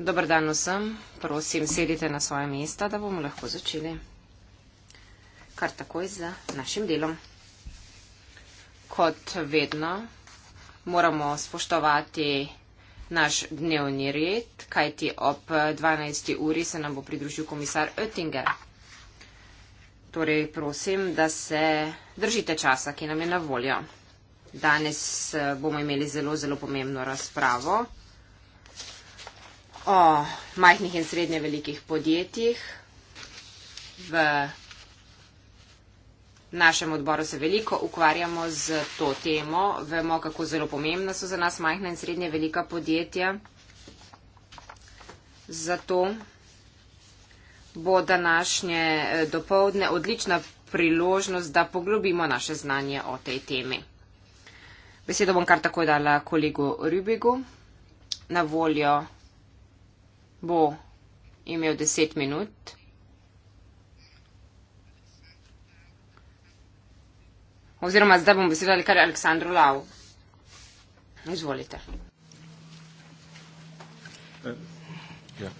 Dobar dan vsem. Prosim, sedite na svoje mesta, da bomo lahko začeli kar takoj z našim delom. Kot vedno moramo spoštovati naš dnevni red, kajti ob 12. uri se nam bo pridružil komisar Oettinger. Torej prosim, da se držite časa, ki nam je na voljo. Danes eh, bomo imeli zelo, zelo pomembno razpravo o majhnih in srednje velikih podjetjih. V našem odboru se veliko ukvarjamo z to temo. Vemo, kako zelo pomembna so za nas majhna in srednje velika podjetja. Zato bo današnje eh, dopoldne odlična priložnost, da poglobimo naše znanje o tej temi. Besedo bom kar tako dala kolegu Rubigu. Na voljo bo imel 10 minut. Oziroma zdaj bom besedo dala kar Aleksandru Lau. Izvolite. Eh, ja.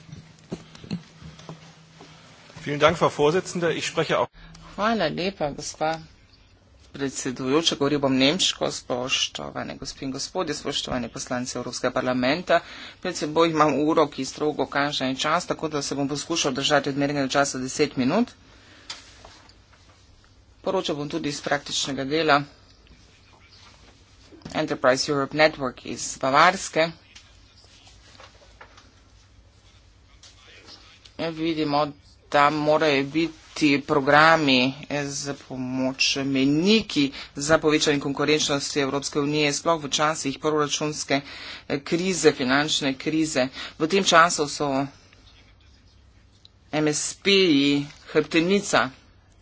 Hvala lepa, gospa predsedujoča, govoril bom nemško, spoštovane gospe in gospodje, spoštovane poslanci Evropskega parlamenta. Pred seboj imam uro, ki strogo kaže en čas, tako da se bom poskušal držati odmerjenega časa 10 minut. Poročal bom tudi iz praktičnega dela. Enterprise Europe Network iz Bavarske. Vidimo, da morajo biti ti programi za pomoč meniki za povečanje konkurenčnosti Evropske unije, sploh v časih proračunske krize, finančne krize. V tem času so MSP-ji hrbtenica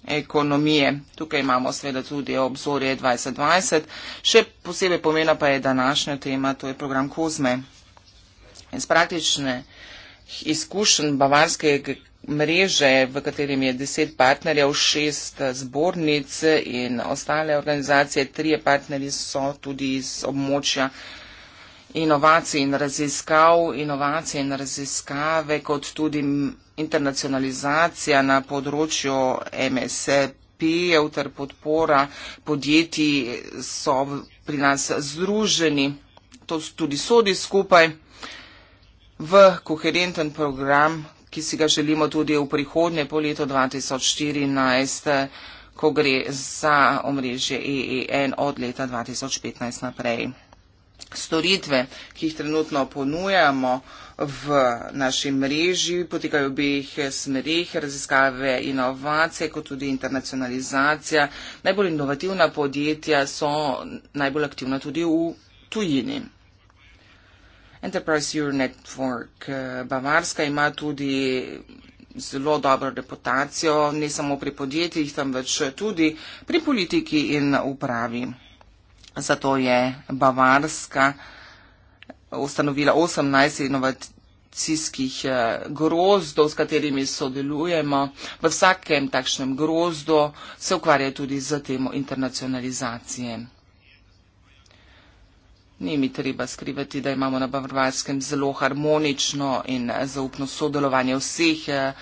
ekonomije. Tukaj imamo seveda tudi obzorje 2020. Še posebej pomena pa je današnja tema, to je program Kozme. Iz praktične izkušenj bavarskega mreže, v katerem je deset partnerjev, šest zbornic in ostale organizacije. Trije partnerji so tudi iz območja inovacij in raziskav, inovacije in raziskave, kot tudi internacionalizacija na področju MSP-jev ter podpora podjetij so pri nas združeni. To tudi sodi skupaj v koherenten program ki si ga želimo tudi v prihodnje po letu 2014, ko gre za omrežje EEN od leta 2015 naprej. Storitve, ki jih trenutno ponujamo v naši mreži, potekajo v obeh smerih, raziskave, inovacije, kot tudi internacionalizacija. Najbolj inovativna podjetja so najbolj aktivna tudi v tujini. Enterprise Your Network eh, Bavarska ima tudi zelo dobro reputacijo, ne samo pri podjetjih, temveč tudi pri politiki in upravi. Zato je Bavarska ustanovila 18 inovacijskih eh, grozdov, s katerimi sodelujemo. V vsakem takšnem grozdu se ukvarja tudi z temo internacionalizacije. Ni mi treba skrivati, da imamo na Bavarskem zelo harmonično in zaupno sodelovanje vseh eh,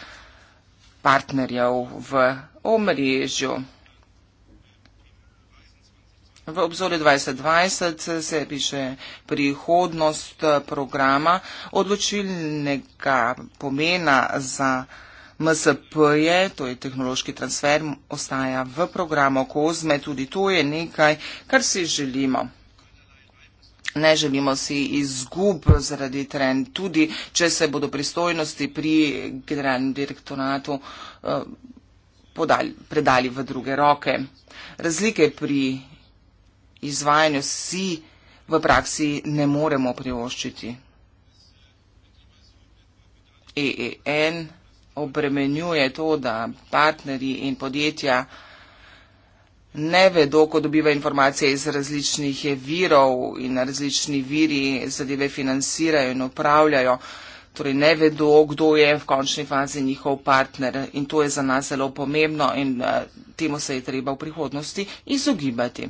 partnerjev v omrežju. V obzorju 2020 eh, se piše prihodnost eh, programa odločilnega pomena za MSP-je, to je tehnološki transfer, ostaja v programu COSME, tudi to je nekaj, kar si želimo. Ne želimo si izgub zaradi trend, tudi če se bodo pristojnosti pri generalnem direktoratu eh, podali, predali v druge roke. Razlike pri izvajanju si v praksi ne moremo privoščiti. EEN obremenjuje to, da partnerji in podjetja ne vedo, ko dobiva informacije iz različnih virov in različni viri zadeve financirajo in upravljajo. Torej ne vedo, kdo je v končni fazi njihov partner in to je za nas zelo pomembno in uh, temu se je treba v prihodnosti izogibati.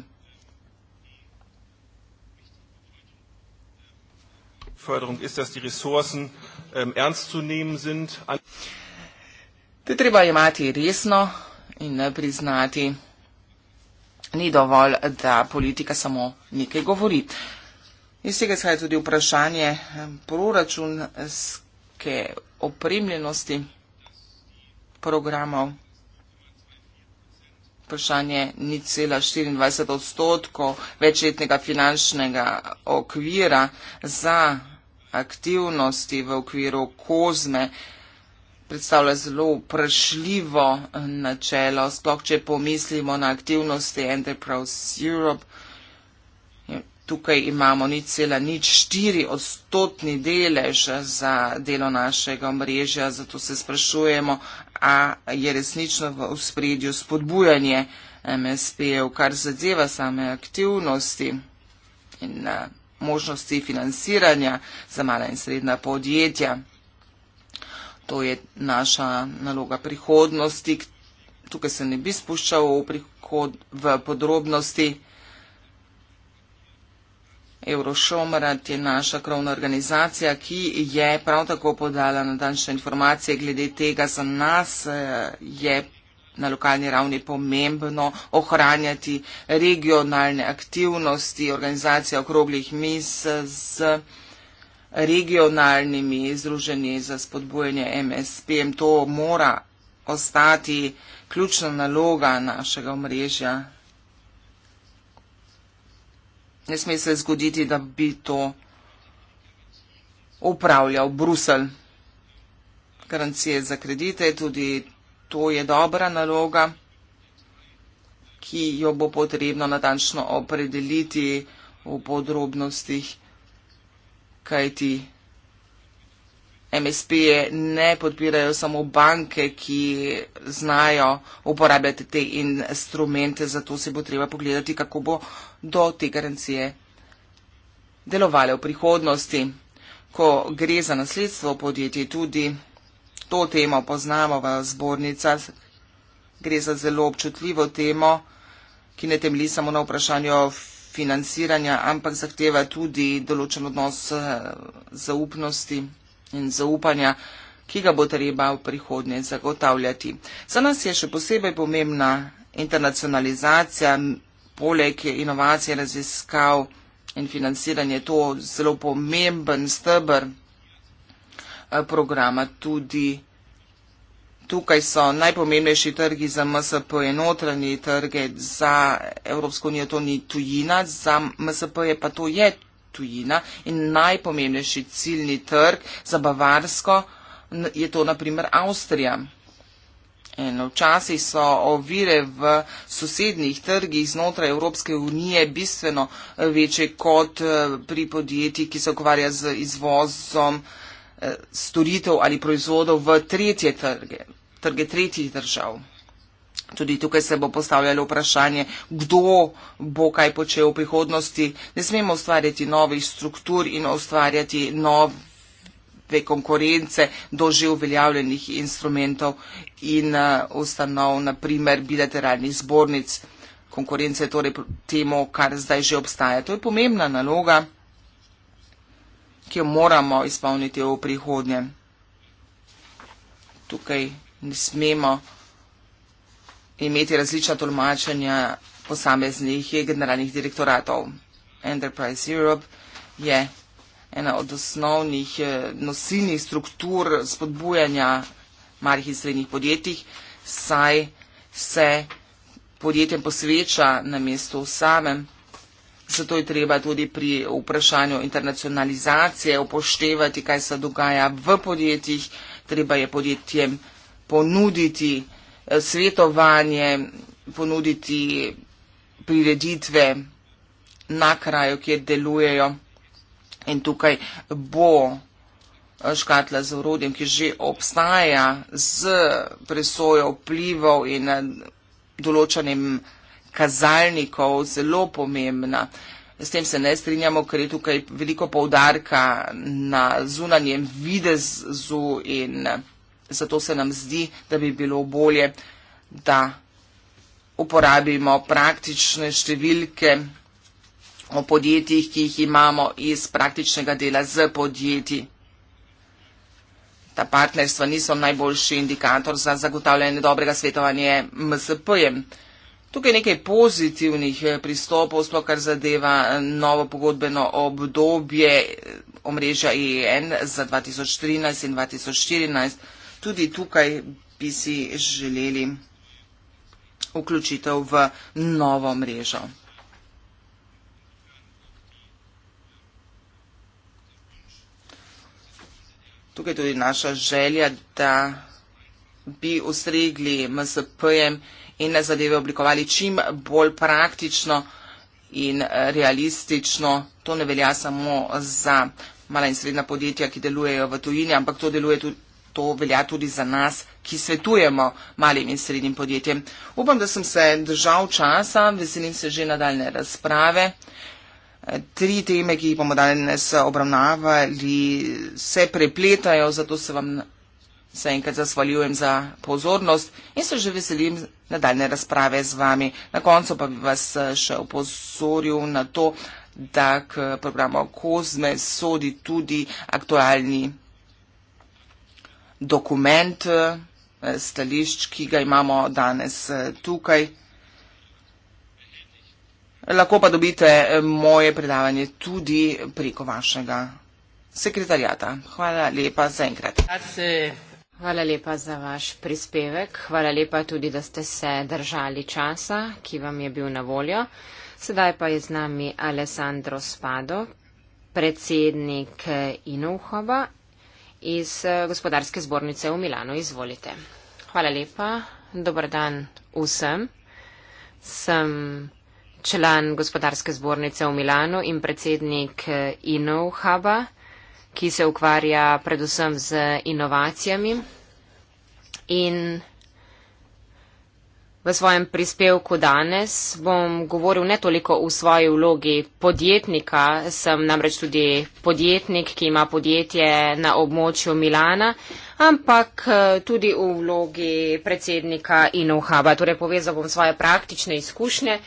Ähm, to je treba imati resno in ne eh, priznati ni dovolj, da politika samo nekaj govori. Iz tega izhaja tudi vprašanje proračunske opremljenosti programov. Vprašanje ni cela 24 odstotkov večletnega finančnega okvira za aktivnosti v okviru kozme predstavlja zelo vprašljivo eh, načelo, sploh če pomislimo na aktivnosti Enterprise Europe. Ja, tukaj imamo nič cela, nič štiri odstotni delež eh, za delo našega mrežja, zato se sprašujemo, a je resnično v spredju spodbujanje eh, MSP-ev, kar zadeva same aktivnosti in možnosti financiranja za mala in srednja podjetja to je naša naloga prihodnosti. Tukaj se ne bi spuščal v, prihod, v podrobnosti. Eurošomrat je naša krovna organizacija, ki je prav tako podala nadaljne informacije glede tega. Za nas eh, je na lokalni ravni pomembno ohranjati regionalne aktivnosti, organizacija okroglih mis z regionalnimi združenji za spodbujanje MSP. To mora ostati ključna naloga našega omrežja. Ne sme se zgoditi, da bi to upravljal Brusel. Garancije za kredite, tudi to je dobra naloga, ki jo bo potrebno natančno opredeliti v podrobnostih kajti MSP-je ne podpirajo samo banke, ki znajo uporabljati te instrumente, zato se bo treba pogledati, kako bo do te garancije delovale v prihodnosti. Ko gre za nasledstvo podjetij, tudi to temo poznamo v zbornicah, gre za zelo občutljivo temo, ki ne temli samo na vprašanju financiranja, ampak zahteva tudi določen odnos eh, zaupnosti in zaupanja, ki ga bo treba v prihodnje zagotavljati. Za nas je še posebej pomembna internacionalizacija, poleg inovacije, raziskav in financiranja. To je zelo pomemben stebr eh, programa tudi tukaj so najpomembnejši trgi za MSP enotranji, trge za Evropsko unijo, to ni tujina, za MSP je pa to je tujina in najpomembnejši ciljni trg za Bavarsko je to naprimer Avstrija. In včasih so ovire v sosednjih trgih znotraj Evropske unije bistveno eh, večje kot eh, pri podjetjih, ki se ukvarja z izvozom eh, storitev ali proizvodov v tretje trge trge tretjih držav. Tudi tukaj se bo postavljalo vprašanje, kdo bo kaj počel v prihodnosti. Ne smemo ustvarjati novih struktur in ustvarjati nove konkurence do že uveljavljenih instrumentov in eh, ustanov, naprimer bilateralnih zbornic. Konkurence je torej temu, kar zdaj že obstaja. To je pomembna naloga, ki jo moramo izpolniti v prihodnje. Tukaj ne smemo imeti različna tolmačenja posameznih generalnih direktoratov. Enterprise Europe je ena od osnovnih eh, nosilnih struktur spodbujanja malih in srednjih podjetij, saj se podjetjem posveča na mestu samem. Zato je treba tudi pri vprašanju internacionalizacije upoštevati, kaj se dogaja v podjetjih. Treba je podjetjem ponuditi eh, svetovanje, ponuditi prireditve na kraju, kjer delujejo. In tukaj bo eh, škatla z urodjem, ki že obstaja z presojo vplivov in eh, določenim kazalnikov, zelo pomembna. S tem se ne strinjamo, ker je tukaj veliko poudarka na zunanjem videzu in zato se nam zdi, da bi bilo bolje, da uporabimo praktične številke o podjetjih, ki jih imamo iz praktičnega dela z podjetji. Ta partnerstva niso najboljši indikator za zagotavljanje dobrega svetovanja MSP-jem. Tukaj nekaj pozitivnih eh, pristopov, sploh kar zadeva eh, novo pogodbeno obdobje eh, omrežja EEN za 2013 in 2014 tudi tukaj bi si želeli vključitev v novo mrežo. Tukaj tudi naša želja, da bi ustregli MSP-jem in ne zadeve oblikovali čim bolj praktično in realistično. To ne velja samo za mala in srednja podjetja, ki delujejo v tujini, ampak to deluje tudi To velja tudi za nas, ki svetujemo malim in srednjim podjetjem. Upam, da sem se držal časa, veselim se že nadaljne razprave. Tri teme, ki jih bomo danes obravnavali, se prepletajo, zato se vam se enkrat zasvaljujem za pozornost in se že veselim nadaljne razprave z vami. Na koncu pa bi vas še opozoril na to, da k programu Kozme sodi tudi aktualni dokument eh, stališč, ki ga imamo danes eh, tukaj. Lahko pa dobite eh, moje predavanje tudi preko vašega sekretarjata. Hvala lepa za enkrat. Hvala lepa za vaš prispevek. Hvala lepa tudi, da ste se držali časa, ki vam je bil na voljo. Sedaj pa je z nami Alessandro Spado, predsednik Inuhova iz eh, gospodarske zbornice v Milano. Izvolite. Hvala lepa. Dobar dan vsem. Sem član gospodarske zbornice v Milano in predsednik eh, InnoHuba, ki se ukvarja predvsem z inovacijami. In V svojem prispevku danes bom govoril ne toliko o svoji vlogi podjetnika, sem namreč tudi podjetnik, ki ima podjetje na območju Milana, ampak eh, tudi o vlogi predsednika Inuhaba. Torej povezal bom svoje praktične izkušnje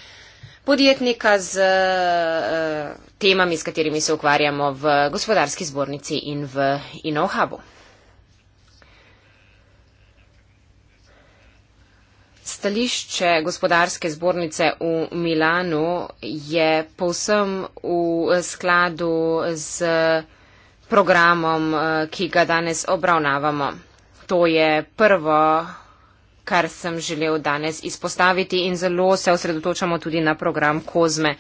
podjetnika z eh, temami, s katerimi se ukvarjamo v gospodarski zbornici in v Inuhabu. stališče gospodarske zbornice v Milano je povsem v skladu z programom, eh, ki ga danes obravnavamo. To je prvo, kar sem želel danes izpostaviti in zelo se osredotočamo tudi na program Kozme.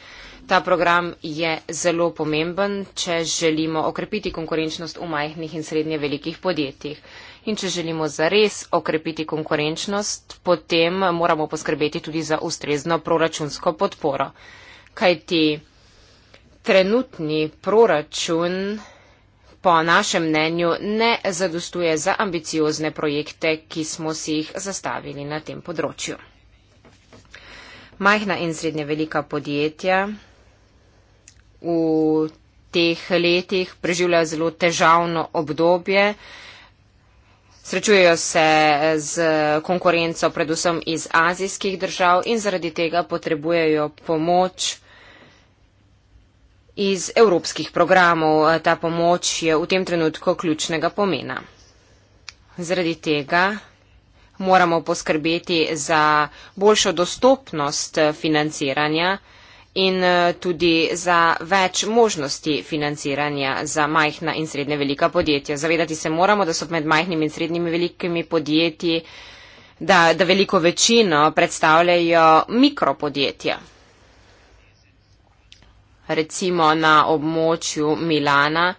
Ta program je zelo pomemben, če želimo okrepiti konkurenčnost v majhnih in srednje velikih podjetjih. In če želimo zares okrepiti konkurenčnost, potem moramo poskrbeti tudi za ustrezno proračunsko podporo. Kaj ti trenutni proračun po našem mnenju ne zadostuje za ambiciozne projekte, ki smo si jih zastavili na tem področju. Majhna in srednje velika podjetja v teh letih preživljajo zelo težavno obdobje. Srečujejo se eh, z konkurenco predvsem iz azijskih držav in zaradi tega potrebujejo pomoč iz evropskih programov. Eh, ta pomoč je v tem trenutku ključnega pomena. Zaradi tega moramo poskrbeti za boljšo dostopnost eh, financiranja in eh, tudi za več možnosti financiranja za majhna in srednje velika podjetja. Zavedati se moramo, da so med majhnimi in srednjimi velikimi podjetji, da, da veliko večino predstavljajo mikropodjetja. Recimo na območju Milana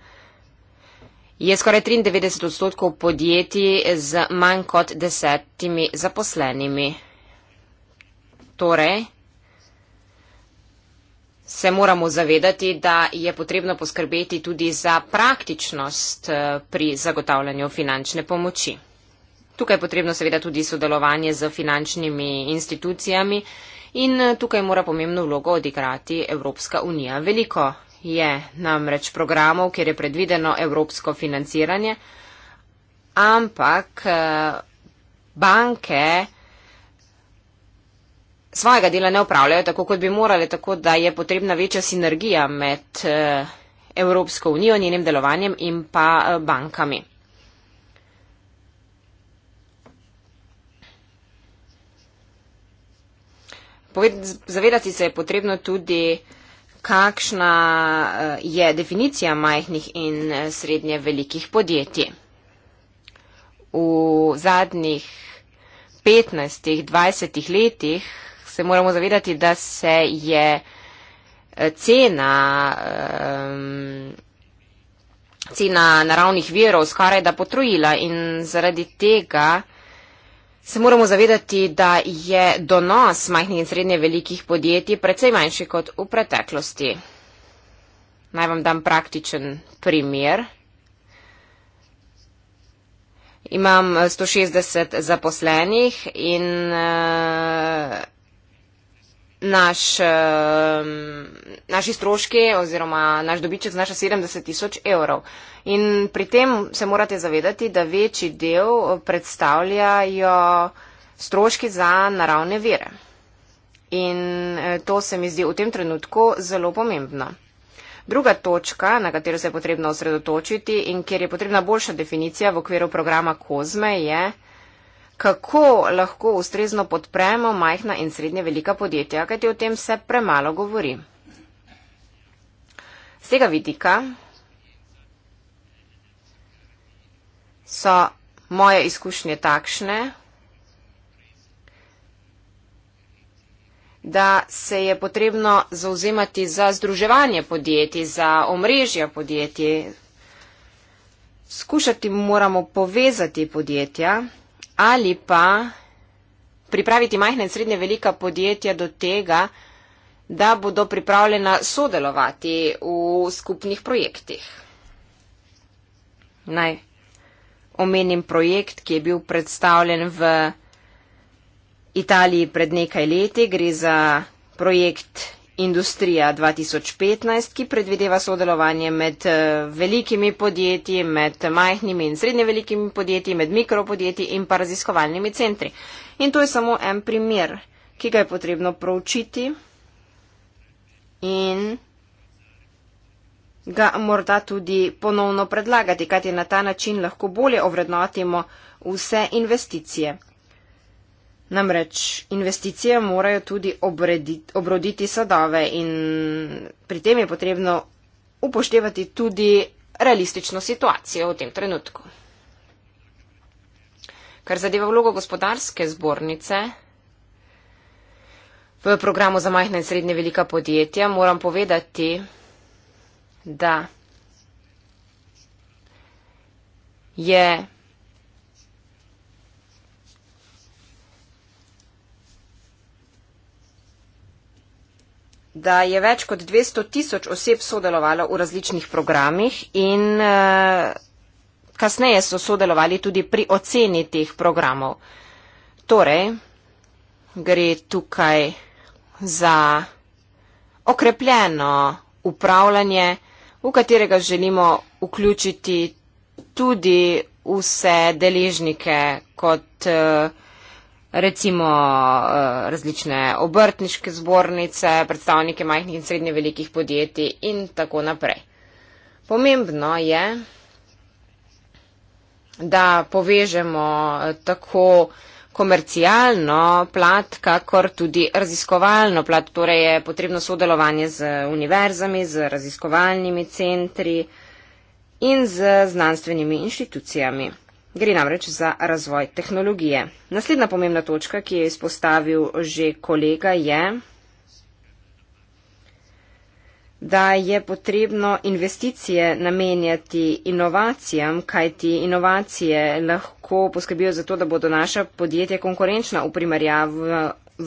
je skoraj 93 odstotkov podjetij z manj kot desetimi zaposlenimi. Torej, se moramo zavedati, da je potrebno poskrbeti tudi za praktičnost eh, pri zagotavljanju finančne pomoči. Tukaj je potrebno seveda tudi sodelovanje z finančnimi institucijami in eh, tukaj mora pomembno vlogo odigrati Evropska unija. Veliko je namreč programov, kjer je predvideno evropsko financiranje, ampak eh, banke svojega dela ne upravljajo tako, kot bi morali, tako da je potrebna večja sinergija med eh, Evropsko unijo, njenim delovanjem in pa eh, bankami. Zavedati se je potrebno tudi, kakšna eh, je definicija majhnih in srednje velikih podjetij. V zadnjih 15-20 letih se moramo zavedati, da se je eh, cena, um, cena naravnih virov skoraj da potrojila in zaradi tega se moramo zavedati, da je donos majhnih in srednje velikih podjetij precej manjši kot v preteklosti. Naj vam dam praktičen primer. Imam 160 eh, zaposlenih in uh, naš, um, naši stroški oziroma naš dobiček znaša 70 tisoč evrov. In pri tem se morate zavedati, da večji del predstavljajo stroški za naravne vire. In e, to se mi zdi v tem trenutku zelo pomembno. Druga točka, na katero se je potrebno osredotočiti in kjer je potrebna boljša definicija v okviru programa COSME, je uh, kako lahko ustrezno podpremo majhna in srednje velika podjetja, kajti o tem se premalo govori. Z tega vidika so moje izkušnje takšne, da se je potrebno zauzemati za združevanje podjetij, za omrežja podjetij. Skušati moramo povezati podjetja ali pa pripraviti majhne in srednje velika podjetja do tega, da bodo pripravljena sodelovati v skupnih projektih. Naj omenim projekt, ki je bil predstavljen v Italiji pred nekaj leti. Gre za projekt Industrija 2015, ki predvideva sodelovanje med eh, velikimi podjetji, med majhnimi in srednje velikimi podjetji, med mikropodjetji in pa raziskovalnimi centri. In to je samo en primer, ki ga je potrebno proučiti in ga morda tudi ponovno predlagati, kajti na ta način lahko bolje ovrednotimo vse investicije. Namreč investicije morajo tudi obredit, obroditi sadove in pri tem je potrebno upoštevati tudi realistično situacijo v tem trenutku. Kar zadeva vlogo gospodarske zbornice v programu za majhne in srednje velika podjetja, moram povedati, da je da je več kot 200 tisoč oseb sodelovalo v različnih programih in uh, kasneje so sodelovali tudi pri oceni teh programov. Torej, gre tukaj za okrepljeno upravljanje, v katerega želimo vključiti tudi vse deležnike kot uh, recimo eh, različne obrtniške zbornice, predstavnike majhnih in srednje velikih podjetij in tako naprej. Pomembno je, da povežemo eh, tako komercialno plat, kakor tudi raziskovalno plat. Torej je potrebno sodelovanje z univerzami, z raziskovalnimi centri in z znanstvenimi inštitucijami. Gre namreč za razvoj tehnologije. Naslednja pomembna točka, ki je izpostavil že kolega, je, da je potrebno investicije namenjati inovacijam, kajti inovacije lahko poskrbijo za to, da bodo naša podjetja konkurenčna v primerjavi,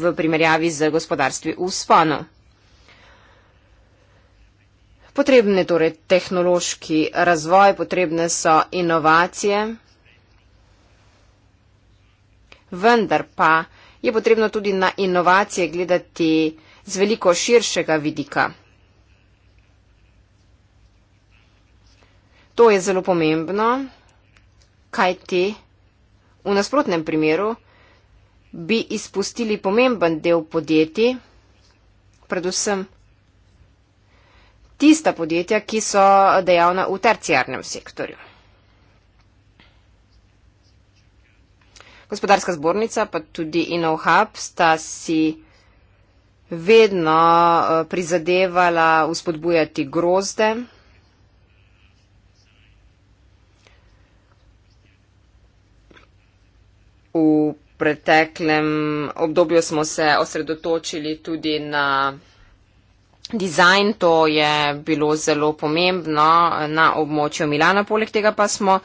v primerjavi z gospodarstvi v spano. Potrebne torej tehnološki razvoj, potrebne so inovacije, vendar pa je potrebno tudi na inovacije gledati z veliko širšega vidika. To je zelo pomembno, kaj ti v nasprotnem primeru bi izpustili pomemben del podjetij, predvsem tista podjetja, ki so dejavna v terciarnem sektorju. Gospodarska zbornica pa tudi InnoHub sta si vedno eh, prizadevala uspodbujati grozde. V preteklem obdobju smo se osredotočili tudi na dizajn, to je bilo zelo pomembno na območju Milana, poleg tega pa smo uh,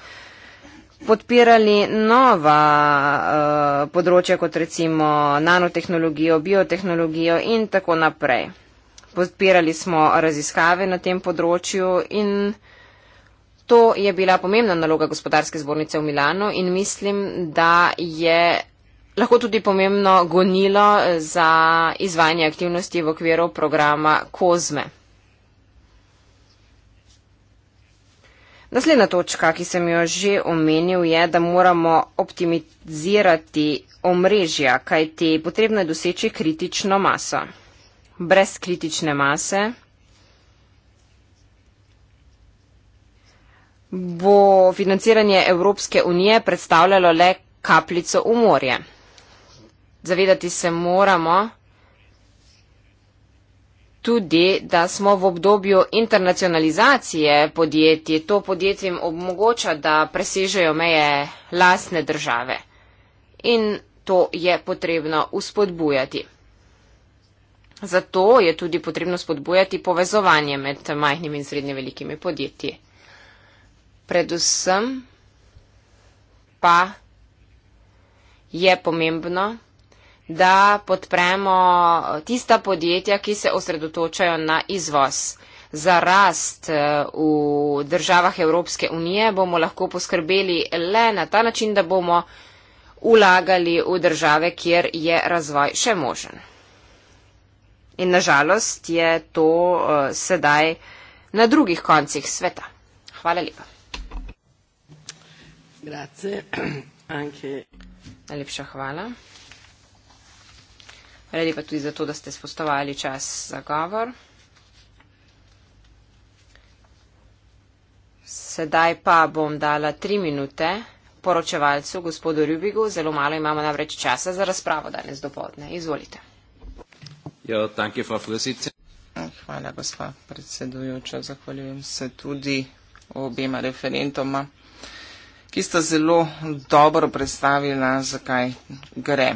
podpirali nova uh, področja, kot recimo nanotehnologijo, biotehnologijo in tako naprej. Podpirali smo raziskave na tem področju in to je bila pomembna naloga gospodarske zbornice v Milano in mislim, da je lahko tudi pomembno gonilo za izvajanje aktivnosti v okviru programa Kozme. Naslednja točka, ki sem jo že omenil, je, da moramo optimizirati omrežja, kajti potrebno je doseči kritično maso. Brez kritične mase bo financiranje Evropske unije predstavljalo le kapljico v morje. Zavedati se moramo, tudi, da smo v obdobju internacionalizacije podjetij. To podjetjem omogoča, da presežejo meje lastne države. In to je potrebno uspodbujati. Zato je tudi potrebno spodbujati povezovanje med majhnimi in srednje velikimi podjetji. Predvsem pa je pomembno, da podpremo tista podjetja, ki se osredotočajo na izvoz. Za rast eh, v državah Evropske unije bomo lahko poskrbeli le na ta način, da bomo ulagali v države, kjer je razvoj še možen. In nažalost je to eh, sedaj na drugih koncih sveta. Hvala lepa. Najlepša hvala. Hvala lepa tudi za to, da ste spostovali čas za govor. Sedaj pa bom dala tri minute poročevalcu, gospodu Rubigu. Zelo malo imamo navreč časa za razpravo danes do podne. Izvolite. Jo, ja, Hvala, gospa predsedujoča. Zahvaljujem se tudi obema referentoma, ki sta zelo dobro predstavila, zakaj gre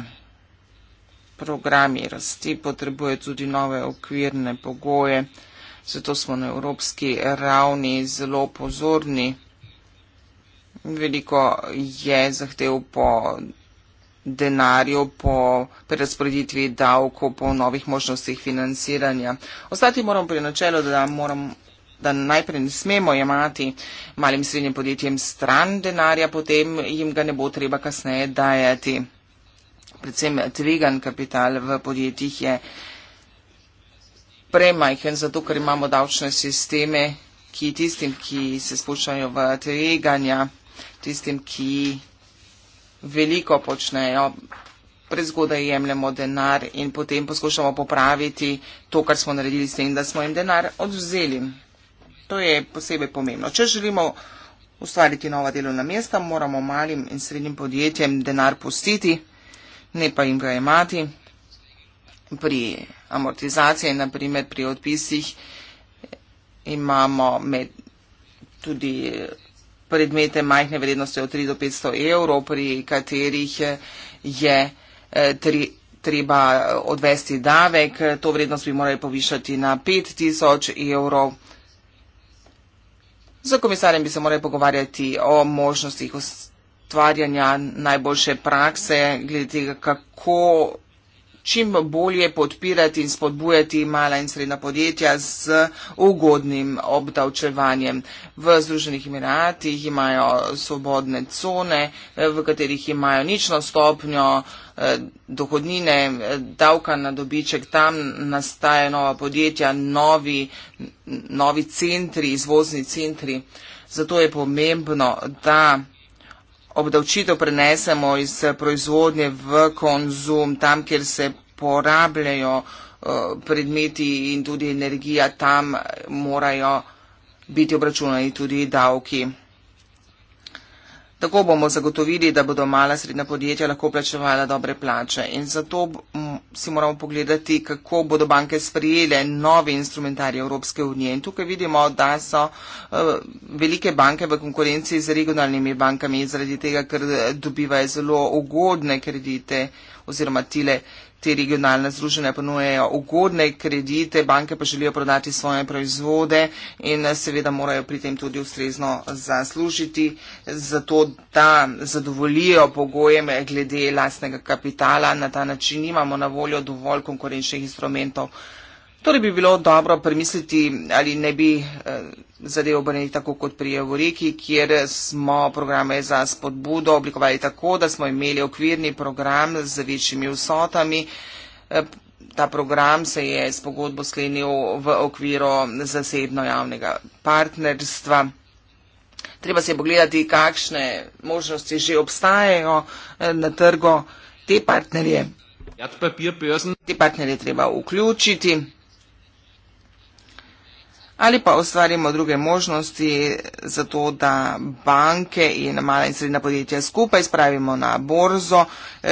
programi rasti potrebuje tudi nove okvirne pogoje, zato smo na evropski ravni zelo pozorni. Veliko je zahtev po denarju, po prerasporeditvi davkov, po novih možnostih financiranja. Ostati moramo pri načelu, da, moram, da najprej ne smemo jemati malim srednjim podjetjem stran denarja, potem jim ga ne bo treba kasneje dajati predvsem tvegan kapital v podjetjih je premajhen, zato ker imamo davčne sisteme, ki tistim, ki se spuščajo v tveganja, tistim, ki veliko počnejo, prezgodaj jemljemo denar in potem poskušamo popraviti to, kar smo naredili s tem, da smo jim denar odvzeli. To je posebej pomembno. Če želimo ustvariti nova delovna mesta, moramo malim in srednjim podjetjem denar pustiti ne pa jim ga imati. Pri amortizaciji, naprimer pri odpisih, imamo med, tudi predmete majhne vrednosti od 3 do 500 evrov, pri katerih je eh, tri, treba eh, odvesti davek. To vrednost bi morali povišati na 5000 evrov. Z komisarjem bi se morali pogovarjati o možnostih ustavljanja ustvarjanja najboljše prakse, glede tega, kako čim bolje podpirati in spodbujati mala in srednja podjetja z ugodnim obdavčevanjem. V Združenih Emiratih imajo svobodne cone, v katerih imajo nično stopnjo eh, dohodnine, eh, davka na dobiček, tam nastaje nova podjetja, novi, novi centri, izvozni centri. Zato je pomembno, da obdavčitev prenesemo iz proizvodnje v konzum, tam, kjer se porabljajo eh, predmeti in tudi energija, tam morajo biti obračunani tudi davki. Tako bomo zagotovili, da bodo mala srednja podjetja lahko plačevala dobre plače in zato si moramo pogledati, kako bodo banke sprijele nove instrumentarje Evropske unije. In tukaj vidimo, da so uh, velike banke v konkurenci z regionalnimi bankami zaradi tega, ker dobivajo zelo ugodne kredite oziroma tile Te regionalne združenja ponujejo ugodne kredite, banke pa želijo prodati svoje proizvode in seveda morajo pri tem tudi ustrezno zaslužiti, zato da zadovolijo pogojem glede lastnega kapitala. Na ta način imamo na voljo dovolj konkurenčnih instrumentov Torej bi bilo dobro premisliti, ali ne bi eh, zadevo obrnili tako kot pri Evoriki, kjer smo programe za spodbudo oblikovali tako, da smo imeli okvirni program z večjimi vsotami. Eh, ta program se je s pogodbo sklenil v okviru zasebno-javnega partnerstva. Treba se je pogledati, kakšne možnosti že obstajajo eh, na trgu te partnerje. Te partnerje treba vključiti ali pa ustvarimo druge možnosti za to, da banke in mala in srednja podjetja skupaj spravimo na borzo,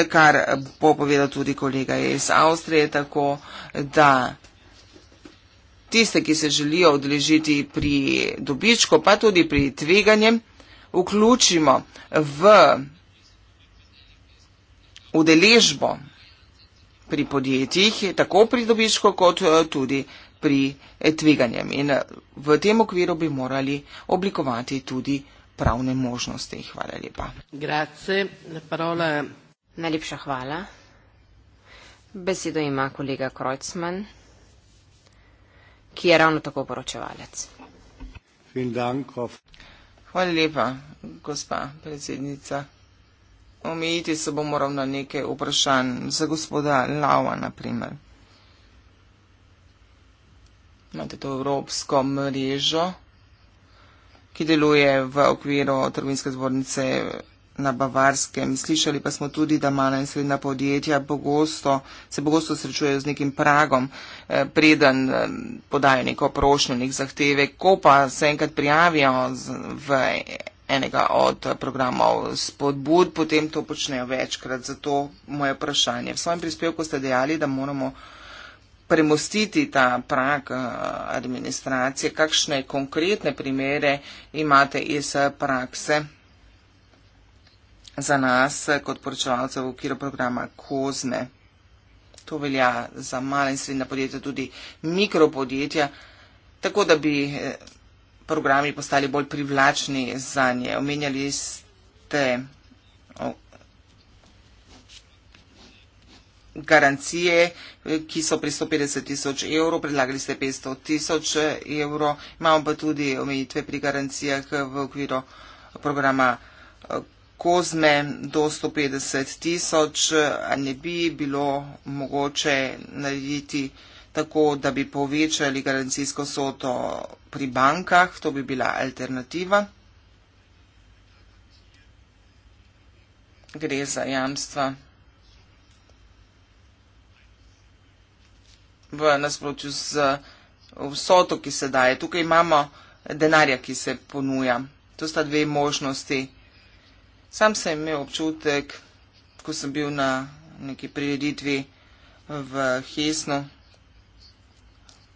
kar bo povedal tudi kolega iz Avstrije, tako da tiste, ki se želijo odležiti pri dobičko, pa tudi pri tveganjem, vključimo v udeležbo pri podjetjih, tako pri dobičko, kot tudi pri tveganjem pri eh, tveganjem. In eh, v tem okviru bi morali oblikovati tudi pravne možnosti. Hvala lepa. Grazie, parola. Najlepša hvala. Besedo ima kolega Krojcman, ki je ravno tako poročevalec. Hvala lepa, gospa predsednica. Omejiti se bom moral na nekaj vprašanj za gospoda Lava, naprimer imate to evropsko mrežo, ki deluje v okviru trgovinske zbornice na Bavarskem. Slišali pa smo tudi, da mala in srednja podjetja bogosto, se pogosto srečujejo z nekim pragom, eh, preden eh, podajo neko prošnjo, nek zahteve, ko pa se enkrat prijavijo z, v enega od programov spodbud, potem to počnejo večkrat. Zato moje vprašanje. V svojem prispevku ste dejali, da moramo premostiti ta prag eh, administracije? Kakšne konkretne primere imate iz prakse za nas kot poročevalce v okviru programa Kozme? To velja za male in srednje podjetja, tudi mikropodjetja, tako da bi eh, programi postali bolj privlačni za nje. Omenjali ste garancije, eh, ki so pri 150 tisoč evrov, predlagali ste 500 tisoč eh, evrov, imamo pa tudi omejitve pri garancijah eh, v okviru programa Kozme do 150 tisoč, a ne bi bilo mogoče narediti tako, da bi povečali garancijsko soto pri bankah, to bi bila alternativa. Gre za jamstva. v nasprotju z vsoto, ki se daje. Tukaj imamo denarja, ki se ponuja. To sta dve možnosti. Sam sem imel občutek, ko sem bil na neki prireditvi v Hesnu,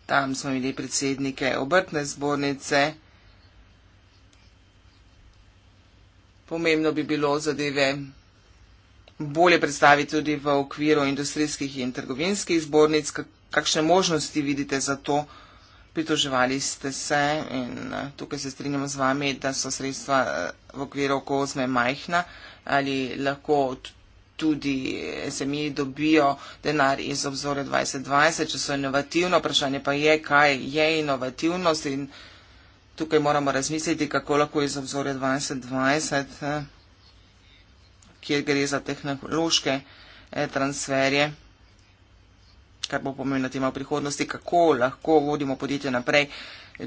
tam smo imeli predsednike obrtne zbornice. Pomembno bi bilo zadeve bolje predstaviti tudi v okviru industrijskih in trgovinskih zbornic, kakšne možnosti vidite za to? Pritoževali ste se in eh, tukaj se strinjam z vami, da so sredstva eh, v okviru kozme majhna ali lahko tudi SMI dobijo denar iz obzore 2020, če so inovativno. Vprašanje pa je, kaj je inovativnost in tukaj moramo razmisliti, kako lahko iz obzore 2020, eh, kjer gre za tehnološke transferje kar bo pomembna tema v prihodnosti, kako lahko vodimo podjetje naprej,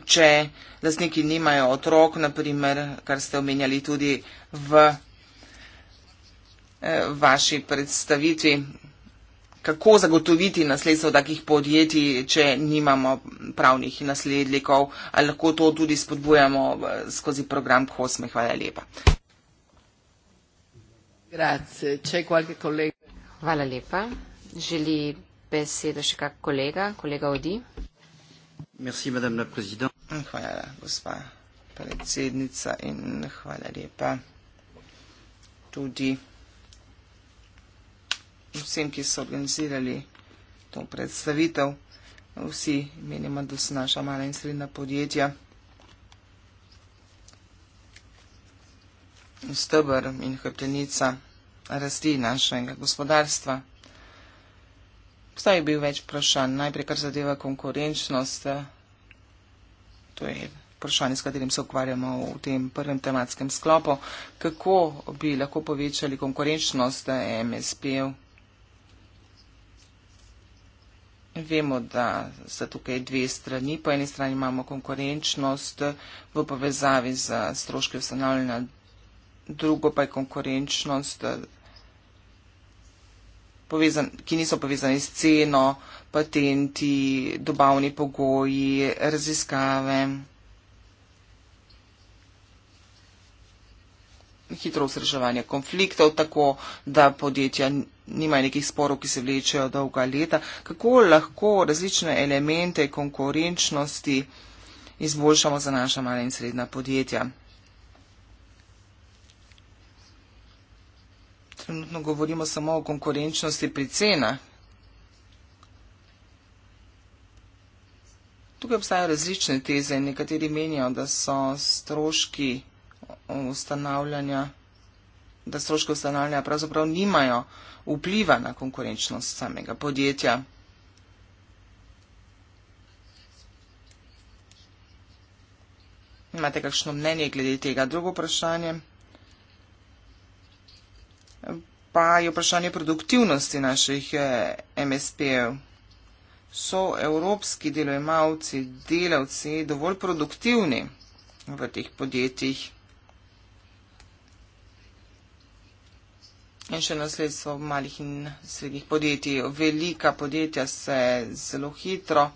če lastniki nimajo otrok, naprimer, kar ste omenjali tudi v eh, vaši predstavitvi, kako zagotoviti nasledstvo takih podjetij, če nimamo pravnih naslednikov, ali lahko to tudi spodbujamo eh, skozi program Kosme. Hvala lepa. Grazie. C'è qualche collega? Hvala lepa. Želi besedo še kak kolega, kolega Odi. Merci, madame la présidente. Hvala, gospa predsednica in hvala lepa tudi vsem, ki so organizirali to predstavitev. Vsi menimo, da so naša mala in srednja podjetja stebr in hrbtenica rasti našega gospodarstva. Vsaj je bil več vprašanj, najprej kar zadeva konkurenčnost. Eh, to je vprašanje, s katerim se ukvarjamo v tem prvem tematskem sklopu. Kako bi lahko povečali konkurenčnost eh, MSP-ev? Vemo, da so tukaj dve strani. Po eni strani imamo konkurenčnost eh, v povezavi z stroške ustanavljanja, drugo pa je konkurenčnost povezan, ki niso povezani s ceno, patenti, dobavni pogoji, raziskave, hitro vzreševanje konfliktov, tako da podjetja nimajo nekih sporov, ki se vlečejo dolga leta. Kako lahko različne elemente konkurenčnosti izboljšamo za naša mala in srednja podjetja? trenutno govorimo samo o konkurenčnosti pri cenah. Tukaj obstajajo različne teze in nekateri menijo, da so stroški ustanavljanja, da stroške ustanavljanja pravzaprav nimajo vpliva na konkurenčnost samega podjetja. Imate kakšno mnenje glede tega? Drugo vprašanje pa je vprašanje produktivnosti naših eh, MSP-jev. So evropski delojemalci, delavci dovolj produktivni v teh podjetjih? In še nasledstvo v malih in srednjih podjetjih. Velika podjetja se zelo hitro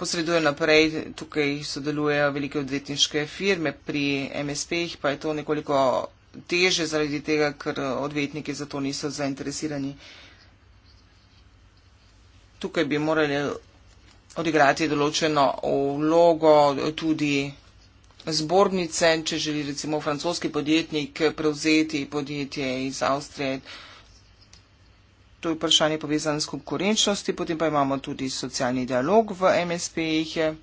posreduje naprej, tukaj sodelujejo velike odvetniške firme, pri MSP-jih pa je to nekoliko teže zaradi tega, ker odvetniki za to niso zainteresirani. Tukaj bi morali odigrati določeno vlogo tudi zbornice, če želi recimo francoski podjetnik prevzeti podjetje iz Avstrije. To je vprašanje povezano s konkurenčnosti, potem pa imamo tudi socialni dialog v MSP-jih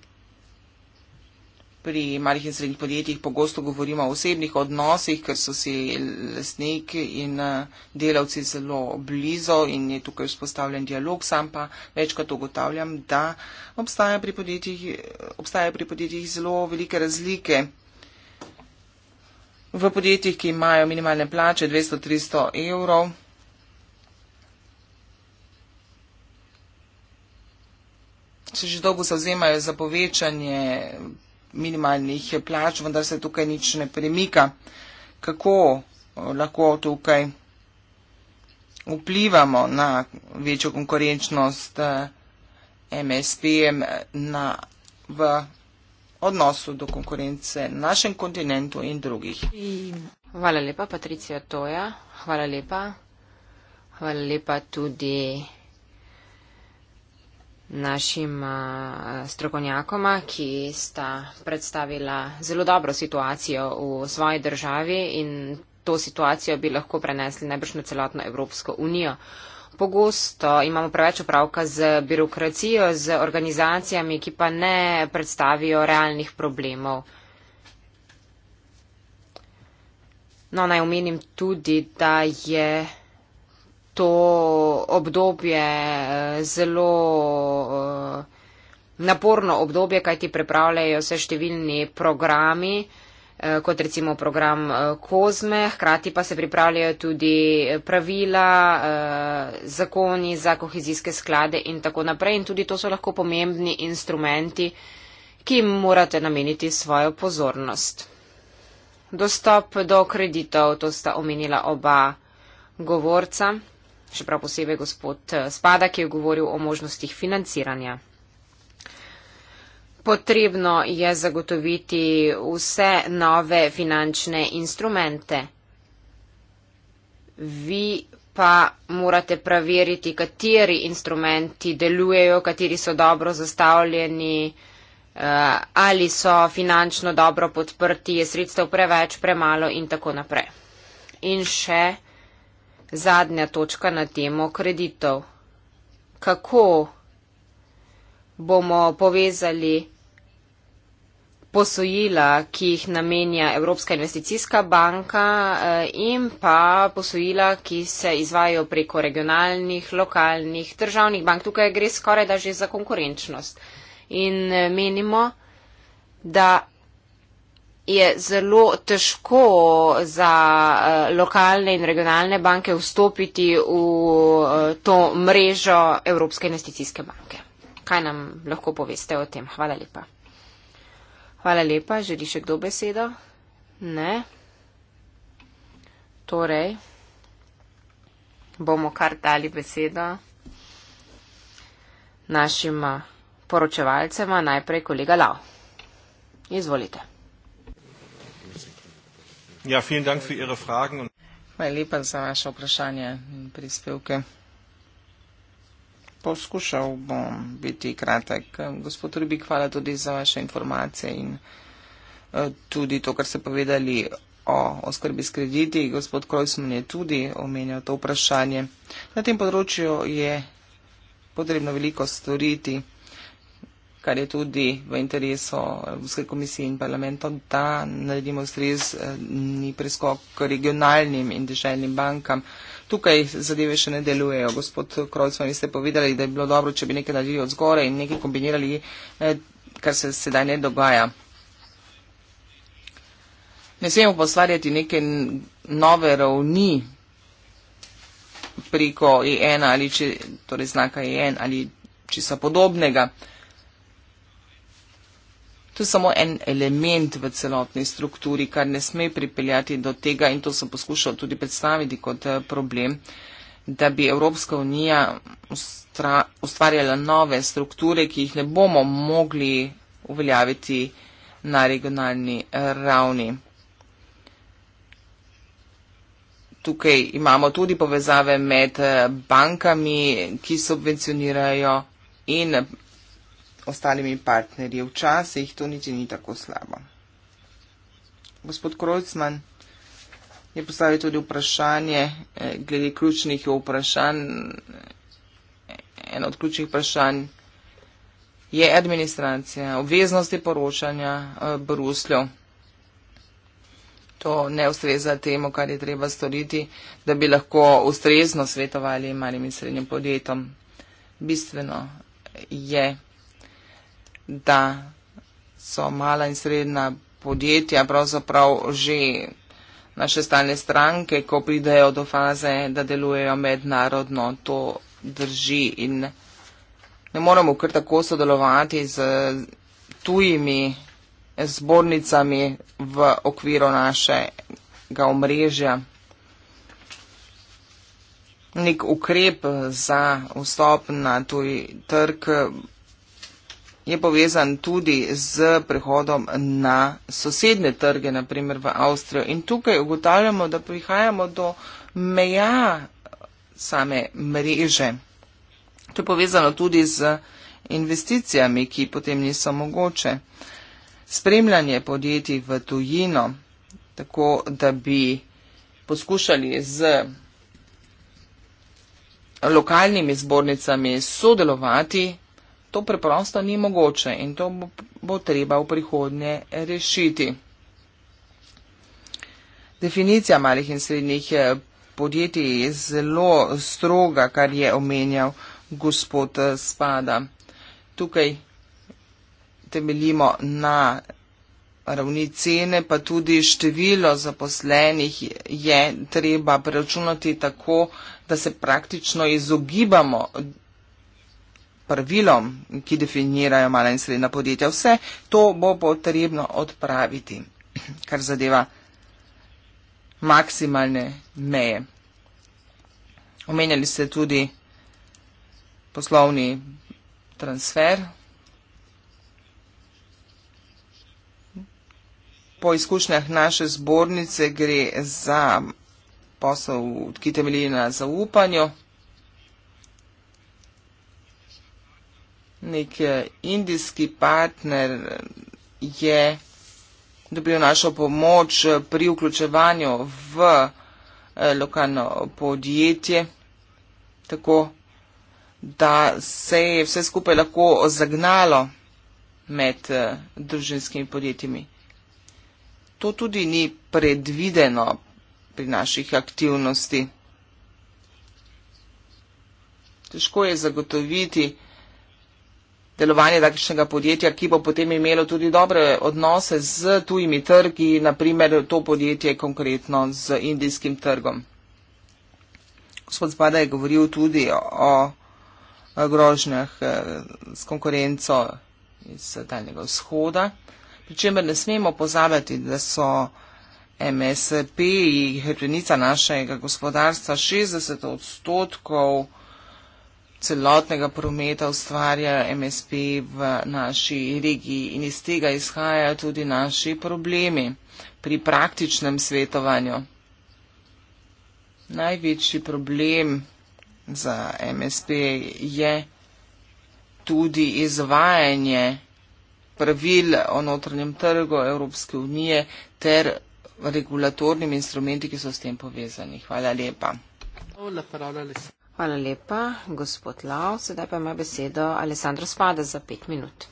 pri malih in srednjih podjetjih pogosto govorimo o osebnih odnosih, ker so si lasnik in eh, delavci zelo blizu in je tukaj vzpostavljen dialog, sam pa večkrat ugotavljam, da obstajajo pri, obstaja pri podjetjih zelo velike razlike. V podjetjih, ki imajo minimalne plače 200-300 evrov, se že dolgo zauzemajo za povečanje minimalnih plač, vendar se tukaj nič ne premika. Kako eh, lahko tukaj vplivamo na večjo konkurenčnost eh, MSP-jem eh, v odnosu do konkurence na našem kontinentu in drugih? Hvala lepa, Patricija Toja. Hvala lepa. Hvala lepa tudi našim strokovnjakoma, ki sta predstavila zelo dobro situacijo v svoji državi in to situacijo bi lahko prenesli najbrž na celotno Evropsko unijo. Pogosto imamo preveč opravka z birokracijo, z organizacijami, ki pa ne predstavijo realnih problemov. No, naj omenim tudi, da je to obdobje eh, zelo eh, naporno obdobje, kajti pripravljajo se številni programi, eh, kot recimo program Kozme, hkrati pa se pripravljajo tudi pravila, zakoni za kohezijske sklade in tako naprej. In tudi to so lahko pomembni instrumenti, ki jim morate nameniti svojo pozornost. Dostop do kreditov, to sta omenila oba govorca še prav posebej gospod eh, Spada, ki je govoril o možnostih financiranja. Potrebno je zagotoviti vse nove finančne instrumente. Vi pa morate preveriti, kateri instrumenti delujejo, kateri so dobro zastavljeni, eh, ali so finančno dobro podprti, je sredstev preveč, premalo in tako naprej. In še zadnja točka na temo kreditov. Kako bomo povezali posojila, ki jih namenja Evropska investicijska banka eh, in pa posojila, ki se izvajo preko regionalnih, lokalnih, državnih bank. Tukaj gre skoraj da že za konkurenčnost. In eh, menimo, da je zelo težko za eh, lokalne in regionalne banke vstopiti v eh, to mrežo Evropske investicijske banke. Kaj nam lahko poveste o tem? Hvala lepa. Hvala lepa. Želi še kdo besedo? Ne. Torej, bomo kar dali besedo našim poročevalcema. Najprej kolega Lau. Izvolite. Ja, vielen Dank für Ihre Fragen. Hvala lepa za vaše vprašanje in prispevke. Poskušal bom biti kratek. Gospod Rubik, hvala tudi za vaše informacije in eh, tudi to, kar ste povedali o oskrbi s krediti. Gospod Krojsman je tudi omenjal to vprašanje. Na tem področju je potrebno veliko storiti kar je tudi v interesu Evropske komisije in parlamenta, da naredimo ustrezni preskok regionalnim in državnim bankam. Tukaj zadeve še ne delujejo. Gospod Krojc, vam ste povedali, da je bilo dobro, če bi nekaj naredili od zgore in nekaj kombinirali, eh, kar se sedaj ne dogaja. Ne smemo pa ustvarjati neke nove ravni preko E1 ali če, torej znaka E1 ali čisto podobnega. To je samo en element v celotni strukturi, kar ne sme pripeljati do tega in to sem poskušal tudi predstaviti kot eh, problem, da bi Evropska unija ustvarjala nove strukture, ki jih ne bomo mogli uveljaviti na regionalni eh, ravni. Tukaj imamo tudi povezave med eh, bankami, ki subvencionirajo in ostalimi partnerji. Včasih to niti ni tako slabo. Gospod Krojcman je postavil tudi vprašanje eh, glede ključnih vprašanj. Eno od ključnih vprašanj je administracija, obveznosti poročanja eh, Bruslju. To ne ustreza temu, kar je treba storiti, da bi lahko ustrezno svetovali malim in srednjim podjetom. Bistveno je da so mala in srednja podjetja pravzaprav že naše stalne stranke, ko pridejo do faze, da delujejo mednarodno, to drži in ne moramo kar tako sodelovati z tujimi zbornicami v okviru našega omrežja. Nek ukrep za vstop na tuj trg je povezan tudi z prehodom na sosedne trge, naprimer v Avstrijo. In tukaj ugotavljamo, da prihajamo do meja same mreže. To je povezano tudi z investicijami, ki potem niso mogoče. Spremljanje podjetij v tujino, tako da bi poskušali z lokalnimi zbornicami sodelovati to preprosto ni mogoče in to bo, bo treba v prihodnje rešiti. Definicija malih in srednjih eh, podjetij je zelo stroga, kar je omenjal gospod eh, Spada. Tukaj temeljimo na ravni cene, pa tudi število zaposlenih je treba preračunati tako, da se praktično izogibamo pravilom, ki definirajo mala in srednja podjetja. Vse to bo potrebno odpraviti, kar zadeva maksimalne meje. Omenjali ste tudi poslovni transfer. Po izkušnjah naše zbornice gre za posel, ki temelji na zaupanju. nek eh, indijski partner eh, je dobil našo pomoč eh, pri vključevanju v lokalno podjetje, tako da se je vse skupaj lahko zagnalo med družinskimi podjetjimi. To tudi ni predvideno pri naših aktivnosti. Težko je zagotoviti, da je vse skupaj lahko zagnalo med družinskimi podjetjimi delovanje takšnega podjetja, ki bo potem imelo tudi dobre odnose z tujimi trgi, naprimer to podjetje konkretno z indijskim trgom. Gospod Zbada je govoril tudi o grožnjah eh, s konkurenco iz daljnjega vzhoda, pri čemer ne smemo pozabiti, da so MSP in hrbtenica našega gospodarstva 60 odstotkov celotnega prometa ustvarjajo MSP v naši regiji in iz tega izhajajo tudi naši problemi pri praktičnem svetovanju. Največji problem za MSP je tudi izvajanje pravil o notranjem trgu Evropske unije ter regulatornim instrumenti, ki so s tem povezani. Hvala lepa. Hvala, Hvala lepa, gospod Lau. Sedaj pa ima besedo Alessandro Spada za pet minut.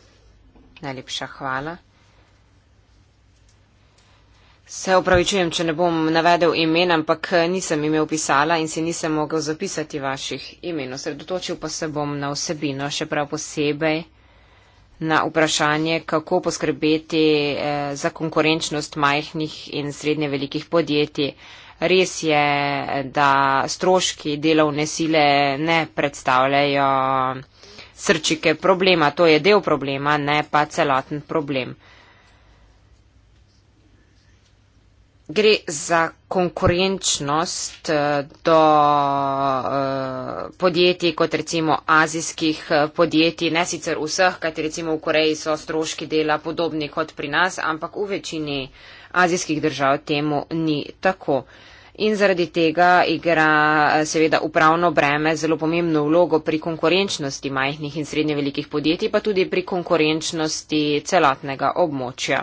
Najlepša hvala. Se upravičujem, če ne bom navedel imen, ampak nisem imel pisala in si nisem mogel zapisati vaših imen. Osredotočil pa se bom na vsebino, še prav posebej na vprašanje, kako poskrbeti eh, za konkurenčnost majhnih in srednje velikih podjetij. Res je, da stroški delovne sile ne predstavljajo srčike problema, to je del problema, ne pa celoten problem. Gre za konkurenčnost eh, do eh, podjetij, kot recimo azijskih eh, podjetij, ne sicer vseh, kajti recimo v Koreji so stroški dela podobni kot pri nas, ampak v večini azijskih držav temu ni tako. In zaradi tega igra eh, seveda upravno breme zelo pomembno vlogo pri konkurenčnosti majhnih in srednje velikih podjetij, pa tudi pri konkurenčnosti celotnega območja.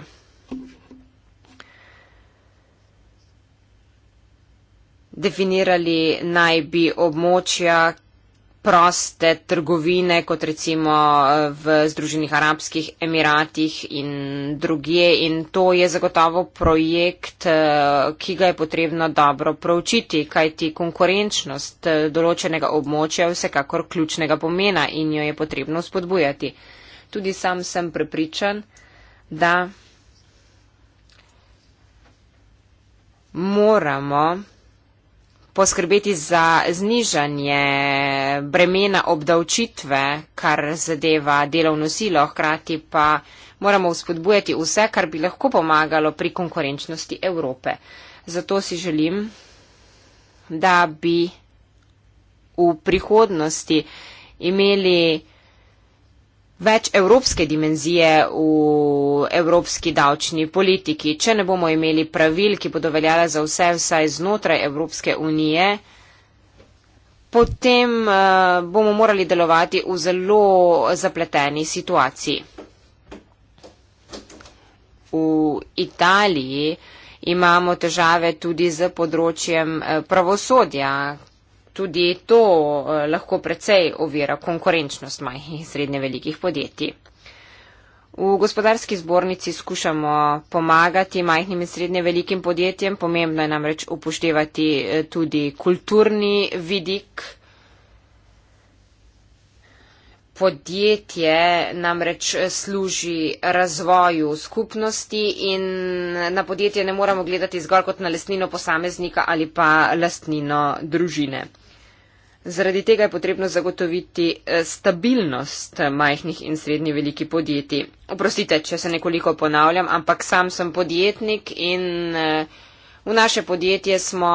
Definirali naj bi območja, proste trgovine, kot recimo eh, v Združenih arabskih emiratih in druge. In to je zagotovo projekt, eh, ki ga je potrebno dobro proučiti, kajti konkurenčnost eh, določenega območja je vsekakor ključnega pomena in jo je potrebno spodbujati. Tudi sam sem prepričan, da moramo poskrbeti za znižanje bremena obdavčitve, kar zadeva delovno silo, hkrati pa moramo vzpodbujati vse, kar bi lahko pomagalo pri konkurenčnosti Evrope. Zato si želim, da bi v prihodnosti imeli več evropske dimenzije v evropski davčni politiki. Če ne bomo imeli pravil, ki bodo veljale za vse vsaj znotraj Evropske unije, potem uh, bomo morali delovati v zelo zapleteni situaciji. V Italiji imamo težave tudi z področjem eh, pravosodja, tudi to eh, lahko precej ovira konkurenčnost majhnih in srednje velikih podjetij. V gospodarski zbornici skušamo pomagati majhnim in srednje velikim podjetjem, pomembno je namreč upoštevati eh, tudi kulturni vidik podjetje namreč služi razvoju skupnosti in na podjetje ne moramo gledati zgolj kot na lastnino posameznika ali pa lastnino družine. Zaradi tega je potrebno zagotoviti eh, stabilnost majhnih in srednji veliki podjetij. Oprostite, če se nekoliko ponavljam, ampak sam sem podjetnik in eh, V naše podjetje smo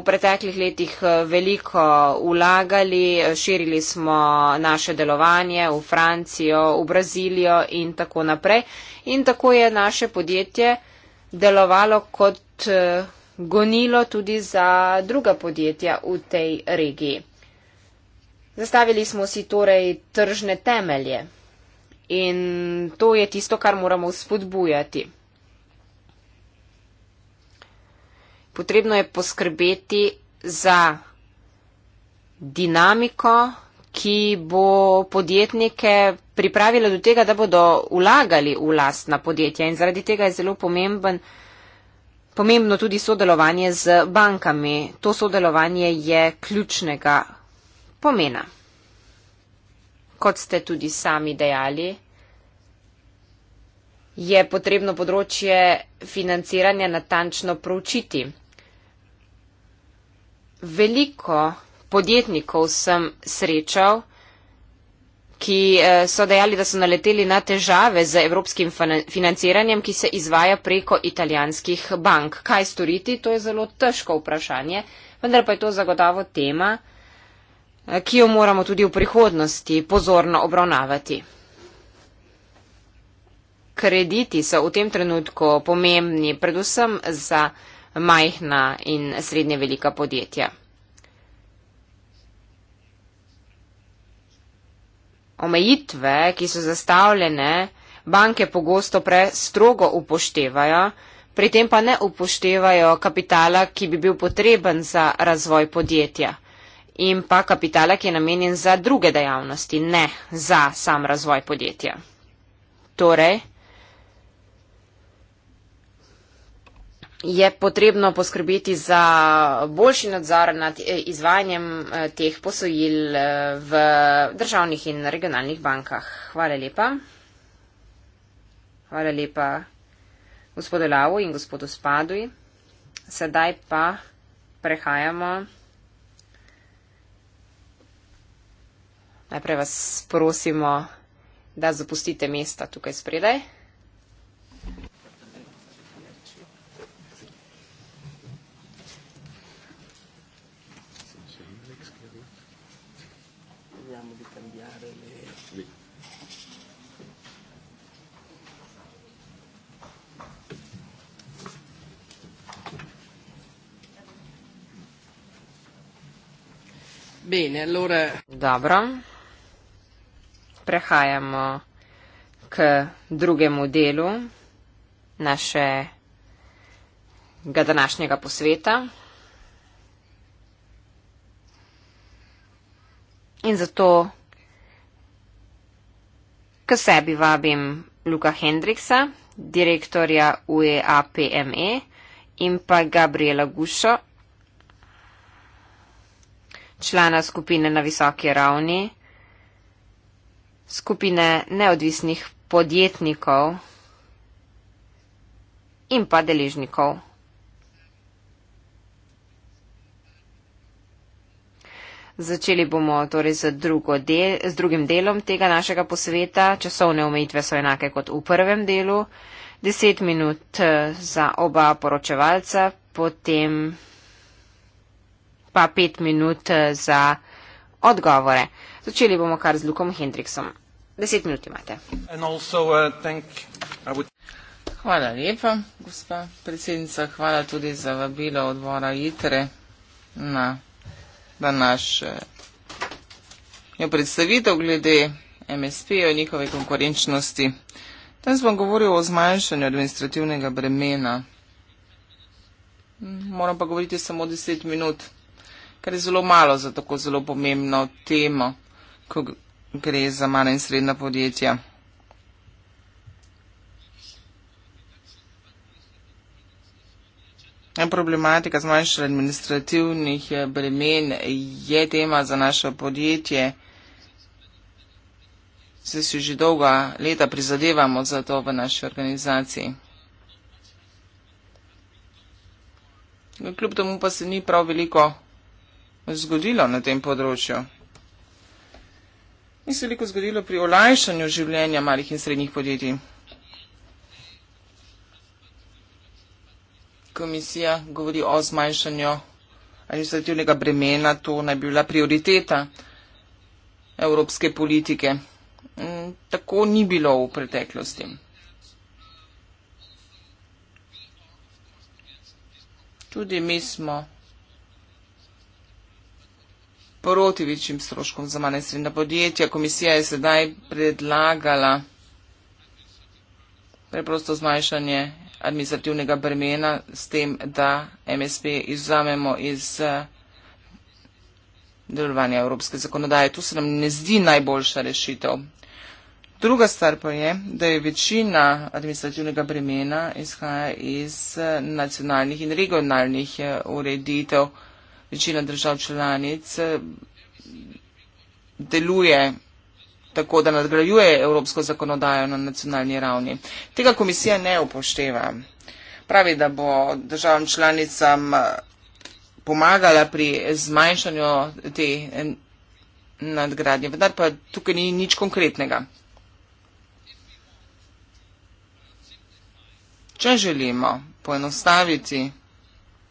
v preteklih letih eh, veliko ulagali, eh, širili smo naše delovanje v Francijo, v Brazilijo in tako naprej. In tako je naše podjetje delovalo kot eh, gonilo tudi za druga podjetja v tej regiji. Zastavili smo si torej tržne temelje in to je tisto, kar moramo spodbujati. potrebno je poskrbeti za dinamiko, ki bo podjetnike pripravila do tega, da bodo vlagali v lastna podjetja in zaradi tega je zelo pomemben, pomembno tudi sodelovanje z bankami. To sodelovanje je ključnega pomena. Kot ste tudi sami dejali, je potrebno področje financiranja natančno proučiti veliko podjetnikov sem srečal, ki eh, so dejali, da so naleteli na težave z evropskim financiranjem, ki se izvaja preko italijanskih bank. Kaj storiti? To je zelo težko vprašanje, vendar pa je to zagotavo tema, eh, ki jo moramo tudi v prihodnosti pozorno obravnavati. Krediti so v tem trenutku pomembni, predvsem za majhna in srednje velika podjetja. Omejitve, ki so zastavljene, banke pogosto prestrogo upoštevajo, pri tem pa ne upoštevajo kapitala, ki bi bil potreben za razvoj podjetja in pa kapitala, ki je namenjen za druge dejavnosti, ne za sam razvoj podjetja. Torej, je potrebno poskrbeti za boljši nadzor nad eh, izvajanjem eh, teh posojil eh, v državnih in regionalnih bankah. Hvala lepa. Hvala lepa gospodu Lavu in gospodu Spaduji. Sedaj pa prehajamo. Najprej vas prosimo, da zapustite mesta tukaj spredaj. Bene, allora. Dobro. Prehajamo k drugemu delu našega današnjega posveta. In zato k sebi vabim Luka Hendriksa, direktorja UEAPME e, in pa Gabriela Gušo, člana skupine na visoki ravni, skupine neodvisnih podjetnikov in pa deležnikov. Začeli bomo torej z, del, z drugim delom tega našega posveta. Časovne omejitve so enake kot v prvem delu. Deset minut eh, za oba poročevalca, potem pa pet minut eh, za odgovore. Začeli bomo kar z Lukom Hendriksom. Deset minut imate. Also, uh, thank, would... Hvala lepa, gospa predsednica. Hvala tudi za vabilo odbora ITRE na današ eh, predstavitev glede MSP-ja in njihove konkurenčnosti. Danes bom govoril o zmanjšanju administrativnega bremena. Moram pa govoriti samo deset minut kar je zelo malo za tako zelo pomembno temo, ko gre za mala in srednja podjetja. Ja, problematika zmanjšanja administrativnih eh, bremen je tema za naše podjetje. Zdaj si že dolga leta prizadevamo za to v naši organizaciji. Kljub temu pa se ni prav veliko zgodilo na tem področju. Ni se veliko zgodilo pri olajšanju življenja malih in srednjih podjetij. Komisija govori o zmanjšanju administrativnega bremena, to naj bi bila prioriteta evropske politike. Mm, tako ni bilo v preteklosti. Tudi mi smo proti večjim stroškom za manj srednja podjetja. Komisija je sedaj predlagala preprosto zmanjšanje administrativnega bremena s tem, da MSP izvzamemo iz eh, delovanja evropske zakonodaje. Tu se nam ne zdi najboljša rešitev. Druga stvar pa je, da je večina administrativnega bremena izhaja iz eh, nacionalnih in regionalnih eh, ureditev večina držav članic eh, deluje tako, da nadgrajuje evropsko zakonodajo na nacionalni ravni. Tega komisija ne upošteva. Pravi, da bo državam članicam eh, pomagala pri zmanjšanju te eh, nadgradnje, vendar pa tukaj ni nič konkretnega. Če želimo poenostaviti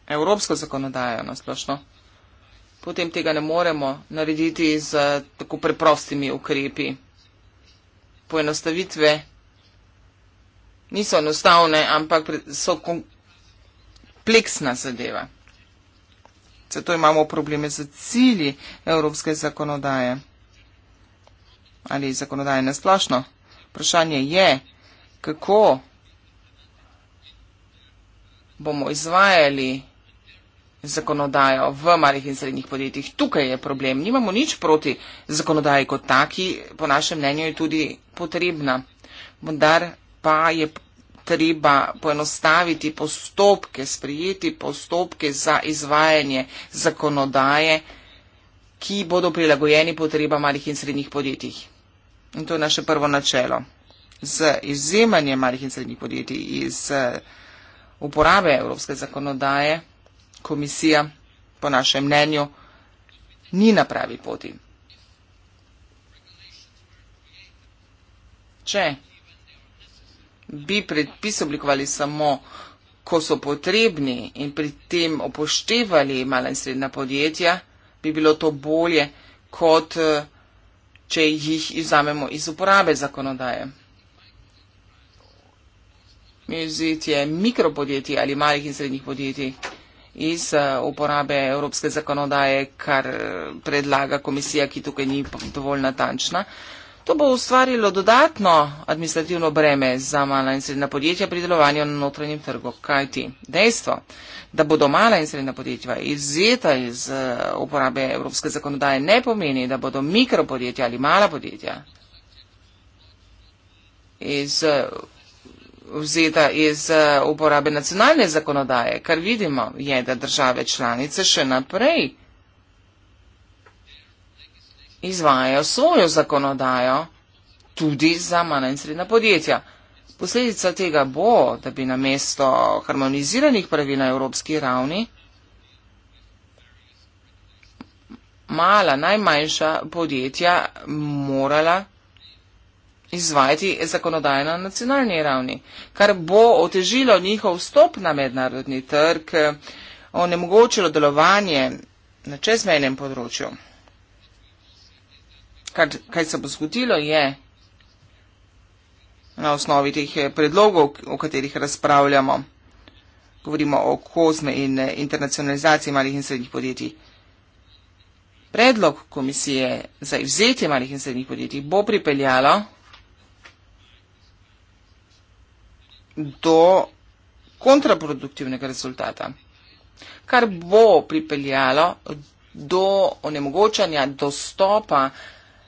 evropsko zakonodajo nasplošno, potem tega ne moremo narediti z tako preprostimi ukrepi. Poenostavitve niso enostavne, ampak so kompleksna zadeva. Zato imamo probleme z cilji evropske zakonodaje ali zakonodaje nasplošno. Vprašanje je, kako bomo izvajali zakonodajo v malih in srednjih podjetjih. Tukaj je problem. Nimamo nič proti zakonodaji kot taki, po našem mnenju je tudi potrebna. Vendar pa je treba poenostaviti postopke, sprijeti postopke za izvajanje zakonodaje, ki bodo prilagojeni potreba malih in srednjih podjetij. In to je naše prvo načelo. Z izjemanjem malih in srednjih podjetij iz eh, uporabe evropske zakonodaje komisija, po našem mnenju, ni na pravi poti. Če bi predpis oblikovali samo, ko so potrebni in pri tem upoštevali mala in srednja podjetja, bi bilo to bolje, kot eh, če jih izvzamemo iz uporabe zakonodaje. Mizit je mikropodjetij ali malih in srednjih podjetij iz eh, uporabe evropske zakonodaje, kar eh, predlaga komisija, ki tukaj ni dovolj natančna. To bo ustvarilo dodatno administrativno breme za mala in srednja podjetja pri delovanju na notranjem trgu. Kaj ti? Dejstvo, da bodo mala in srednja podjetja izvzeta iz eh, uporabe evropske zakonodaje, ne pomeni, da bodo mikropodjetja ali mala podjetja iz vzeta iz eh, uporabe nacionalne zakonodaje. Kar vidimo je, da države članice še naprej izvajajo svojo zakonodajo tudi za mala in srednja podjetja. Posledica tega bo, da bi na mesto harmoniziranih pravil na evropski ravni mala, najmanjša podjetja morala izvajati zakonodaje na nacionalni ravni, kar bo otežilo njihov vstop na mednarodni trg, onemogočilo delovanje na čezmejnem področju. Kar, kaj se bo zgodilo je na osnovi teh predlogov, o katerih razpravljamo, govorimo o kozme in internacionalizaciji malih in srednjih podjetij. Predlog komisije za izvzetje malih in srednjih podjetij bo pripeljalo do kontraproduktivnega rezultata, kar bo pripeljalo do onemogočanja dostopa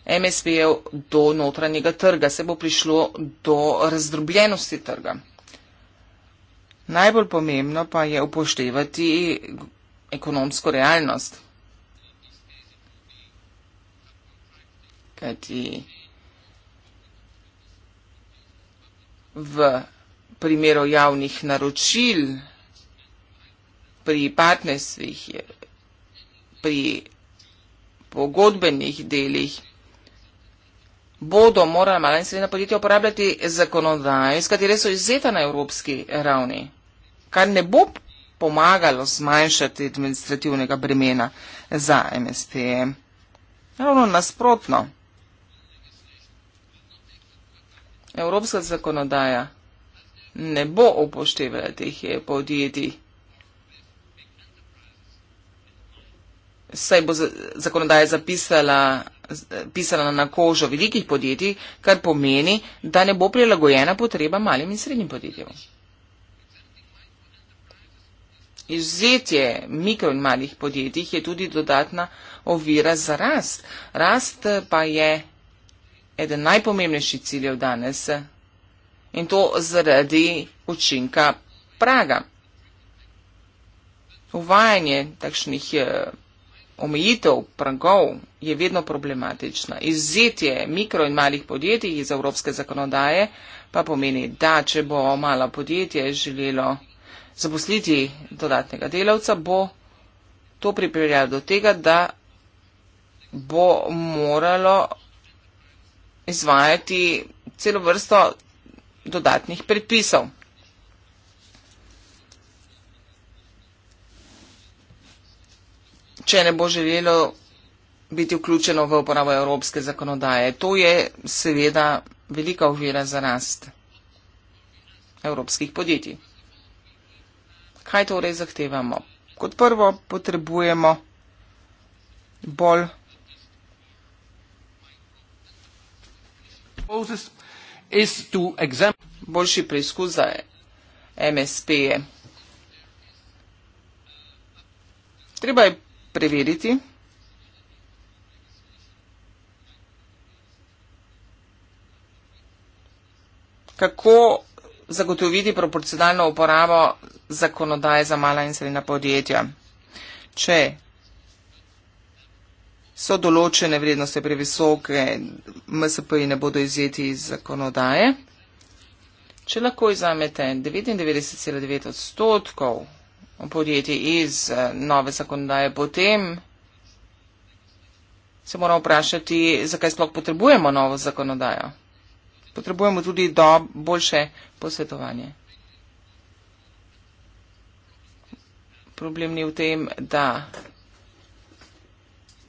MSP-jev do notranjega trga, se bo prišlo do razdrobljenosti trga. Najbolj pomembno pa je upoštevati ekonomsko realnost. Kajti v primeru javnih naročil, pri partnerstvih, pri pogodbenih delih, bodo morala mala in srednja podjetja uporabljati zakonodaje, iz katere so izzeta na evropski ravni, kar ne bo pomagalo zmanjšati administrativnega bremena za MSPE. Ravno nasprotno. Evropska zakonodaja ne bo upoštevala teh eh, podjetij. Saj bo zakonodaja zapisala, eh, pisala na kožo velikih podjetij, kar pomeni, da ne bo prilagojena potreba malim in srednjim podjetjem. Izvzetje mikro in malih podjetij je tudi dodatna ovira za rast. Rast eh, pa je eden najpomembnejših ciljev danes in to zaradi učinka praga. Uvajanje takšnih eh, omejitev, pragov je vedno problematično. Izzetje mikro in malih podjetij iz evropske zakonodaje pa pomeni, da če bo malo podjetje želelo zaposliti dodatnega delavca, bo to pripeljalo do tega, da bo moralo izvajati celo vrsto dodatnih predpisov. Če ne bo želelo biti vključeno v uporabo evropske zakonodaje, to je seveda velika uvira za rast evropskih podjetij. Kaj torej zahtevamo? Kot prvo potrebujemo bolj is to exam boljši preizkus za MSP je. Treba je preveriti. Kako zagotoviti proporcionalno uporabo zakonodaje za mala in srednja podjetja? Če so določene vrednosti previsoke, MSP-ji ne bodo izjeti iz zakonodaje. Če lahko izamete 99,9 odstotkov podjetij iz eh, nove zakonodaje, potem se moramo vprašati, zakaj sploh potrebujemo novo zakonodajo. Potrebujemo tudi do boljše posvetovanje. Problem ni v tem, da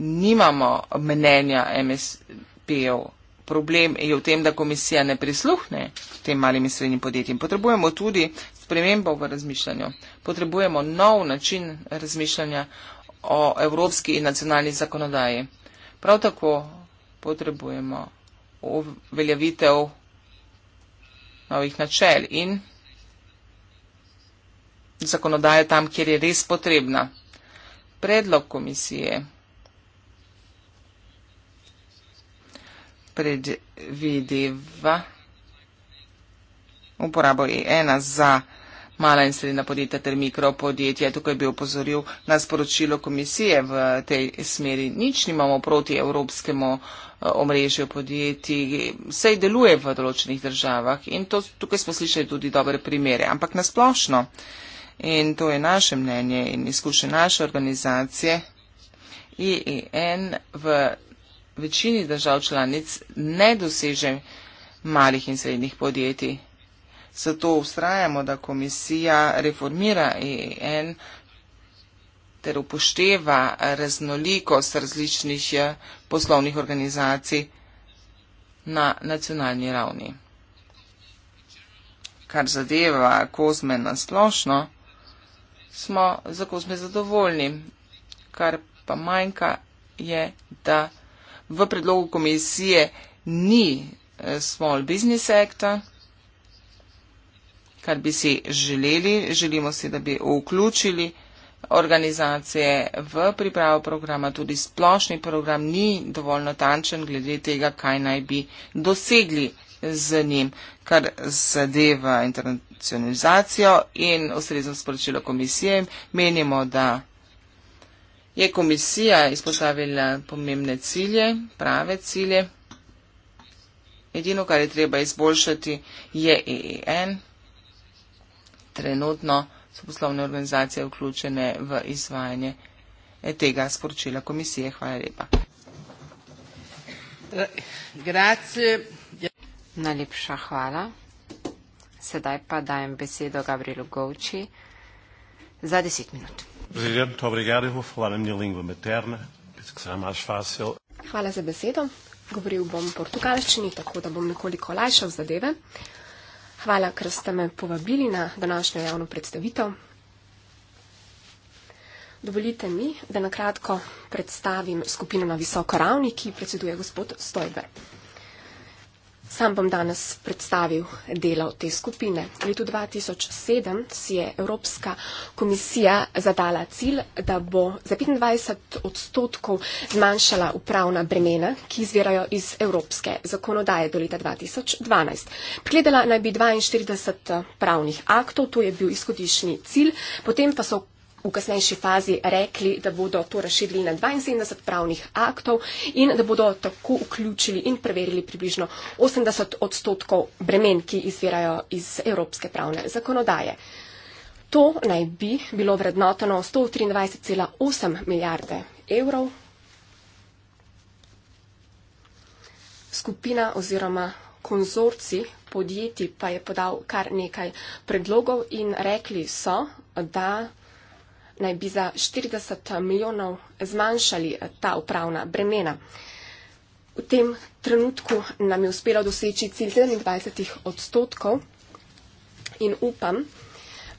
nimamo mnenja MSP-ov. Problem je v tem, da komisija ne prisluhne tem malim in srednjim podjetjem. Potrebujemo tudi spremembo v razmišljanju. Potrebujemo nov način razmišljanja o evropski in nacionalni zakonodaji. Prav tako potrebujemo uveljavitev novih načel in zakonodaje tam, kjer je res potrebna. Predlog komisije predvideva uporabo E1 za mala in sredna podjetja ter mikropodjetja. Tukaj bi opozoril na sporočilo komisije v tej smeri. Nič nimamo proti evropskemu eh, omrežju podjetij, sej deluje v določenih državah in to, tukaj smo slišali tudi dobre primere, ampak nasplošno. In to je naše mnenje in izkušnje naše organizacije. IEN v večini držav članic ne doseže malih in srednjih podjetij. Zato ustrajamo, da komisija reformira EEN ter upošteva raznolikost različnih eh, poslovnih organizacij na nacionalni ravni. Kar zadeva kozme na splošno, smo za kozme zadovoljni, kar pa manjka je, da v predlogu komisije ni eh, Small Business Acta, kar bi si želeli. Želimo si, da bi vključili organizacije v pripravo programa. Tudi splošni program ni dovolj natančen glede tega, kaj naj bi dosegli z njim, kar zadeva internacionalizacijo in osrednjo sporočilo komisije. Menimo, da je komisija izpostavila pomembne cilje, prave cilje. Edino, kar je treba izboljšati, je EEN. Trenutno so poslovne organizacije vključene v izvajanje tega sporočila komisije. Hvala lepa. Najlepša hvala. Sedaj pa dajem besedo Gabrielu Govči za deset minut. Presidente, muito obrigado. Eu vou falar na minha língua materna, penso que será mais fácil. Hvala za besedo. Govoril bom v portugalščini, tako da bom nekoliko olajšal zadeve. Hvala, ker ste me povabili na današnjo javno predstavitev. Dovolite mi, da nakratko predstavim skupino na visoko ravni, ki predseduje gospod Stojber. Sam bom danes predstavil delo te skupine. V letu 2007 si je Evropska komisija zadala cilj, da bo za 25 odstotkov zmanjšala upravna bremena, ki izvirajo iz evropske zakonodaje do leta 2012. Pregledala naj bi 42 pravnih aktov, to je bil izhodišnji cilj, potem pa so v kasnejši fazi rekli, da bodo to razširili na 72 pravnih aktov in da bodo tako vključili in preverili približno 80 odstotkov bremen, ki izvirajo iz evropske pravne zakonodaje. To naj bi bilo vrednoteno 123,8 milijarde evrov. Skupina oziroma konzorci podjetij pa je podal kar nekaj predlogov in rekli so, da naj bi za 40 milijonov zmanjšali eh, ta upravna bremena. V tem trenutku nam je uspelo doseči cilj 27 odstotkov in upam,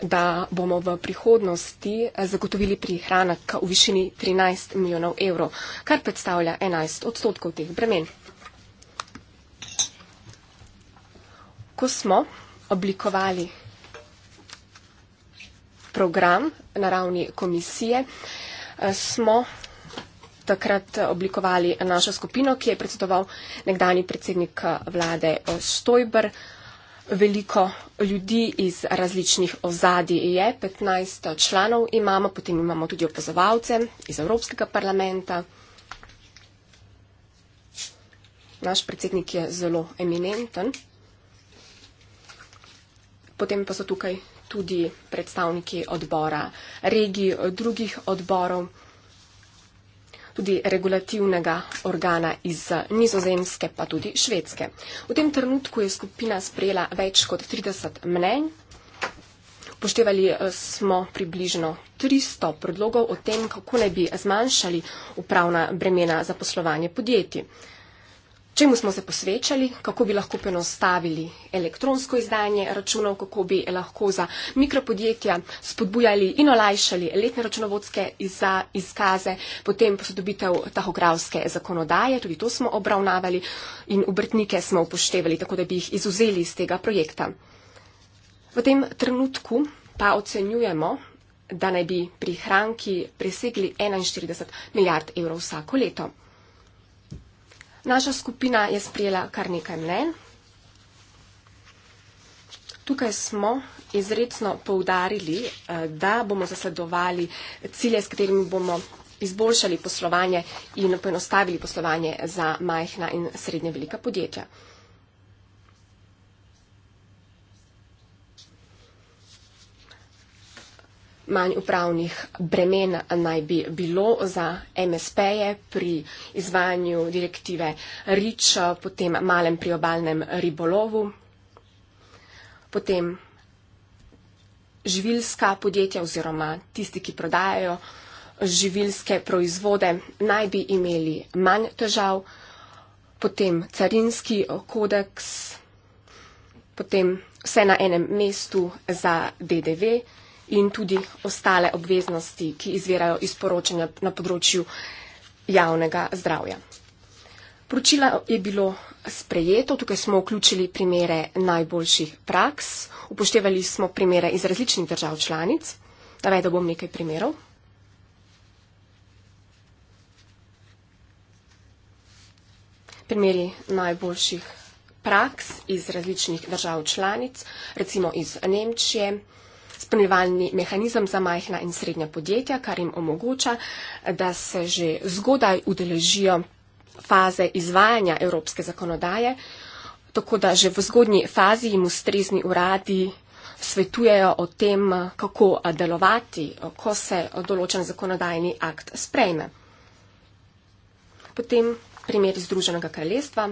da bomo v prihodnosti eh, zagotovili prihranek v višini 13 milijonov evrov, kar predstavlja 11 odstotkov teh bremen. Ko smo oblikovali program na ravni komisije, eh, smo takrat oblikovali našo skupino, ki je predsedoval nekdani predsednik eh, vlade eh, Stojber. Veliko ljudi iz različnih ozadij je, 15 članov imamo, potem imamo tudi opazovalce iz Evropskega parlamenta. Naš predsednik je zelo eminenten. Potem pa so tukaj tudi predstavniki odbora regij, drugih odborov, tudi regulativnega organa iz nizozemske, pa tudi švedske. V tem trenutku je skupina sprejela več kot 30 mnenj. Poštevali eh, smo približno 300 predlogov o tem, kako naj bi zmanjšali upravna bremena za poslovanje podjetij čemu smo se posvečali, kako bi lahko penostavili elektronsko izdanje računov, kako bi lahko za mikropodjetja spodbujali in olajšali letne računovodske izkaze, potem posodobitev tahografske zakonodaje, tudi to smo obravnavali in obrtnike smo upoštevali, tako da bi jih izuzeli iz tega projekta. V tem trenutku pa ocenjujemo, da naj bi prihranki presegli 41 milijard evrov vsako leto. Naša skupina je sprejela kar nekaj mnen. Tukaj smo izredno poudarili, eh, da bomo zasledovali cilje, s katerimi bomo izboljšali poslovanje in poenostavili poslovanje za majhna in srednje velika podjetja. manj upravnih bremen naj bi bilo za MSP-je pri izvajanju direktive RIČ, potem malem priobalnem ribolovu, potem živilska podjetja oziroma tisti, ki prodajajo živilske proizvode, naj bi imeli manj težav, potem carinski kodeks, potem vse na enem mestu za DDV in tudi ostale obveznosti, ki izvirajo iz poročanja na področju javnega zdravja. Poročilo je bilo sprejeto, tukaj smo vključili primere najboljših praks, upoštevali smo primere iz različnih držav članic, da bom nekaj primerov. Primeri najboljših praks iz različnih držav članic, recimo iz Nemčije, spremljevalni mehanizem za majhna in srednja podjetja, kar jim omogoča, da se že zgodaj udeležijo faze izvajanja evropske zakonodaje, tako da že v zgodnji fazi jim ustrezni uradi svetujejo o tem, kako delovati, ko se določen zakonodajni akt sprejme. Potem primer iz Združenega kraljestva.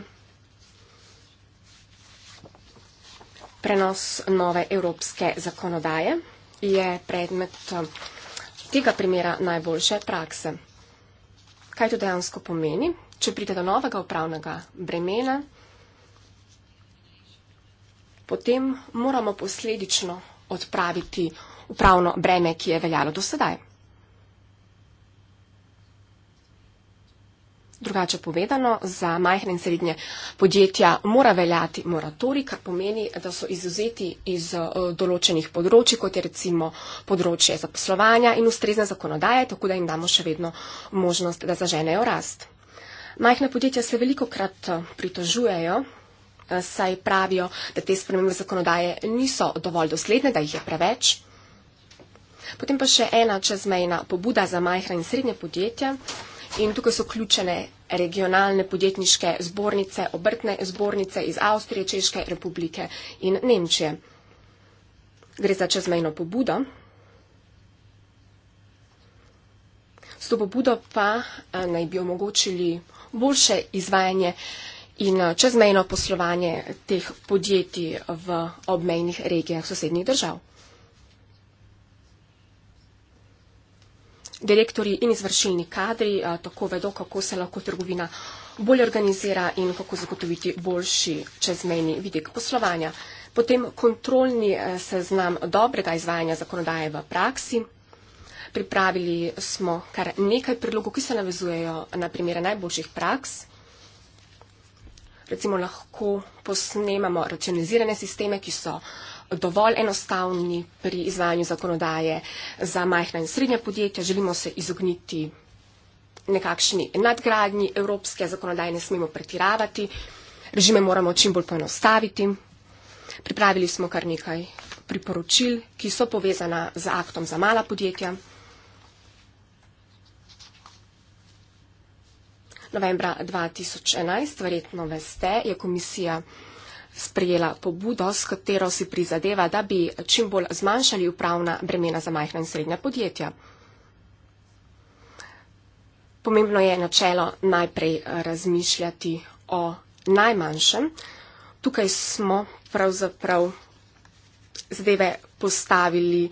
Prenos nove evropske zakonodaje je predmet eh, tega primera najboljše prakse. Kaj to dejansko pomeni? Če pride do novega upravnega bremena, potem moramo posledično odpraviti upravno breme, ki je veljalo do sedaj. Drugače povedano, za majhne in srednje podjetja mora veljati moratorij, kar pomeni, da so izuzeti iz eh, določenih področji, kot je recimo področje zaposlovanja in ustrezne zakonodaje, tako da jim damo še vedno možnost, da zaženejo rast. Majhne podjetja se veliko krat eh, pritožujejo, eh, saj pravijo, da te spremembe zakonodaje niso dovolj dosledne, da jih je preveč. Potem pa še ena čezmejna pobuda za majhna in srednje podjetja in tukaj so vključene regionalne podjetniške zbornice, obrtne zbornice iz Avstrije, Češke republike in Nemčije. Gre za čezmejno pobudo. S to pobudo pa eh, naj bi omogočili boljše izvajanje in eh, čezmejno poslovanje teh podjetij v obmejnih regijah sosednjih držav. direktori in izvršilni kadri tako vedo, kako se lahko trgovina bolje organizira in kako zagotoviti boljši čezmejni vidik poslovanja. Potem kontrolni seznam dobrega izvajanja zakonodaje v praksi. Pripravili smo kar nekaj predlogov, ki se navezujejo na primere najboljših praks. Recimo lahko posnemamo racionalizirane sisteme, ki so uh, dovolj enostavni pri izvajanju zakonodaje za majhna in srednja podjetja, želimo se izogniti nekakšni nadgradnji evropske zakonodaje, ne smemo pretiravati, režime moramo čim bolj poenostaviti. Pripravili smo kar nekaj priporočil, ki so povezana z aktom za mala podjetja. Novembra 2011, verjetno veste, je komisija sprejela pobudo, s katero si prizadeva, da bi čim bolj zmanjšali upravna bremena za majhna in srednja podjetja. Pomembno je načelo najprej eh, razmišljati o najmanjšem. Tukaj smo pravzaprav zadeve postavili uh,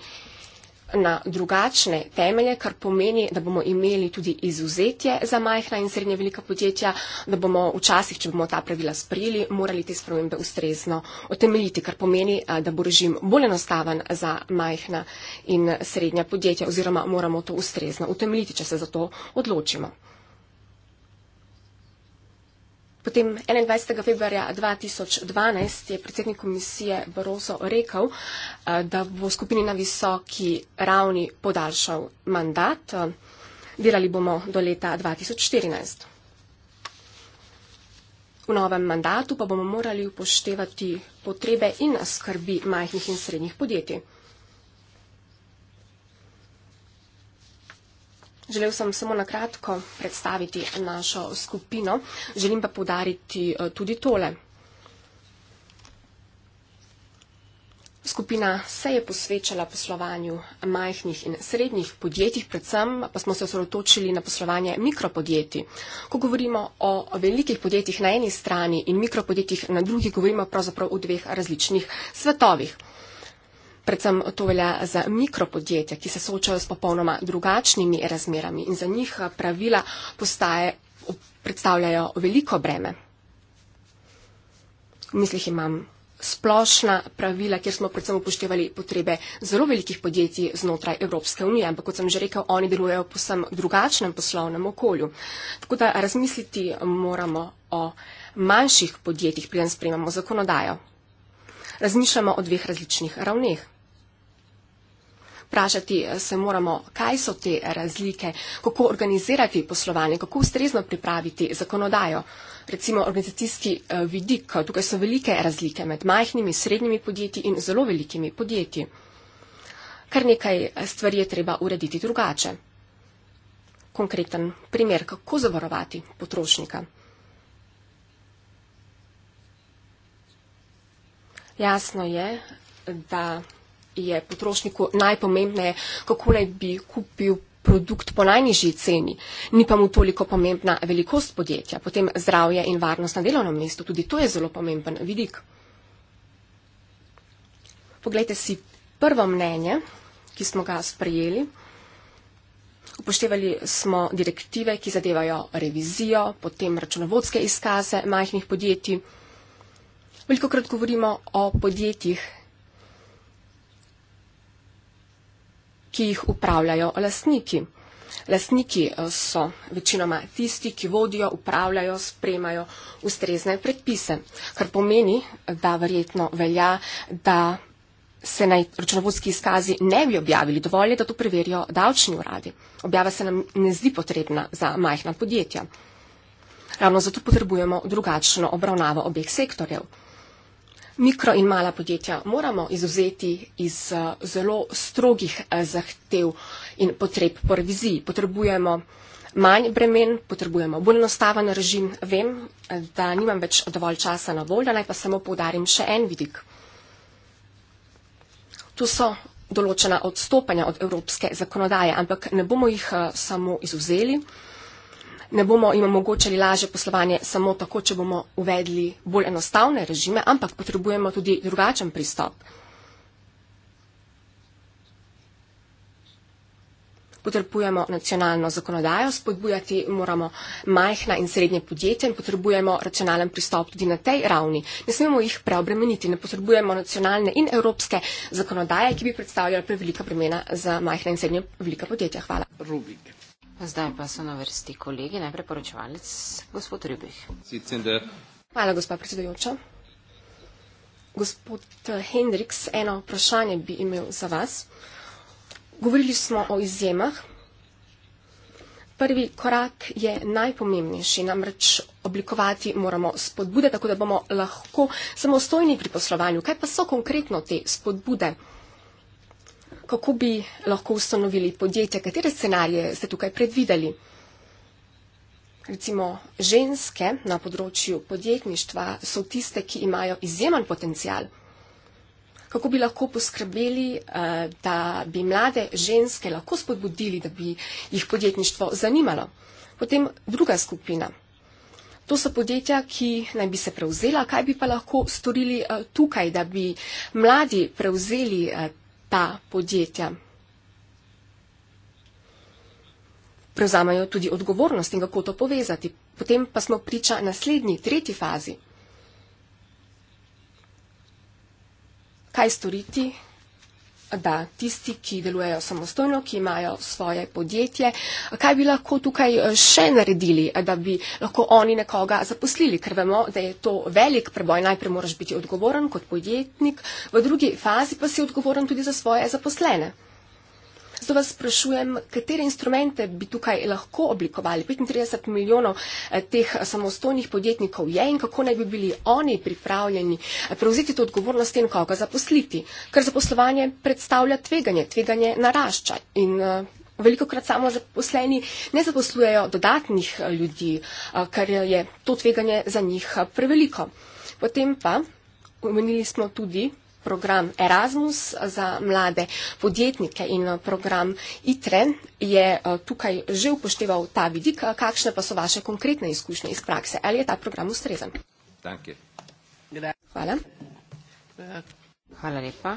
na drugačne temelje, kar pomeni, da bomo imeli tudi izuzetje za majhna in srednje velika podjetja, da bomo včasih, če bomo ta pravila sprijeli, morali te spremembe ustrezno otemeljiti, kar pomeni, da bo režim bolj enostaven za majhna in srednja podjetja oziroma moramo to ustrezno utemeljiti, če se za to odločimo. Potem 21. februarja 2012 je predsednik komisije Barroso rekel, eh, da bo skupini na visoki ravni podaljšal mandat. Eh, delali bomo do leta 2014. V novem mandatu pa bomo morali upoštevati potrebe in skrbi majhnih in srednjih podjetij. Želel sem samo na kratko predstaviti našo skupino, želim pa povdariti eh, tudi tole. Skupina se je posvečala poslovanju majhnih in srednjih podjetij, predvsem pa smo se osredotočili na poslovanje mikropodjetij. Ko govorimo o velikih podjetjih na eni strani in mikropodjetjih na drugi, govorimo pravzaprav o dveh različnih svetovih. Predvsem to velja za mikropodjetja, ki se soočajo s popolnoma drugačnimi razmerami in za njih eh, pravila postaje, predstavljajo veliko breme. V mislih imam splošna pravila, kjer smo predvsem upoštevali potrebe zelo velikih podjetij znotraj Evropske unije, ampak kot sem že rekel, oni delujejo v posem drugačnem poslovnem okolju. Tako da razmisliti moramo o manjših podjetjih, preden sprejemamo zakonodajo. Razmišljamo o dveh različnih ravneh vprašati eh, se moramo, kaj so te razlike, kako organizirati poslovanje, kako ustrezno pripraviti zakonodajo. Recimo organizacijski eh, vidik, eh, tukaj so velike razlike med majhnimi, srednjimi podjetji in zelo velikimi podjetji. Kar nekaj stvari je treba urediti drugače. Konkreten primer, kako zavarovati potrošnika. Jasno je, da je potrošniku najpomembnejše, kako naj bi kupil produkt po najnižji ceni, ni pa mu toliko pomembna velikost podjetja, potem zdravje in varnost na delovnem mestu, tudi to je zelo pomemben vidik. Poglejte si prvo mnenje, ki smo ga sprejeli. Upoštevali smo direktive, ki zadevajo revizijo, potem računovodske izkaze majhnih podjetij. Veliko krat govorimo o podjetjih ki jih upravljajo lastniki. Lastniki eh, so večinoma tisti, ki vodijo, upravljajo, spremajo ustrezne predpise, kar pomeni, da verjetno velja, da se naj računovodski izkazi ne bi objavili dovolj, da to preverijo davčni uradi. Objava se nam ne zdi potrebna za majhna podjetja. Ravno zato potrebujemo drugačno obravnavo obeh sektorjev mikro in mala podjetja moramo izuzeti iz eh, zelo strogih eh, zahtev in potreb po reviziji. Potrebujemo manj bremen, potrebujemo bolj enostaven režim. Vem, eh, da nimam več dovolj časa na voljo, naj pa samo poudarim še en vidik. Tu so določena odstopanja od evropske zakonodaje, ampak ne bomo jih samo izuzeli ne bomo jim omogočali laže poslovanje samo tako, če bomo uvedli bolj enostavne režime, ampak potrebujemo tudi drugačen pristop. Potrebujemo nacionalno zakonodajo, spodbujati moramo majhna in srednje podjetja in potrebujemo racionalen pristop tudi na tej ravni. Ne smemo jih preobremeniti, ne potrebujemo nacionalne in evropske zakonodaje, ki bi predstavljala prevelika bremena za majhna in srednje velika podjetja. Hvala. Rubik. Zdaj pa so na vrsti kolegi, najprej poročevalec, gospod Ribih. Hvala, gospa predsedujoča. Gospod Hendriks, eno vprašanje bi imel za vas. Govorili smo o izjemah. Prvi korak je najpomembnejši, namreč oblikovati moramo spodbude, tako da bomo lahko samostojni pri poslovanju. Kaj pa so konkretno te spodbude? kako bi lahko ustanovili podjetja, katere scenarije ste tukaj predvideli. Recimo ženske na področju podjetništva so tiste, ki imajo izjemen potencial. Kako bi lahko poskrbeli, eh, da bi mlade ženske lahko spodbudili, da bi jih podjetništvo zanimalo. Potem druga skupina. To so podjetja, ki naj bi se prevzela. Kaj bi pa lahko storili eh, tukaj, da bi mladi prevzeli eh, ta podjetja. Prevzamajo tudi odgovornost in kako to povezati. Potem pa smo priča naslednji, tretji fazi. Kaj storiti, da tisti, ki delujejo samostojno, ki imajo svoje podjetje, kaj bi lahko tukaj eh, še naredili, da bi lahko oni nekoga zaposlili, ker vemo, da je to velik preboj. Najprej moraš biti odgovoren kot podjetnik, v drugi fazi pa si odgovoren tudi za svoje zaposlene. Zato vas sprašujem, katere instrumente bi tukaj lahko oblikovali? 35 milijonov eh, teh eh, samostojnih podjetnikov je in kako naj bi bili oni pripravljeni eh, prevzeti to odgovornost in koga zaposliti? Ker zaposlovanje predstavlja tveganje, tveganje narašča in veliko krat samo zaposleni ne zaposlujejo dodatnih ljudi, ker je to tveganje za njih preveliko. Potem pa. Omenili smo tudi program Erasmus za mlade podjetnike in eh, program ITRE je eh, tukaj že upošteval ta vidik. Eh, kakšne pa so vaše konkretne izkušnje iz prakse? Ali je ta program ustrezen? Hvala. Hvala lepa.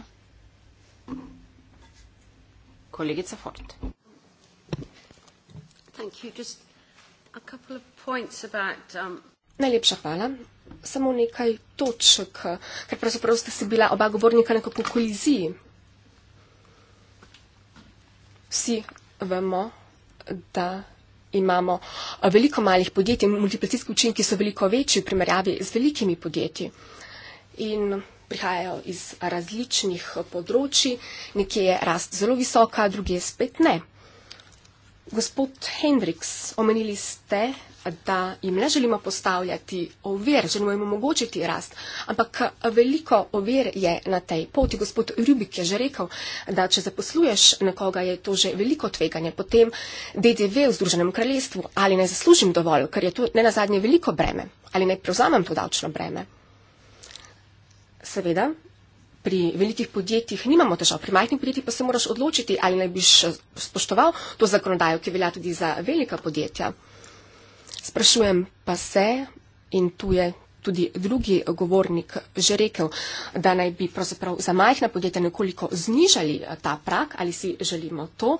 Kolegica Ford. Thank you. Just a couple of points about um, Najlepša hvala. Samo nekaj točk, ker pravzaprav ste si bila oba govornika nekako v koliziji. Vsi vemo, da imamo veliko malih podjetij in multiplicijski učinki so veliko večji v primerjavi z velikimi podjetji. In prihajajo iz različnih področji, nekje je rast zelo visoka, druge spet ne. Gospod Hendriks, omenili ste, da jim ne želimo postavljati ovir, želimo jim omogočiti rast, ampak veliko ovir je na tej poti. Gospod Rubik je že rekel, da če zaposluješ nekoga, je to že veliko tveganje. Potem DDV v Združenem kraljestvu, ali ne zaslužim dovolj, ker je to ne na zadnje veliko breme, ali ne prevzamem to davčno breme. Seveda, pri velikih podjetjih nimamo težav, pri majhnih podjetjih pa se moraš odločiti, ali naj bi spoštoval to zakonodajo, ki velja tudi za velika podjetja. Sprašujem pa se in tu je tudi drugi govornik že rekel, da naj bi pravzaprav za majhna podjetja nekoliko znižali eh, ta prak, ali si želimo to,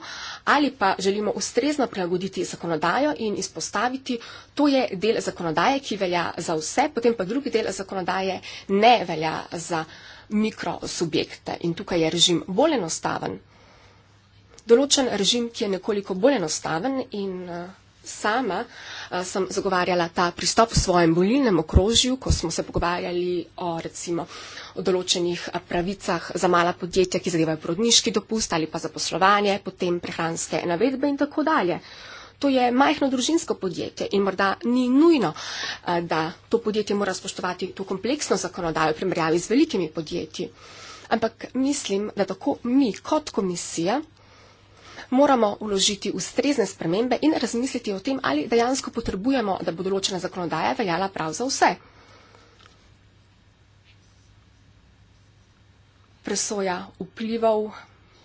ali pa želimo ustrezno prilagoditi zakonodajo in izpostaviti, to je del zakonodaje, ki velja za vse, potem pa drugi del zakonodaje ne velja za vse mikrosubjekte in tukaj je režim bolj enostaven. Določen režim, ki je nekoliko bolj enostaven in eh, sama eh, sem zagovarjala ta pristop v svojem bolilnem okrožju, ko smo se pogovarjali o recimo o določenih eh, pravicah za mala podjetja, ki zadevajo prodniški dopust ali pa zaposlovanje, potem prehranske navedbe in tako dalje to je majhno družinsko podjetje in morda ni nujno, eh, da to podjetje mora spoštovati to kompleksno zakonodajo v primerjavi z velikimi podjetji. Ampak mislim, da tako mi kot komisija moramo uložiti ustrezne spremembe in razmisliti o tem, ali dejansko potrebujemo, da bo določena zakonodaja veljala prav za vse. Presoja vplivov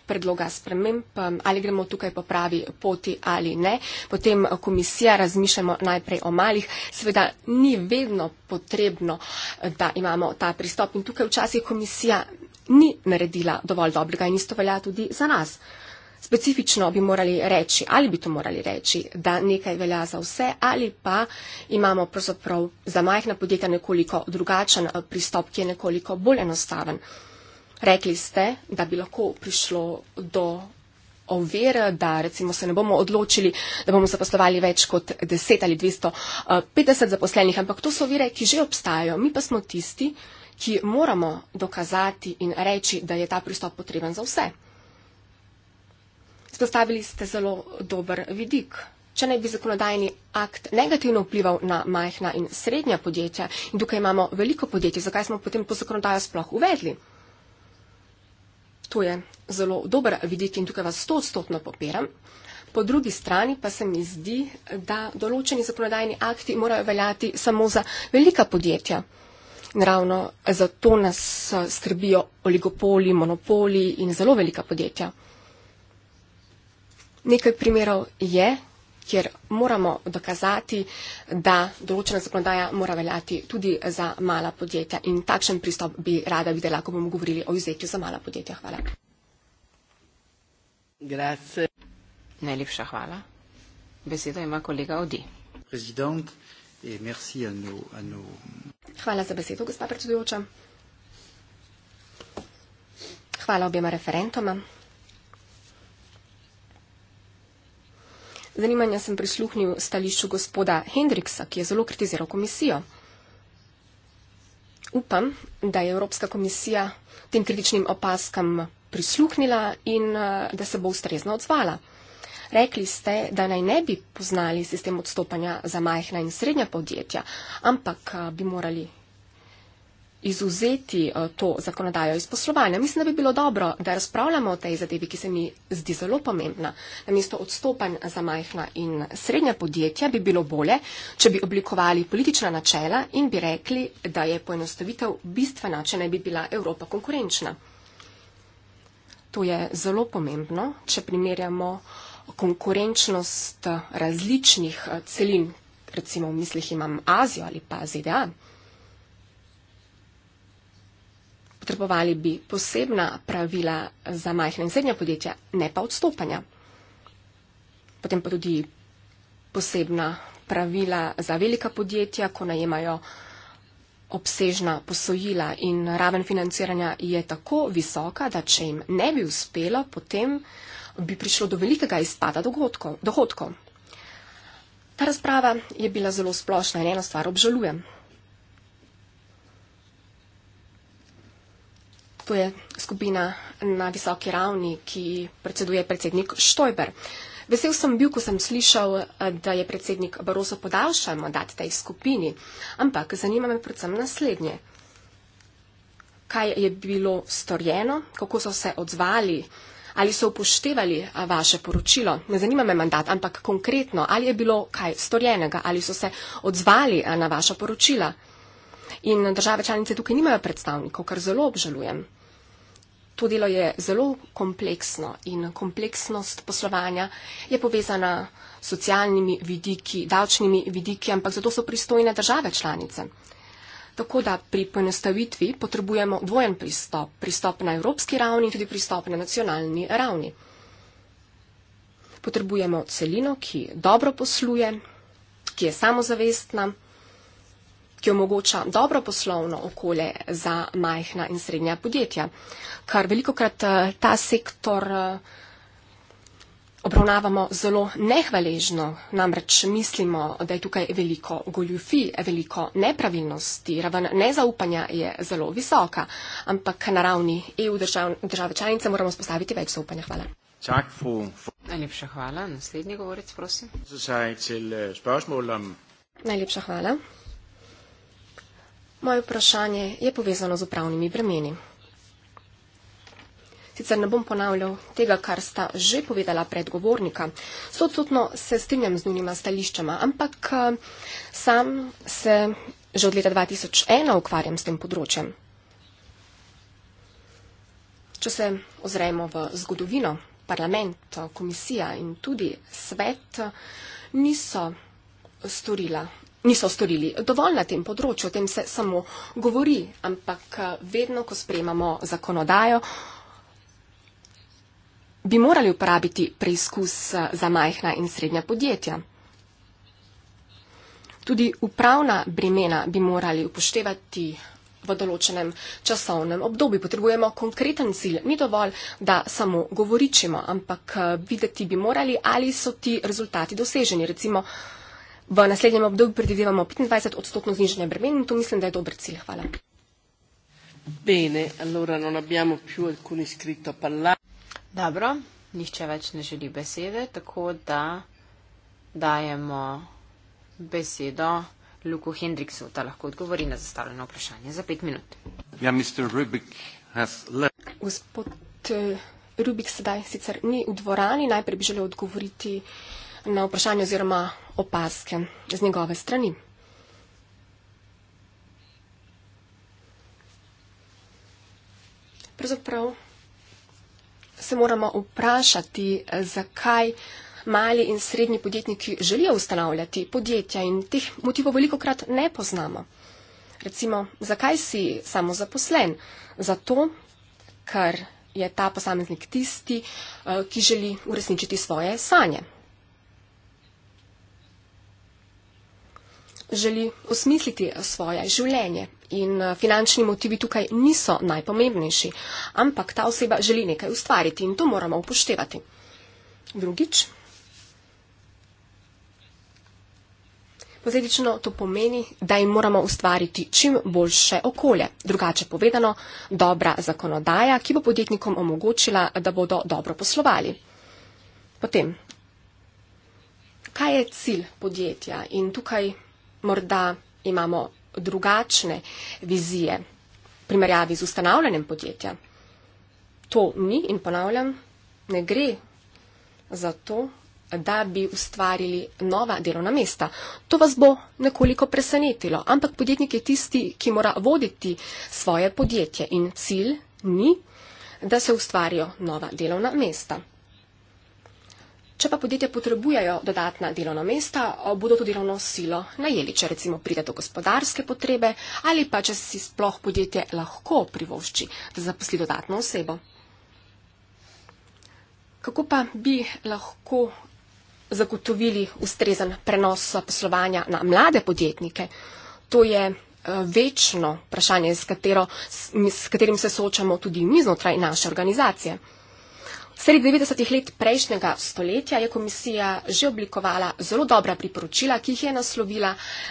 predloga sprememb, um, ali gremo tukaj po pravi poti ali ne. Potem uh, komisija razmišljamo najprej o malih. Seveda ni vedno potrebno, uh, da imamo ta pristop in tukaj včasih komisija ni naredila dovolj dobrega in isto velja tudi za nas. Specifično bi morali reči, ali bi to morali reči, da nekaj velja za vse ali pa imamo pravzaprav za majhna podjetja nekoliko drugačen uh, pristop, ki je nekoliko bolj enostaven. Rekli ste, da bi lahko prišlo do ovir, da recimo se ne bomo odločili, da bomo zaposlovali več kot 10 ali 250 eh, zaposlenih, ampak to so ovire, ki že obstajajo. Mi pa smo tisti, ki moramo dokazati in reči, da je ta pristop potreben za vse. Spostavili ste zelo dober vidik. Če ne bi zakonodajni akt negativno vplival na majhna in srednja podjetja, in tukaj imamo veliko podjetij, zakaj smo potem po zakonodaju sploh uvedli? to je zelo dober vidik in tukaj vas stotstotno popiram. Po drugi strani pa se mi zdi, da določeni zakonodajni akti morajo veljati samo za velika podjetja. Naravno, zato nas eh, skrbijo oligopoli, monopoli in zelo velika podjetja. Nekaj primerov je, kjer moramo dokazati, da določena zakonodaja mora veljati tudi za mala podjetja. In takšen pristop bi rada videla, ko bomo govorili o izvzetju za mala podjetja. Hvala. Grazie. Najlepša hvala. Besedo ima kolega Odi. Prezident, eh, merci a nos, a nos... Hvala za besedo, gospa predsedujoča. Hvala obema referentoma. Zanimanja sem prisluhnil stališču gospoda Hendriksa, ki je zelo kritiziral komisijo. Upam, da je Evropska komisija tem kritičnim opaskam prisluhnila in eh, da se bo ustrezno odzvala. Rekli ste, da naj ne bi poznali sistem odstopanja za majhna in srednja podjetja, ampak eh, bi morali izuzeti eh, to zakonodajo iz poslovanja. Mislim, da bi bilo dobro, da razpravljamo o tej zadevi, ki se mi zdi zelo pomembna. Na mesto odstopanj za majhna in srednja podjetja bi bilo bolje, če bi oblikovali politična načela in bi rekli, da je poenostavitev bistvena, če ne bi bila Evropa konkurenčna. To je zelo pomembno, če primerjamo konkurenčnost različnih eh, celin, recimo v mislih imam Azijo ali pa ZDA. potrebovali bi posebna pravila za majhna in srednja podjetja, ne pa odstopanja. Potem pa tudi posebna pravila za velika podjetja, ko najemajo obsežna posojila in raven financiranja je tako visoka, da če jim ne bi uspelo, potem bi prišlo do velikega izpada dogodkov, dohodkov. Ta razprava je bila zelo splošna in eno stvar obžalujem. To je skupina na visoki ravni, ki predseduje predsednik Štojber. Vesel sem bil, ko sem slišal, da je predsednik Baroso podaljšal mandat tej skupini, ampak zanima me predvsem naslednje. Kaj je bilo storjeno, kako so se odzvali ali so upoštevali vaše poročilo? Ne zanima me mandat, ampak konkretno, ali je bilo kaj storjenega ali so se odzvali na vaša poročila? in države članice tukaj nimajo predstavnikov, kar zelo obžalujem. To delo je zelo kompleksno in kompleksnost poslovanja je povezana s socialnimi vidiki, davčnimi vidiki, ampak zato so pristojne države članice. Tako da pri poenostavitvi potrebujemo dvojen pristop, pristop na evropski ravni in tudi pristop na nacionalni ravni. Potrebujemo celino, ki dobro posluje, ki je samozavestna ki omogoča dobro poslovno okolje za majhna in srednja podjetja, kar veliko krat eh, ta sektor eh, obravnavamo zelo nehvaležno, namreč mislimo, da je tukaj veliko goljufi, veliko nepravilnosti, raven nezaupanja je zelo visoka, ampak na ravni EU držav, države članice moramo spostaviti več zaupanja. Hvala. Najlepša hvala. Naslednji govorec, prosim. Eh, Najlepša hvala. Moje vprašanje je povezano z upravnimi bremeni. Sicer ne bom ponavljal tega, kar sta že povedala predgovornika. Sodsotno se strinjam z njunima stališčama, ampak eh, sam se že od leta 2001 ukvarjam s tem področjem. Če se ozremo v zgodovino, parlament, komisija in tudi svet niso storila niso storili dovolj na tem področju, o tem se samo govori, ampak eh, vedno, ko sprejemamo zakonodajo, bi morali uporabiti preizkus eh, za majhna in srednja podjetja. Tudi upravna bremena bi morali upoštevati v določenem časovnem obdobju. Potrebujemo konkreten cilj. Ni dovolj, da samo govoričimo, ampak eh, videti bi morali, ali so ti rezultati doseženi. Recimo, V naslednjem obdobju predvidevamo 25-odstotno znižanje bremen in to mislim, da je dober cilj. Hvala. Bene, allora non abbiamo più alcun iscritto a parlare. Dobro, nihče več ne želi besede, tako da dajemo besedo Luku Hendriksu, da lahko odgovori na zastavljeno vprašanje za pet minut. Ja, Mr. Rubik has left. Gospod eh, Rubik sedaj sicer ni v dvorani, najprej bi želel odgovoriti na vprašanje oziroma opaske z njegove strani. Pravzaprav se moramo vprašati, zakaj mali in srednji podjetniki želijo ustanavljati podjetja in teh motivov veliko krat ne poznamo. Recimo, zakaj si samo zaposlen? Zato, ker je ta posameznik tisti, eh, ki želi uresničiti svoje sanje. želi osmisliti svoje življenje. In eh, finančni motivi tukaj niso najpomembnejši, ampak ta oseba želi nekaj ustvariti in to moramo upoštevati. Drugič. Posledično to pomeni, da jim moramo ustvariti čim boljše okolje. Drugače povedano, dobra zakonodaja, ki bo podjetnikom omogočila, da bodo dobro poslovali. Potem, kaj je cilj podjetja? In tukaj morda imamo drugačne vizije v primerjavi z ustanavljanjem podjetja. To ni in ponavljam, ne gre za to, da bi ustvarili nova delovna mesta. To vas bo nekoliko presenetilo, ampak podjetnik je tisti, ki mora voditi svoje podjetje in cilj ni, da se ustvarijo nova delovna mesta. Če pa podjetja potrebujejo dodatna delovna mesta, bodo to delovno silo najeli, če recimo pride do gospodarske potrebe ali pa če si sploh podjetje lahko privošči, da zaposli dodatno osebo. Kako pa bi lahko zagotovili ustrezen prenos poslovanja na mlade podjetnike? To je eh, večno vprašanje, s, katero, s katerim se soočamo tudi mi znotraj naše organizacije. Sredi 90-ih let prejšnjega stoletja je komisija že oblikovala zelo dobra priporočila, ki jih je naslovila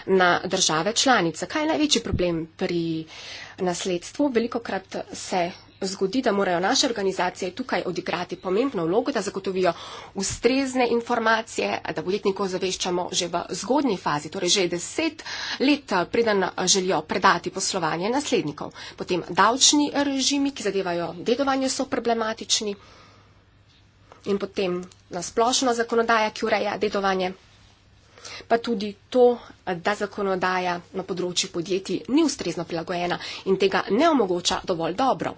na države članice. Kaj je največji problem pri nasledstvu? Veliko krat se zgodi, da morajo naše organizacije tukaj odigrati pomembno vlogo, da zagotovijo ustrezne informacije, da voletniko zaveščamo že v zgodnji fazi, torej že deset let, preden želijo predati poslovanje naslednikov. Potem davčni režimi, ki zadevajo dedovanje, so problematični in potem na splošno zakonodaja, ki ureja dedovanje, pa tudi to, da zakonodaja na področju podjetij ni ustrezno prilagojena in tega ne omogoča dovolj dobro.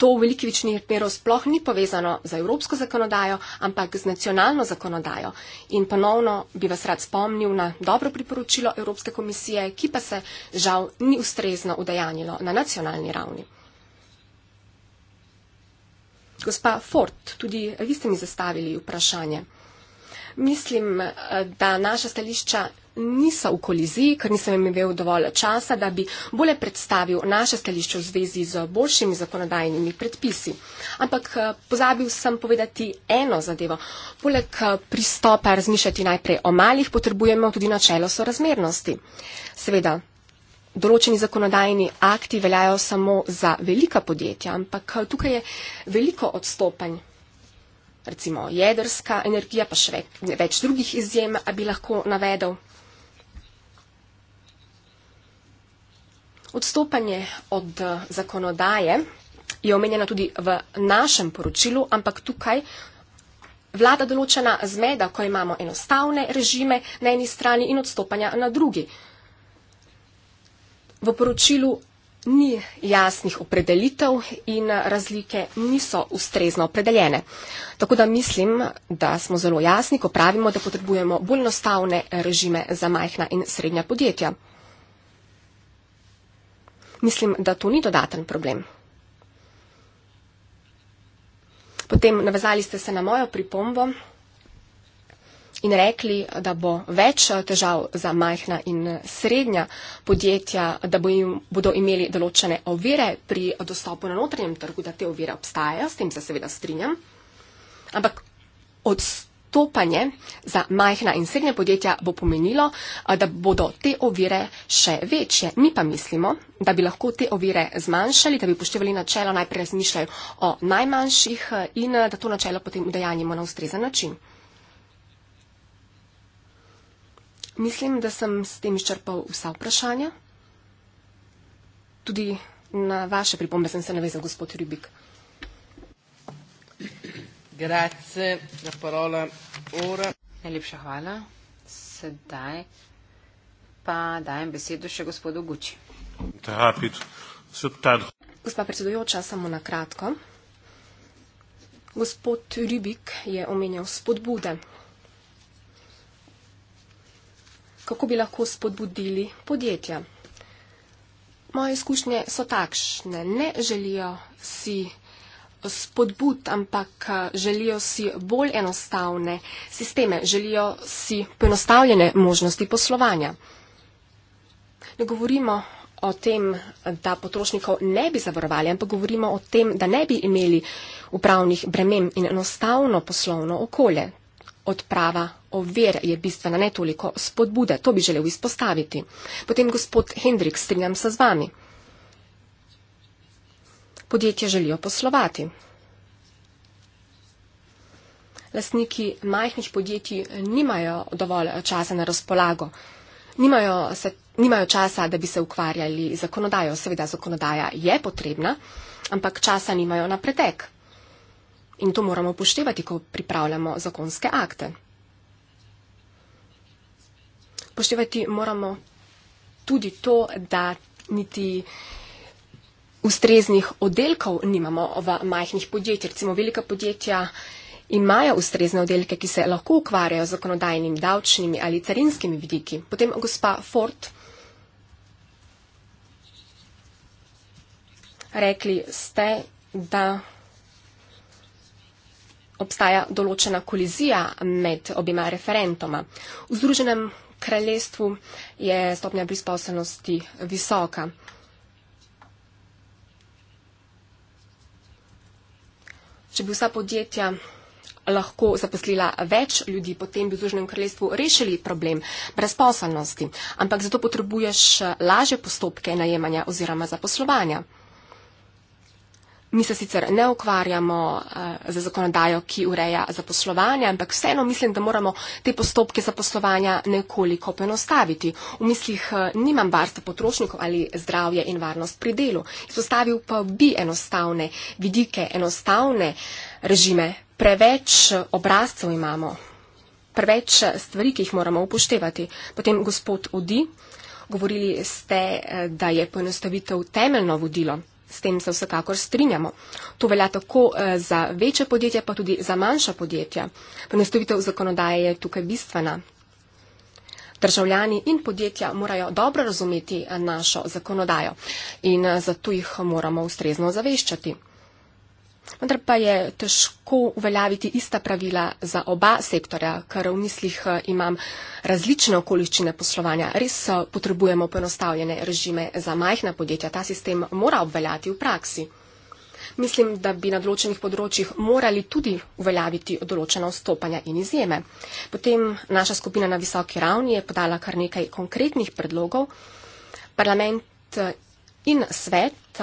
To v veliki večini primerov sploh ni povezano z evropsko zakonodajo, ampak z nacionalno zakonodajo. In ponovno bi vas rad spomnil na dobro priporočilo Evropske komisije, ki pa se žal ni ustrezno udejanjilo na nacionalni ravni. Gospa Ford, tudi vi ste mi zastavili vprašanje. Mislim, da naša stališča niso v koliziji, ker nisem imel dovolj časa, da bi bolje predstavil naše stališče v zvezi z boljšimi zakonodajnimi predpisi. Ampak eh, pozabil sem povedati eno zadevo. Poleg eh, pristopa razmišljati najprej o malih, potrebujemo tudi načelo sorazmernosti. Seveda, določeni zakonodajni akti veljajo samo za velika podjetja, ampak eh, tukaj je veliko odstopanj. Recimo jedrska energija, pa še več drugih izjem bi lahko navedel. Odstopanje od eh, zakonodaje je omenjeno tudi v našem poročilu, ampak tukaj vlada določena zmeda, ko imamo enostavne režime na eni strani in odstopanja na drugi. V poročilu ni jasnih opredelitev in razlike niso ustrezno opredeljene. Tako da mislim, da smo zelo jasni, ko pravimo, da potrebujemo bolj enostavne režime za majhna in srednja podjetja. Mislim, da to ni dodaten problem. Potem navezali ste se na mojo pripombo in rekli, da bo več eh, težav za majhna in srednja podjetja, da bo im, bodo imeli določene ovire pri dostopu na notranjem trgu, da te ovire obstajajo, s tem se seveda strinjam. Ampak odstopanje za majhna in srednja podjetja bo pomenilo, eh, da bodo te ovire še večje. Mi pa mislimo, da bi lahko te ovire zmanjšali, da bi poštevali načelo najprej razmišljajo o najmanjših eh, in da to načelo potem udejanjimo na ustrezen način. Mislim, da sem s tem izčrpal vsa vprašanja. Tudi na vaše pripombe sem se navezal, gospod Ribik. Grazie, la parola ora. Najlepša hvala. Sedaj pa dajem besedo še gospodu Guči. Gospa predsedujoča, samo na kratko. Gospod Ribik je omenjal spodbude. kako bi lahko spodbudili podjetja. Moje izkušnje so takšne. Ne želijo si spodbud, ampak želijo si bolj enostavne sisteme, želijo si poenostavljene možnosti poslovanja. Ne govorimo o tem, da potrošnikov ne bi zavarovali, ampak govorimo o tem, da ne bi imeli upravnih bremen in enostavno poslovno okolje odprava ovir je bistvena, ne toliko spodbude. To bi želel izpostaviti. Potem gospod Hendrik, strinjam se z vami. Podjetje želijo poslovati. Lastniki majhnih podjetij nimajo dovolj časa na razpolago. Nimajo, se, nimajo časa, da bi se ukvarjali z zakonodajo. Seveda zakonodaja je potrebna, ampak časa nimajo na pretek. In to moramo upoštevati, ko pripravljamo zakonske akte. Upoštevati moramo tudi to, da niti ustreznih oddelkov nimamo v majhnih podjetjih. Recimo velika podjetja imajo ustrezne oddelke, ki se lahko ukvarjajo z zakonodajnimi, davčnimi ali carinskimi vidiki. Potem gospa Ford. Rekli ste, da obstaja določena kolizija med obima referentoma. V Združenem kraljestvu je stopnja brezposelnosti visoka. Če bi vsa podjetja lahko zaposlila več ljudi, potem bi v Združenem kraljestvu rešili problem brezposelnosti. Ampak zato potrebuješ laže postopke najemanja oziroma zaposlovanja. Mi se sicer ne ukvarjamo eh, z zakonodajo, ki ureja zaposlovanje, ampak vseeno mislim, da moramo te postopke zaposlovanja nekoliko poenostaviti. V mislih eh, nimam varstva potrošnikov ali zdravje in varnost pri delu. Izpostavil pa bi enostavne vidike, enostavne režime. Preveč eh, obrazcev imamo, preveč stvari, ki jih moramo upoštevati. Potem gospod odi. Govorili ste, da je poenostavitev temeljno vodilo. S tem se vsekakor strinjamo. To velja tako eh, za večje podjetja, pa tudi za manjša podjetja. Ponestovitev zakonodaje je tukaj bistvena. Državljani in podjetja morajo dobro razumeti eh, našo zakonodajo in eh, zato jih moramo ustrezno zaveščati. Vendar pa je težko uveljaviti ista pravila za oba sektorja, ker v mislih eh, imam različne okoliščine poslovanja. Res eh, potrebujemo poenostavljene režime za majhna podjetja. Ta sistem mora obveljati v praksi. Mislim, da bi na določenih področjih morali tudi uveljaviti določena vstopanja in izjeme. Potem naša skupina na visoki ravni je podala kar nekaj konkretnih predlogov. Parlament eh, in svet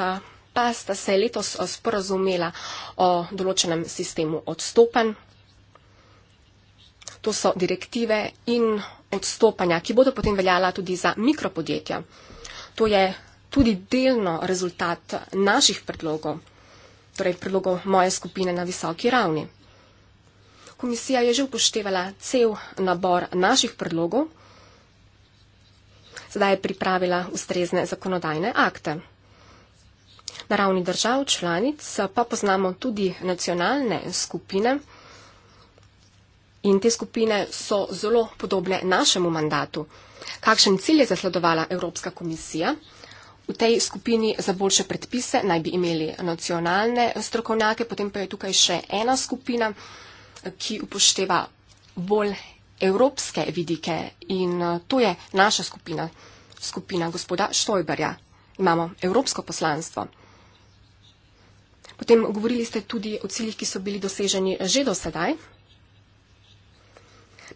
pa sta se letos eh, sporazumela o določenem sistemu odstopanj. To so direktive in odstopanja, ki bodo potem veljala tudi za mikropodjetja. To je tudi delno rezultat naših predlogov, torej predlogov moje skupine na visoki ravni. Komisija je že upoštevala cel nabor naših predlogov, zdaj je pripravila ustrezne zakonodajne akte na ravni držav članic, pa poznamo tudi nacionalne skupine. In te skupine so zelo podobne našemu mandatu. Kakšen cilj je zasledovala Evropska komisija? V tej skupini za boljše predpise naj bi imeli nacionalne strokovnjake, potem pa je tukaj še ena skupina, ki upošteva bolj evropske vidike in to je naša skupina, skupina gospoda Štojberja. Imamo evropsko poslanstvo. Potem govorili ste tudi o ciljih, ki so bili doseženi že do sedaj.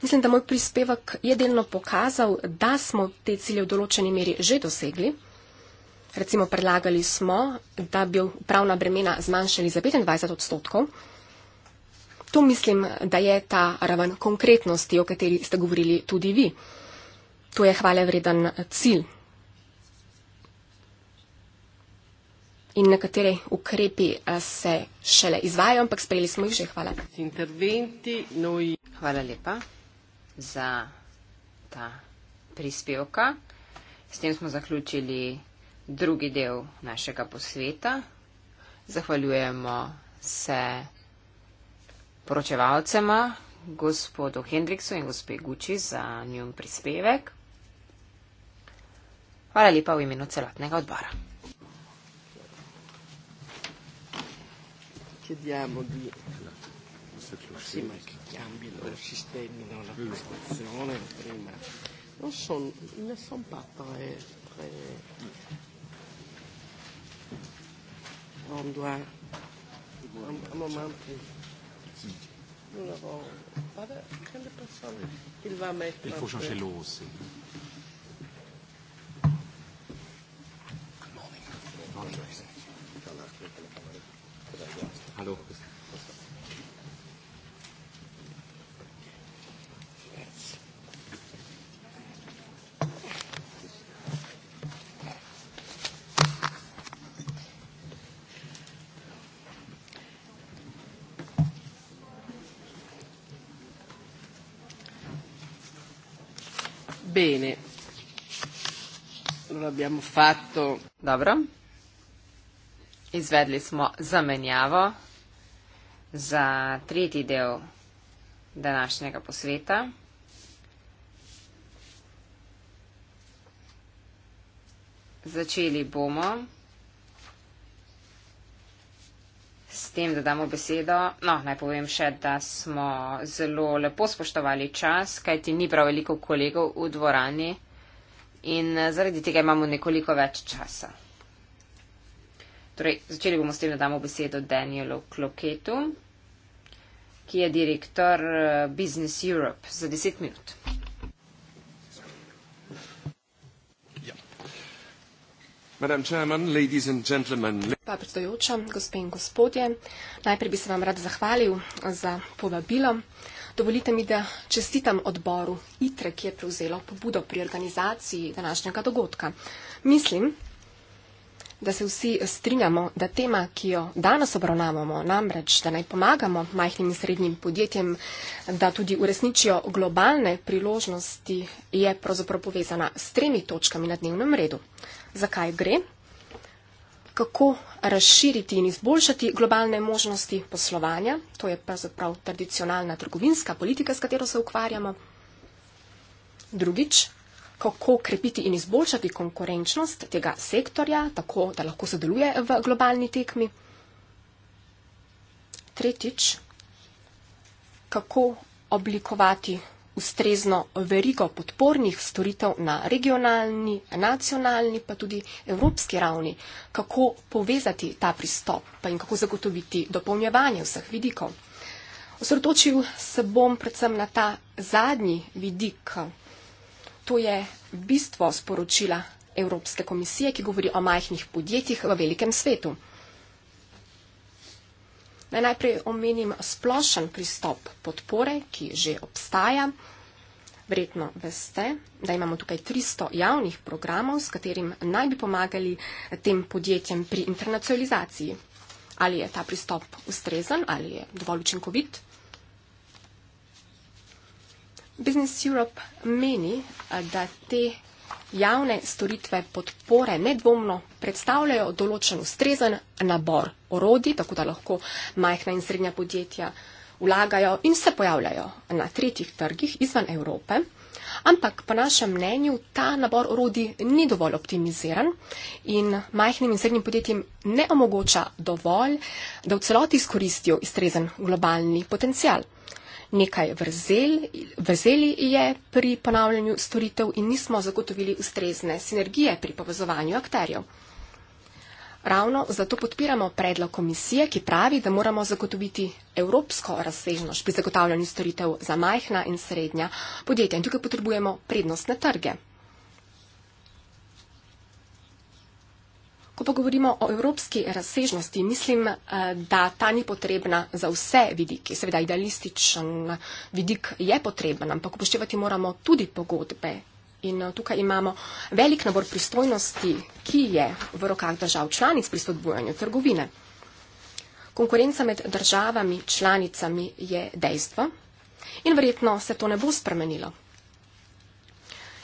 Mislim, da moj prispevek je delno pokazal, da smo te cilje v določeni meri že dosegli. Recimo predlagali smo, da bi upravna bremena zmanjšali za 25 odstotkov. To mislim, da je ta raven konkretnosti, o kateri ste govorili tudi vi. To je hvale vreden cilj. in nekateri ukrepi eh, se šele izvajo, ampak sprejeli smo jih že. Hvala. Hvala lepa za ta prispevka. S tem smo zaključili drugi del našega posveta. Zahvaljujemo se poročevalcema, gospodu Hendriksu in gospe Guči za njun prispevek. Hvala lepa v imenu celotnega odbora. chiediamo di sì, ma che cambino, sistemino la prestazione prima. Non sono, ne sono pas très, très... On doit, un, un moment, nous l'avons, voilà, quelle personne il va mettre. Il faut changer l'eau aussi. Good morning. Good morning. Good morning. Bene. Lo abbiamo fatto. Dobro. Izvedli smo zamenjavo za tretji del današnjega posveta. Začeli bomo s tem, da damo besedo. No, naj povem še, da smo zelo lepo spoštovali čas, kajti ni prav veliko kolegov v dvorani in eh, zaradi tega imamo nekoliko več časa. Torej, začeli bomo s tem, da damo besedo Danielu Kloketu, ki je direktor eh, Business Europe za 10 minut. Ja. Pa predstojoča, gospe in gospodje, najprej bi se vam rad zahvalil za povabilo. Dovolite mi, da čestitam odboru ITRE, ki je prevzelo pobudo pri organizaciji današnjega dogodka. Mislim, da se vsi strinjamo, da tema, ki jo danes obravnavamo, namreč, da naj pomagamo majhnim in srednjim podjetjem, da tudi uresničijo globalne priložnosti, je pravzaprav povezana s tremi točkami na dnevnem redu. Zakaj gre? Kako razširiti in izboljšati globalne možnosti poslovanja? To je pravzaprav tradicionalna trgovinska politika, s katero se ukvarjamo. Drugič, kako krepiti in izboljšati konkurenčnost tega sektorja, tako da lahko sodeluje v globalni tekmi. Tretjič, kako oblikovati ustrezno verigo podpornih storitev na regionalni, nacionalni, pa tudi evropski ravni, kako povezati ta pristop in kako zagotoviti dopolnjevanje vseh vidikov. Osredotočil se bom predvsem na ta zadnji vidik, To je bistvo sporočila Evropske komisije, ki govori o majhnih podjetjih v velikem svetu. Naj najprej omenim splošen pristop podpore, ki že obstaja. Vredno veste, da imamo tukaj 300 javnih programov, s katerim naj bi pomagali tem podjetjem pri internacionalizaciji. Ali je ta pristop ustrezen, ali je dovolj učinkovit, Business Europe meni, da te javne storitve podpore nedvomno predstavljajo določen ustrezen nabor orodij, tako da lahko majhna in srednja podjetja vlagajo in se pojavljajo na tretjih trgih izven Evrope. Ampak po našem mnenju ta nabor orodij ni dovolj optimiziran in majhnim in srednjim podjetjem ne omogoča dovolj, da v celoti izkoristijo iztrezen globalni potencial nekaj vrzel, vrzeli je pri ponavljanju storitev in nismo zagotovili ustrezne sinergije pri povezovanju akterjev. Ravno zato podpiramo predlog komisije, ki pravi, da moramo zagotoviti evropsko razsežnost pri zagotavljanju storitev za majhna in srednja podjetja. In tukaj potrebujemo prednostne trge. Ko pa govorimo o evropski razsežnosti, mislim, eh, da ta ni potrebna za vse vidike. Seveda, idealističen vidik je potreben, ampak upoštevati moramo tudi pogodbe. In eh, tukaj imamo velik nabor pristojnosti, ki je v rokah držav članic pri spodbujanju trgovine. Konkurenca med državami članicami je dejstvo in verjetno se to ne bo spremenilo.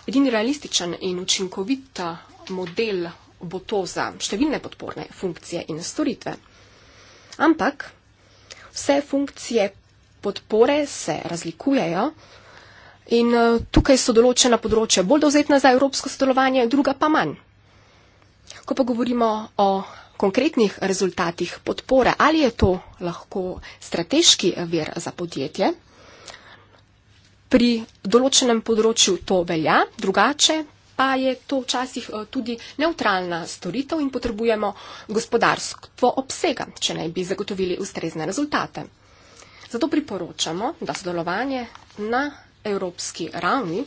Edini realističen in učinkovit eh, model bo to za številne podporne funkcije in storitve. Ampak vse funkcije podpore se razlikujejo in eh, tukaj so določena področja bolj dovzetna za evropsko sodelovanje, druga pa manj. Ko pa govorimo o konkretnih rezultatih podpore, ali je to lahko strateški vir za podjetje, pri določenem področju to velja, drugače pa je to včasih eh, tudi neutralna storitev in potrebujemo gospodarstvo obsega, če naj bi zagotovili ustrezne rezultate. Zato priporočamo, da sodelovanje na evropski ravni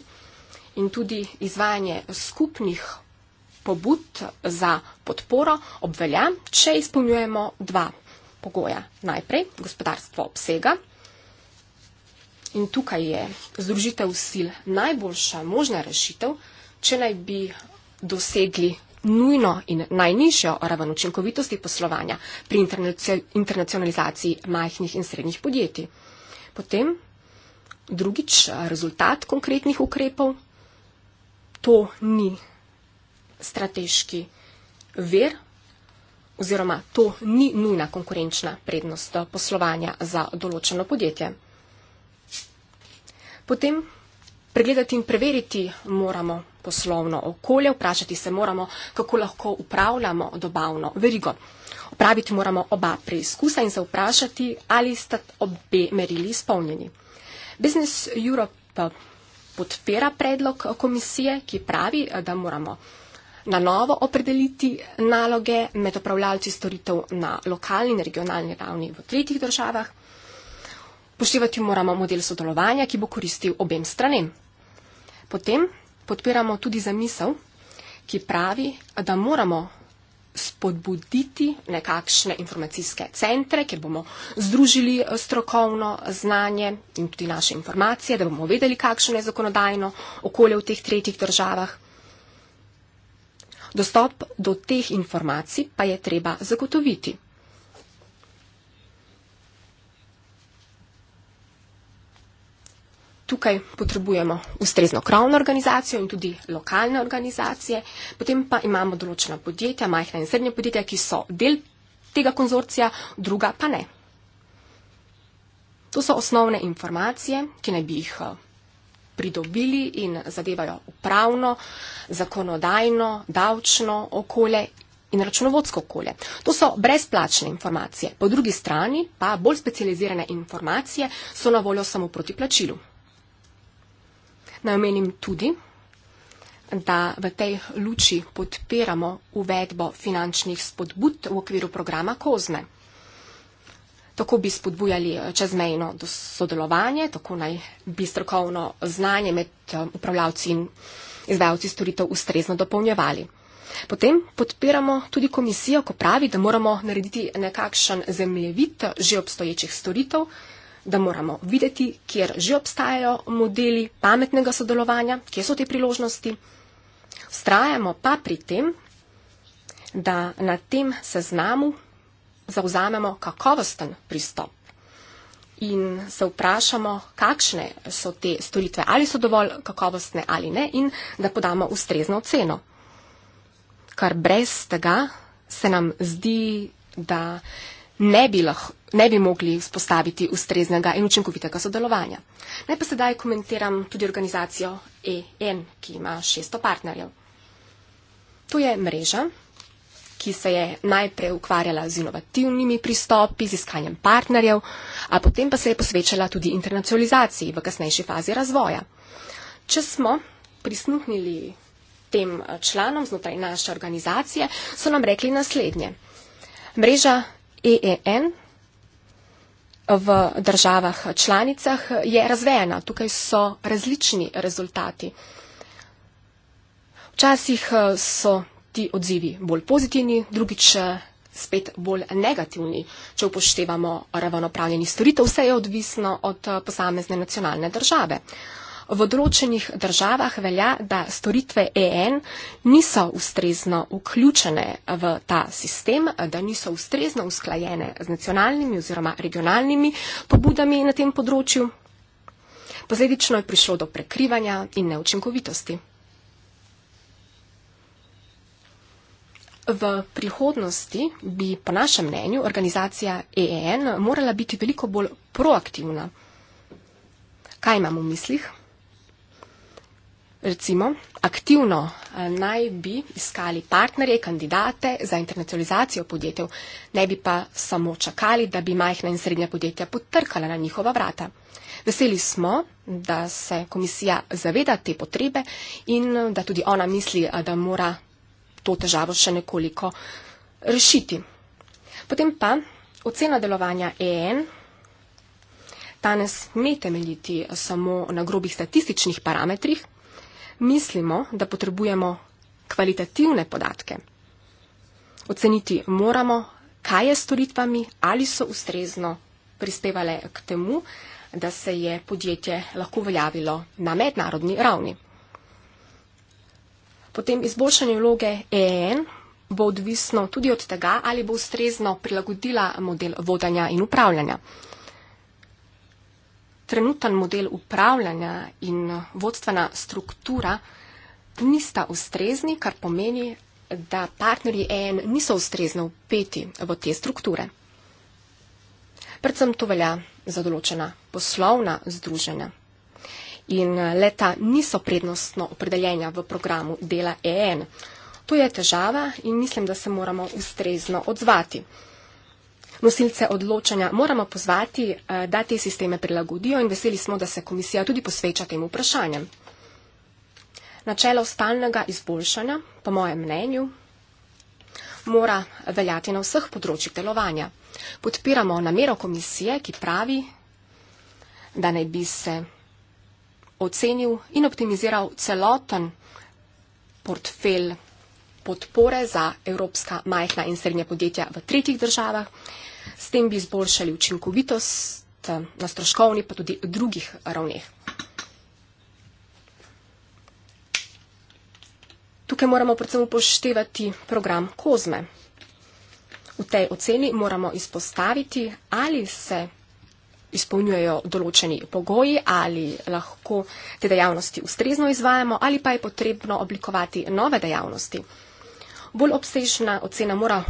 in tudi izvajanje skupnih pobud za podporo obvelja, če izpolnjujemo dva pogoja. Najprej gospodarstvo obsega in tukaj je združitev sil najboljša možna rešitev, če naj bi dosegli nujno in najnižjo raven učinkovitosti poslovanja pri internacionalizaciji majhnih in srednjih podjetij. Potem drugič rezultat konkretnih ukrepov. To ni strateški ver oziroma to ni nujna konkurenčna prednost poslovanja za določeno podjetje. Potem pregledati in preveriti moramo poslovno okolje, vprašati se moramo, kako lahko upravljamo dobavno verigo. Opraviti moramo oba preizkusa in se vprašati, ali sta obe merili izpolnjeni. Business Europe podpira predlog komisije, ki pravi, da moramo na novo opredeliti naloge med upravljalci storitev na lokalni in regionalni ravni v tretjih državah. Poštevati moramo model sodelovanja, ki bo koristil obem stranem. Potem podpiramo tudi zamisel, ki pravi, da moramo spodbuditi nekakšne informacijske centre, kjer bomo združili eh, strokovno znanje in tudi naše informacije, da bomo vedeli, kakšno je zakonodajno okolje v teh tretjih državah. Dostop do teh informacij pa je treba zagotoviti. tukaj potrebujemo ustrezno kravno organizacijo in tudi lokalne organizacije. Potem pa imamo določena podjetja, majhna in srednja podjetja, ki so del tega konzorcija, druga pa ne. To so osnovne informacije, ki naj bi jih eh, pridobili in zadevajo upravno, zakonodajno, davčno okolje in računovodsko okolje. To so brezplačne informacije. Po drugi strani pa bolj specializirane informacije so na voljo samo proti plačilu. Naj omenim tudi, da v tej luči podpiramo uvedbo finančnih spodbud v okviru programa Kozne. Tako bi spodbujali eh, čezmejno sodelovanje, tako naj bi strokovno znanje med eh, upravljavci in izvajalci storitev ustrezno dopolnjevali. Potem podpiramo tudi komisijo, ko pravi, da moramo narediti nekakšen zemljevid že obstoječih storitev, da moramo videti, kjer že obstajajo modeli pametnega sodelovanja, kje so te priložnosti. Vztrajamo pa pri tem, da na tem seznamu zauzamemo kakovosten pristop in se vprašamo, kakšne so te storitve, ali so dovolj kakovostne ali ne, in da podamo ustrezno ceno. Kar brez tega se nam zdi, da ne bi lahko ne bi mogli vzpostaviti ustreznega in učinkovitega sodelovanja. Naj pa sedaj komentiram tudi organizacijo EN, ki ima 600 partnerjev. To je mreža, ki se je najprej ukvarjala z inovativnimi pristopi, z iskanjem partnerjev, a potem pa se je posvečala tudi internacionalizaciji v kasnejši fazi razvoja. Če smo prisluhnili tem eh, članom znotraj naše organizacije, so nam rekli naslednje. Mreža EEN v državah članicah, je razvejena. Tukaj so različni rezultati. Včasih eh, so ti odzivi bolj pozitivni, drugič eh, spet bolj negativni, če upoštevamo ravnopravljeni storitev. Vse je odvisno od eh, posamezne nacionalne države v odročenih državah velja, da storitve EN niso ustrezno vključene v ta sistem, da niso ustrezno usklajene z nacionalnimi oziroma regionalnimi pobudami na tem področju. Posledično je prišlo do prekrivanja in neučinkovitosti. V prihodnosti bi, po našem mnenju, organizacija EEN morala biti veliko bolj proaktivna. Kaj imam v mislih? recimo, aktivno eh, naj bi iskali partnerje, kandidate za internacionalizacijo podjetjev, ne bi pa samo čakali, da bi majhna in srednja podjetja potrkala na njihova vrata. Veseli smo, da se komisija zaveda te potrebe in eh, da tudi ona misli, eh, da mora to težavo še nekoliko rešiti. Potem pa ocena delovanja EN. Danes ne temeljiti samo na grobih statističnih parametrih, mislimo, da potrebujemo kvalitativne podatke. Oceniti moramo, kaj je s storitvami, ali so ustrezno prispevale k temu, da se je podjetje lahko uveljavilo na mednarodni ravni. Potem izboljšanje vloge EEN bo odvisno tudi od tega, ali bo ustrezno prilagodila model vodanja in upravljanja trenutni model upravljanja in vodstvena struktura nista ustrezni, kar pomeni, da partnerji EN niso ustrezno upeti v te strukture. Predvsem to velja za določena poslovna združenja. In eh, leta niso prednostno opredeljenja v programu dela EN. To je težava in mislim, da se moramo ustrezno odzvati nosilce odločanja moramo pozvati, eh, da te sisteme prilagodijo in veseli smo, da se komisija tudi posveča tem vprašanjem. Načelo stalnega izboljšanja, po mojem mnenju, mora veljati na vseh področjih delovanja. Podpiramo namero komisije, ki pravi, da naj bi se ocenil in optimiziral celoten portfelj podpore za evropska majhna in srednja podjetja v tretjih državah. S tem bi izboljšali učinkovitost eh, na stroškovni, pa tudi drugih ravneh. Tukaj moramo predvsem upoštevati program Kozme. V tej oceni moramo izpostaviti, ali se izpolnjujejo določeni pogoji, ali lahko te dejavnosti ustrezno izvajamo, ali pa je potrebno oblikovati nove dejavnosti. Bolj obsežna ocena mora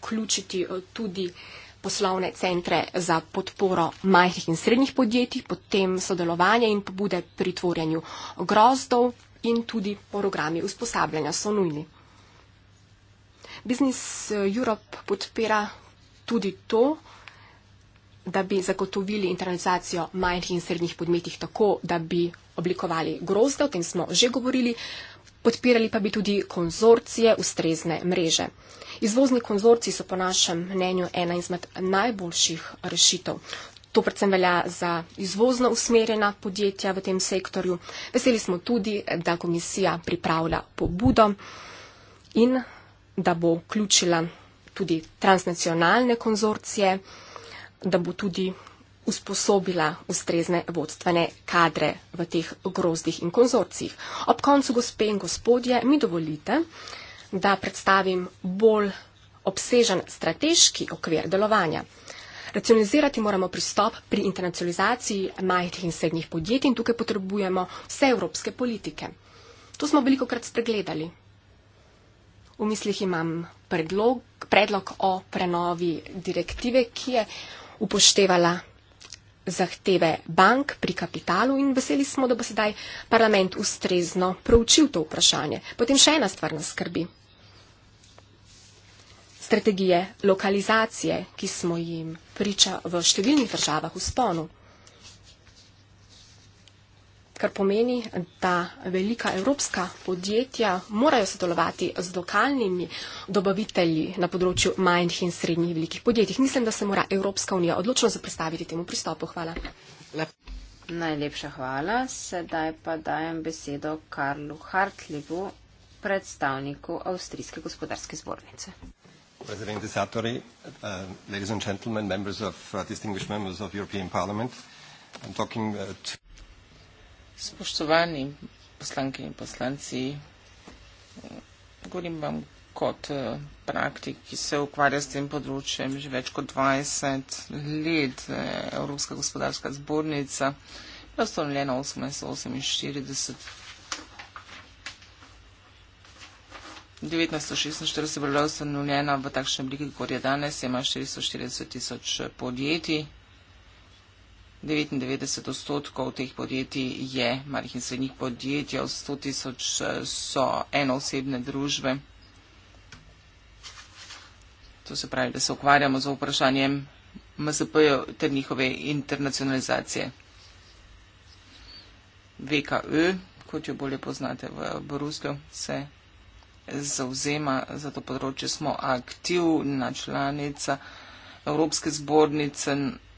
vključiti eh, tudi uh, poslovne centre za podporo majhnih in srednjih podjetij, potem sodelovanje in pobude pri tvorjenju grozdov in tudi programi usposabljanja so nujni. Biznis Europe podpira tudi to, da bi zagotovili internalizacijo majhnih in srednjih podjetij tako, da bi oblikovali grozdov, o tem smo že govorili, podpirali pa bi tudi konzorcije ustrezne mreže. Izvozni konzorci so po našem mnenju ena izmed najboljših rešitev. To predvsem velja za izvozno usmerjena podjetja v tem sektorju. Veseli smo tudi, da komisija pripravlja pobudo in da bo vključila tudi transnacionalne konzorcije, da bo tudi usposobila ustrezne vodstvene kadre v teh grozdih in konzorcih. Ob koncu, gospe in gospodje, mi dovolite, da predstavim bolj obsežen strateški okvir delovanja. Racionalizirati moramo pristop pri internacionalizaciji majhnih in srednjih podjetij in tukaj potrebujemo vse evropske politike. To smo veliko krat spregledali. V mislih imam predlog, predlog o prenovi direktive, ki je upoštevala zahteve bank pri kapitalu in veseli smo, da bo sedaj parlament ustrezno proučil to vprašanje. Potem še ena stvar nas skrbi. Strategije lokalizacije, ki smo jim priča v številnih državah v sponu kar pomeni, da velika evropska podjetja morajo sodelovati z lokalnimi dobavitelji na področju manjih in srednjih velikih podjetij. Mislim, da se mora Evropska unija odločno zapostaviti temu pristopu. Hvala. Najlepša hvala. Sedaj pa dajem besedo Karlu Hartlibu, predstavniku Avstrijske gospodarske zbornice. President Desatori, uh, ladies and gentlemen, members of, uh, distinguished members of European Parliament, I'm talking uh, to... Spoštovani poslanke in poslanci, govorim vam kot eh, praktik, ki se ukvarja s tem področjem že več kot 20 let. Eh, Evropska gospodarska zbornica je ustanovljena 1848. 1946 je bila ustanovljena v takšni obliki, kot je danes, ima 440 tisoč eh, podjetij. 99 odstotkov teh podjetij je malih in srednjih podjetij, od 100 tisoč eh, so enosebne družbe. To se pravi, da se ukvarjamo z vprašanjem MSP-jo ter njihove internacionalizacije. VKE, kot jo bolje poznate v Bruslju, se zauzema za to področje. Smo aktivna članica Evropske zbornice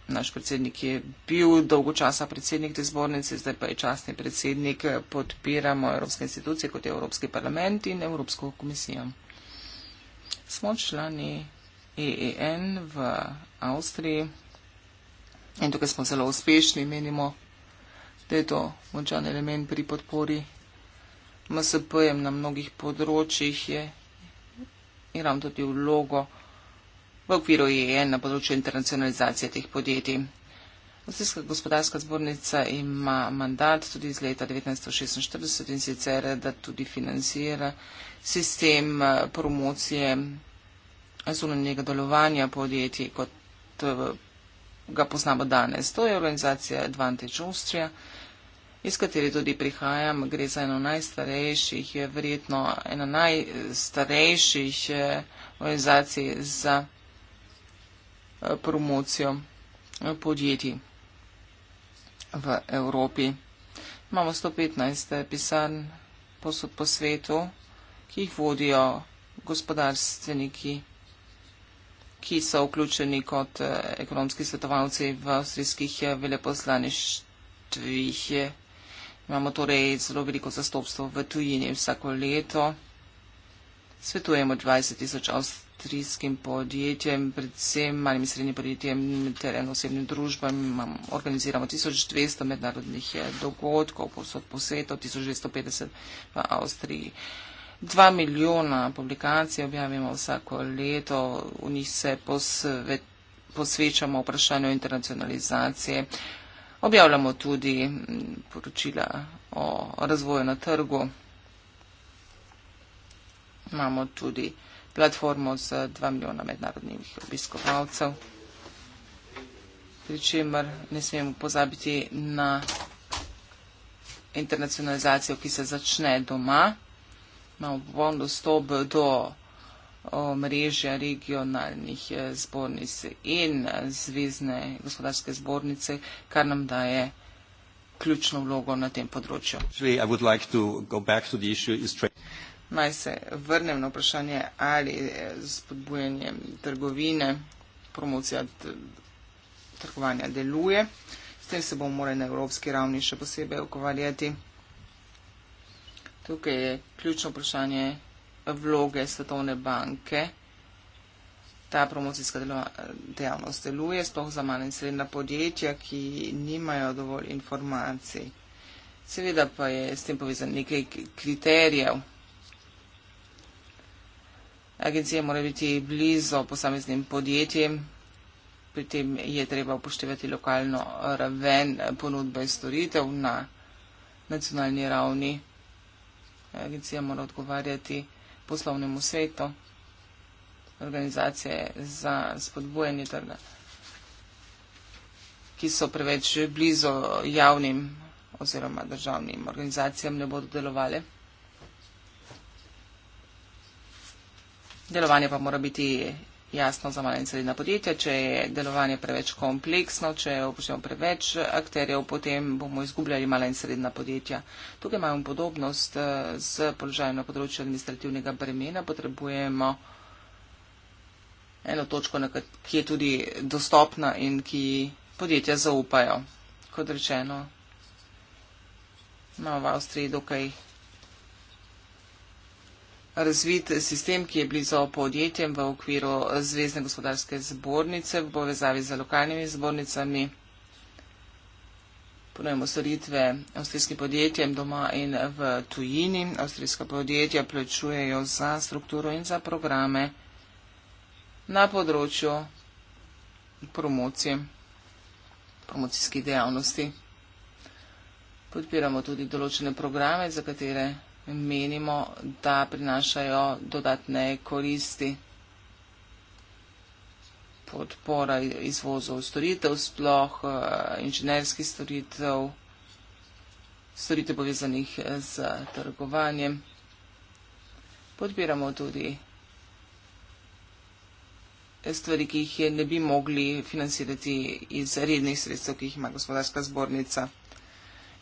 naš predsednik je bil dolgo časa predsednik te zbornice, zdaj pa je časni predsednik, podpiramo evropske institucije kot je Evropski parlament in Evropsko komisijo. Smo člani EEN v Avstriji in tukaj smo zelo uspešni, menimo, da je to močan element pri podpori MSP-jem na mnogih področjih je in ravno tudi vlogo v okviru EE e na področju internacionalizacije teh podjetij. Avstrijska gospodarska zbornica ima mandat tudi iz leta 1946 in sicer, da tudi financira sistem eh, promocije eh, zunanjega delovanja podjetij, kot eh, ga poznamo danes. To je organizacija Advantage Austria, iz katere tudi prihajam. Gre za eno najstarejših, verjetno eno najstarejših organizacij za promocijo eh, podjetij v Evropi. Imamo 115 eh, pisarn posod po svetu, ki jih vodijo gospodarstveniki, ki so vključeni kot eh, ekonomski svetovalci v avstrijskih veleposlaništvih. Imamo torej zelo veliko zastopstvo v tujini vsako leto. Svetujemo 20 tisoč avstrijskih industrijskim podjetjem, predvsem malim in srednjim podjetjem ter enosebnim družbam. Organiziramo 1200 mednarodnih eh, dogodkov, posod po svetu, 1250 v Avstriji. Dva milijona publikacij objavimo vsako leto, v njih se posvet, posvečamo vprašanju internacionalizacije. Objavljamo tudi poročila o razvoju na trgu. Imamo tudi platformo z 2 milijona mednarodnih obiskovalcev. Pričemer ne smemo pozabiti na internacionalizacijo, ki se začne doma. Imamo bom dostop do mrežja regionalnih eh, zbornic in zvezne gospodarske zbornice, kar nam daje ključno vlogo na tem področju. Actually, Naj se vrnem na vprašanje, ali spodbujanje trgovine, promocija trgovanja deluje. S tem se bomo morali na evropski ravni še posebej ukvarjati. Tukaj je ključno vprašanje vloge Svetovne banke. Ta promocijska dejavnost deluje, sploh za manj in srednja podjetja, ki nimajo dovolj informacij. Seveda pa je s tem povezan nekaj kriterijev. Agencije morajo biti blizu posameznim podjetjem, pri tem je treba upoštevati lokalno raven ponudbe storitev na nacionalni ravni. Agencija mora odgovarjati poslovnemu svetu, organizacije za spodbujanje trga, ki so preveč blizu javnim oziroma državnim organizacijam, ne bodo delovali. Delovanje pa mora biti jasno za malo in sredina podjetja. Če je delovanje preveč kompleksno, če je upoštevamo preveč akterjev, potem bomo izgubljali mala in sredina podjetja. Tukaj imamo podobnost z eh, položajem na področju administrativnega bremena. Potrebujemo eno točko, ki je tudi dostopna in ki podjetja zaupajo. Kot rečeno, imamo v Avstriji dokaj razvit sistem, ki je blizu podjetjem v okviru Zvezdne gospodarske zbornice v povezavi z lokalnimi zbornicami. Ponujemo storitve avstrijskim podjetjem doma in v tujini. Avstrijska podjetja plačujejo za strukturo in za programe na področju promocije, promocijskih dejavnosti. Podpiramo tudi določene programe, za katere menimo, da prinašajo dodatne koristi. Podpora izvozov storitev, sploh eh, inženjerskih storitev, storitev povezanih z trgovanjem. Podpiramo tudi stvari, ki jih ne bi mogli financirati iz rednih sredstev, ki jih ima gospodarska zbornica.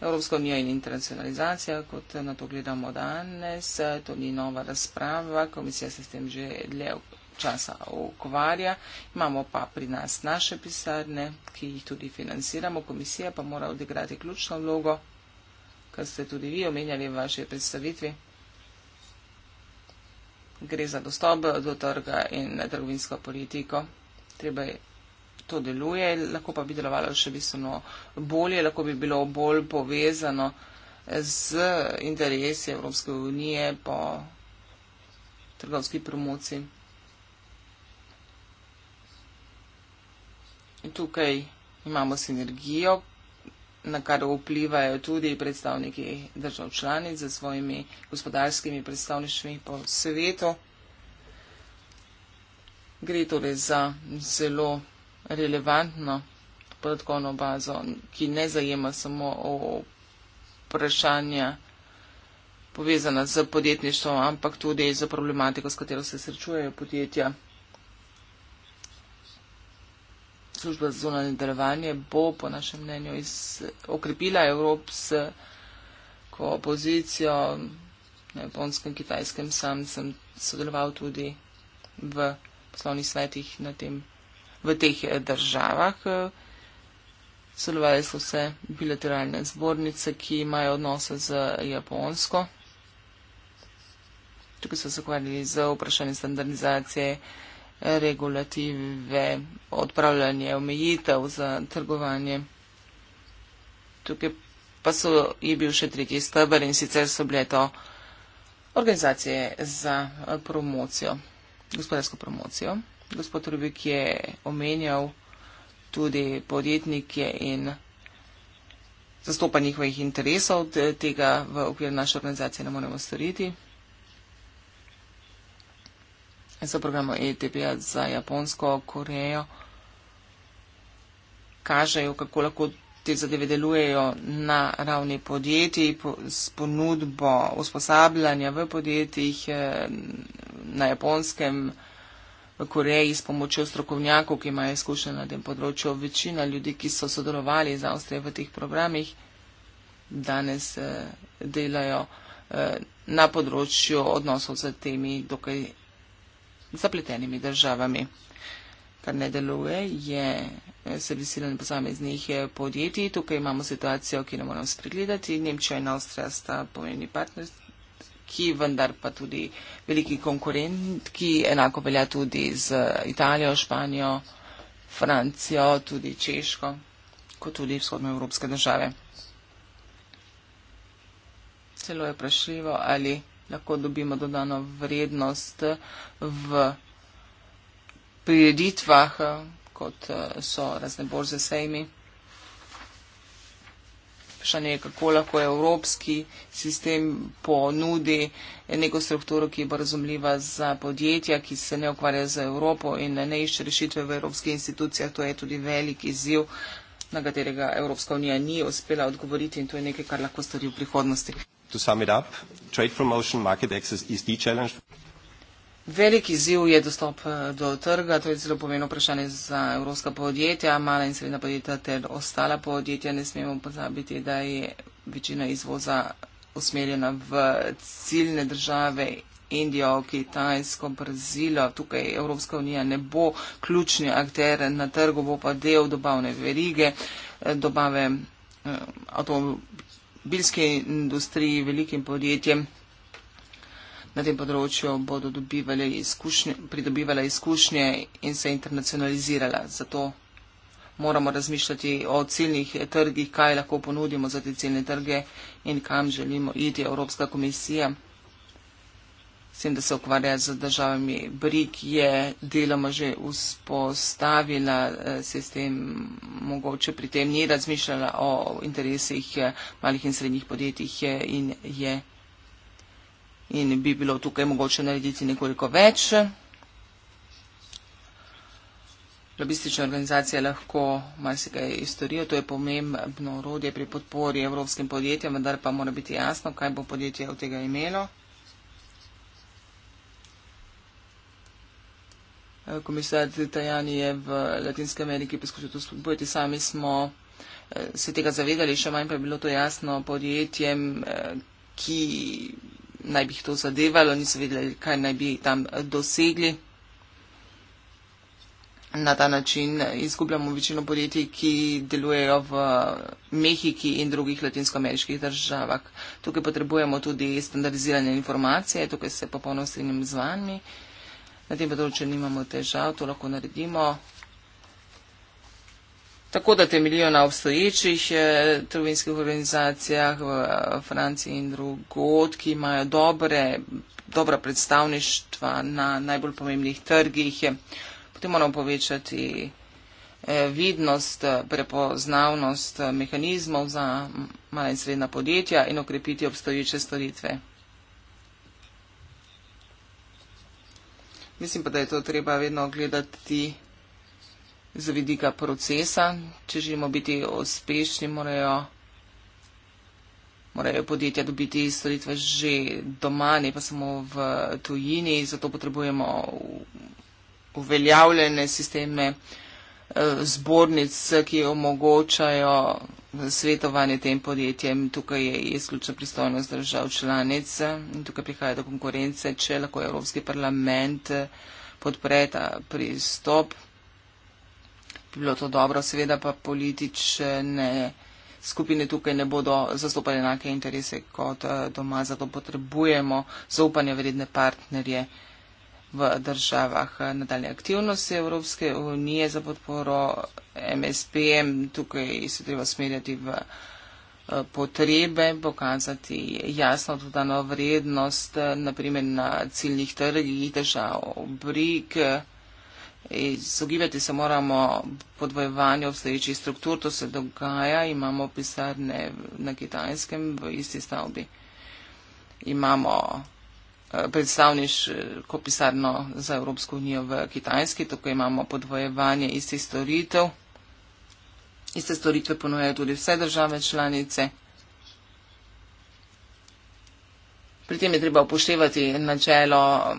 Evropska unija in internacionalizacija, kot na to gledamo danes, to ni nova razprava, komisija se s tem že dlje časa ukvarja. Imamo pa pri nas naše pisarne, ki jih tudi financiramo, komisija pa mora odigrati ključno vlogo, kar ste tudi vi omenjali v vaši predstavitvi. Gre za dostop do trga in trgovinsko politiko. Treba je to deluje, lahko pa bi delovalo še bistveno bolje, lahko bi bilo bolj povezano z interesi Evropske unije po trgovski promociji. Tukaj imamo sinergijo, na kar vplivajo tudi predstavniki držav članic za svojimi gospodarskimi predstavništvi po svetu. Gre torej za zelo relevantno podatkovno bazo, ki ne zajema samo vprašanja povezana z podjetništvom, ampak tudi z problematiko, s katero se srečujejo podjetja. Služba za zunanje delovanje bo, po našem mnenju, iz, okrepila evropsko opozicijo na japonskem, kitajskem. Sam sem sodeloval tudi v poslovnih svetih na tem področju v teh eh, državah. Eh, sodelovali so vse bilateralne zbornice, ki imajo odnose z Japonsko. Tukaj so se ukvarjali z vprašanje standardizacije, regulative, odpravljanje omejitev za trgovanje. Tukaj pa so, je bil še tretji stebr in sicer so bile to organizacije za eh, promocijo, gospodarsko promocijo gospod Rubik je omenjal tudi podjetnike in zastopa njihovih interesov, tega v okviru naše organizacije ne moremo storiti. Za programo ETB -ja za Japonsko, Korejo kažejo, kako lahko te zadeve delujejo na ravni podjetij, s ponudbo usposabljanja v podjetjih eh, na japonskem področju v Koreji s pomočjo strokovnjakov, ki imajo izkušnje na tem področju, večina ljudi, ki so sodelovali z Avstrijo v teh programih, danes eh, delajo eh, na področju odnosov z temi dokaj zapletenimi državami. Kar ne deluje, je eh, servisiranje posameznih eh, podjetij. Tukaj imamo situacijo, ki jo moramo spregledati. Nemčija in Avstrija sta pomembni partnerstvi ki vendar pa tudi veliki konkurent, ki enako velja tudi z Italijo, Španijo, Francijo, tudi Češko, kot tudi vzhodnoevropske države. Celo je vprašljivo, ali lahko dobimo dodano vrednost v prireditvah, kot so razne borze sejmi vprašanje je, kako lahko evropski sistem ponudi neko strukturo, ki bo razumljiva za podjetja, ki se ne ukvarja z Evropo in ne išče rešitve v evropskih institucijah. To je tudi velik izziv, na katerega Evropska unija ni uspela odgovoriti in to je nekaj, kar lahko stori v prihodnosti. Veliki ziv je dostop eh, do trga, to je zelo pomembno vprašanje za evropska podjetja, mala in srednja podjetja ter ostala podjetja. Ne smemo pozabiti, da je večina izvoza usmerjena v ciljne države. Indijo, Kitajsko, Brazilo, tukaj Evropska unija ne bo ključni akter na trgu, bo pa del dobavne verige, eh, dobave eh, avtomobilske industrije, velikim podjetjem na tem področju bodo izkušnje, pridobivale izkušnje in se internacionalizirale. Zato moramo razmišljati o ciljnih trgih, kaj lahko ponudimo za te ciljne trge in kam želimo iti Evropska komisija. S tem, da se ukvarja z državami BRIC, je deloma že vzpostavila eh, sistem, mogoče pri tem ni razmišljala o interesih eh, malih in srednjih podjetij eh, in je in bi bilo tukaj mogoče narediti nekoliko več. Lobistične organizacije lahko marsikaj istorijo, to je pomembno urodje pri podpori evropskim podjetjem, vendar pa mora biti jasno, kaj bo podjetje od tega imelo. Komisar Tajani je v Latinske Ameriki poskušal to spodbujati, sami smo eh, se tega zavedali, še manj pa je bilo to jasno podjetjem, eh, ki naj bi to zadevalo, niso vedeli, kaj naj bi tam dosegli. Na ta način izgubljamo večino podjetij, ki delujejo v Mehiki in drugih latinskoameriških državah. Tukaj potrebujemo tudi standardizirane informacije, tukaj se popolno strinjam z vami. Na tem področju nimamo težav, to lahko naredimo tako da temeljijo na obstoječih eh, trgovinskih organizacijah v eh, Franciji in drugod, ki imajo dobre, dobra predstavništva na najbolj pomembnih trgih. Potem moramo povečati eh, vidnost, prepoznavnost mehanizmov za mala in srednja podjetja in okrepiti obstoječe storitve. Mislim pa, da je to treba vedno gledati z vidika procesa. Če želimo biti uspešni, morajo, morajo podjetja dobiti storitve že doma, ne pa samo v tujini. Zato potrebujemo uveljavljene sisteme eh, zbornic, ki omogočajo svetovanje tem podjetjem. Tukaj je izključna pristojnost držav članic in tukaj prihaja do konkurence, če lahko Evropski parlament eh, podpre ta pristop bilo to dobro, seveda pa politične skupine tukaj ne bodo zastopali enake interese kot eh, doma, zato potrebujemo zaupanje vredne partnerje v državah. Nadalje aktivnosti Evropske unije za podporo MSPM, tukaj se treba smerjati v eh, potrebe, pokazati jasno dodano vrednost, eh, naprimer na ciljnih trgih držav, obrik, Izogibati se moramo podvojevanju obstoječih struktur, to se dogaja, imamo pisarne na kitajskem v isti stavbi. Imamo eh, predstavniško eh, pisarno za Evropsko unijo v kitajski, tukaj imamo podvojevanje istih storitev. Iste storitve ponujajo tudi vse države članice. Pri tem je treba upoštevati načelo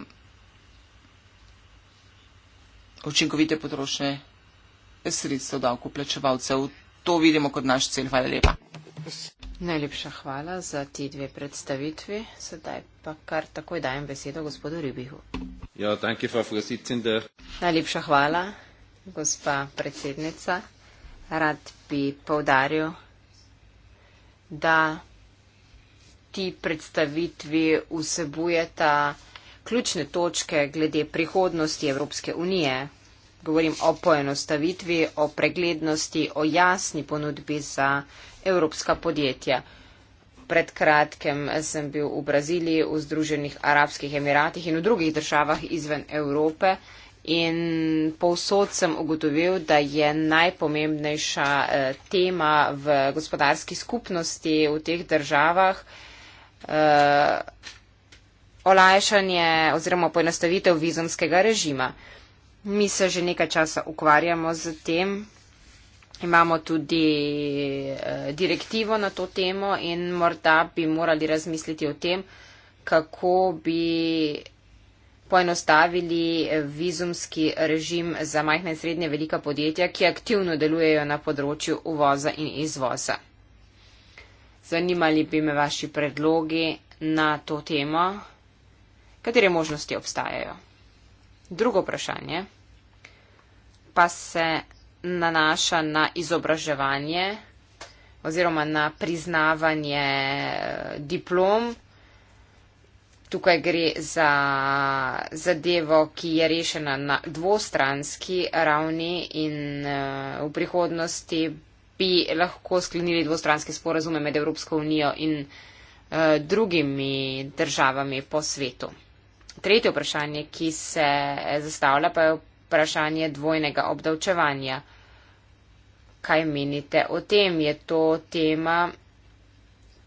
učinkovite potrošnje sredstev davko plačevalcev. To vidimo kot naš cilj. Hvala lepa. Najlepša hvala za ti dve predstavitvi. Sedaj pa kar takoj dajem besedo gospodu Ribihu. Ja, Najlepša hvala, gospa predsednica. Rad bi povdaril, da ti predstavitvi vsebujeta ključne točke glede prihodnosti Evropske unije, govorim o poenostavitvi, o preglednosti, o jasni ponudbi za evropska podjetja. Pred kratkem sem bil v Braziliji, v Združenih Arabskih Emiratih in v drugih državah izven Evrope in povsod sem ugotovil, da je najpomembnejša eh, tema v gospodarski skupnosti v teh državah eh, olajšanje oziroma poenostavitev vizumskega režima. Eh, mi se že nekaj časa ukvarjamo z tem. Imamo tudi eh, direktivo na to temo in morda bi morali razmisliti o tem, kako bi poenostavili vizumski režim za majhne in srednje velika podjetja, ki aktivno delujejo na področju uvoza in izvoza. Zanimali bi me vaši predlogi na to temo, katere možnosti obstajajo. Drugo vprašanje pa se nanaša na izobraževanje oziroma na priznavanje eh, diplom. Tukaj gre za zadevo, ki je rešena na dvostranski ravni in eh, v prihodnosti bi lahko sklenili dvostranske sporazume med Evropsko unijo in eh, drugimi državami po svetu. Tretje vprašanje, ki se zastavlja, pa je vprašanje dvojnega obdavčevanja. Kaj menite o tem? Je to tema,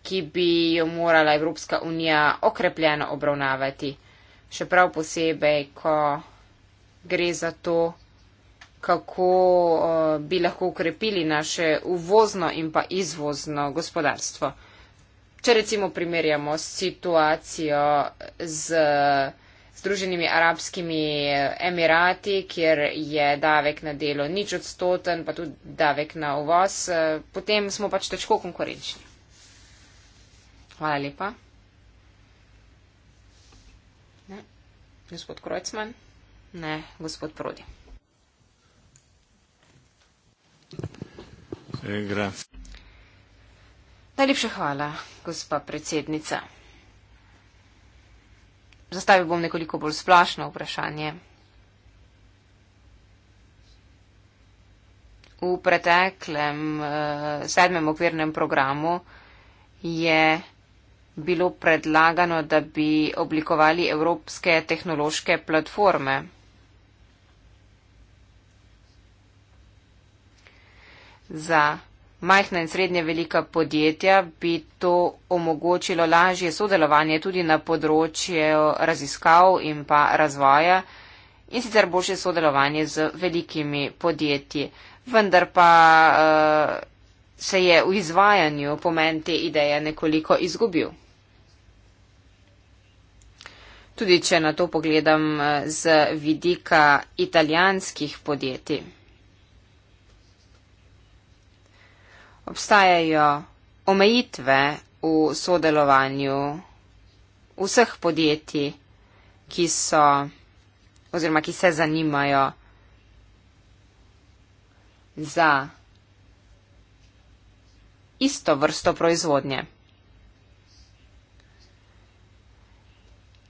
ki bi jo morala Evropska unija okrepljeno obravnavati? Še prav posebej, ko gre za to, kako uh, bi lahko ukrepili naše uvozno in pa izvozno gospodarstvo. Če recimo primerjamo situacijo z. Uh, Združenimi arabskimi eh, emirati, kjer je davek na delo nič odstoten, pa tudi davek na uvoz, eh, potem smo pač težko konkurenčni. Hvala lepa. Ne. Gospod Krojcman? Ne, gospod Prodi. Eh, Najlepša hvala, gospa predsednica. Zastavil bom nekoliko bolj splošno vprašanje. V preteklem eh, sedmem okvirnem programu je bilo predlagano, da bi oblikovali evropske tehnološke platforme. Za majhna in srednje velika podjetja, bi to omogočilo lažje sodelovanje tudi na področju raziskav in pa razvoja in sicer boljše sodelovanje z velikimi podjetji. Vendar pa uh, se je v izvajanju pomen te ideje nekoliko izgubil. Tudi če na to pogledam eh, z vidika italijanskih podjetij. obstajajo omejitve v sodelovanju vseh podjetij, ki so oziroma ki se zanimajo za isto vrsto proizvodnje,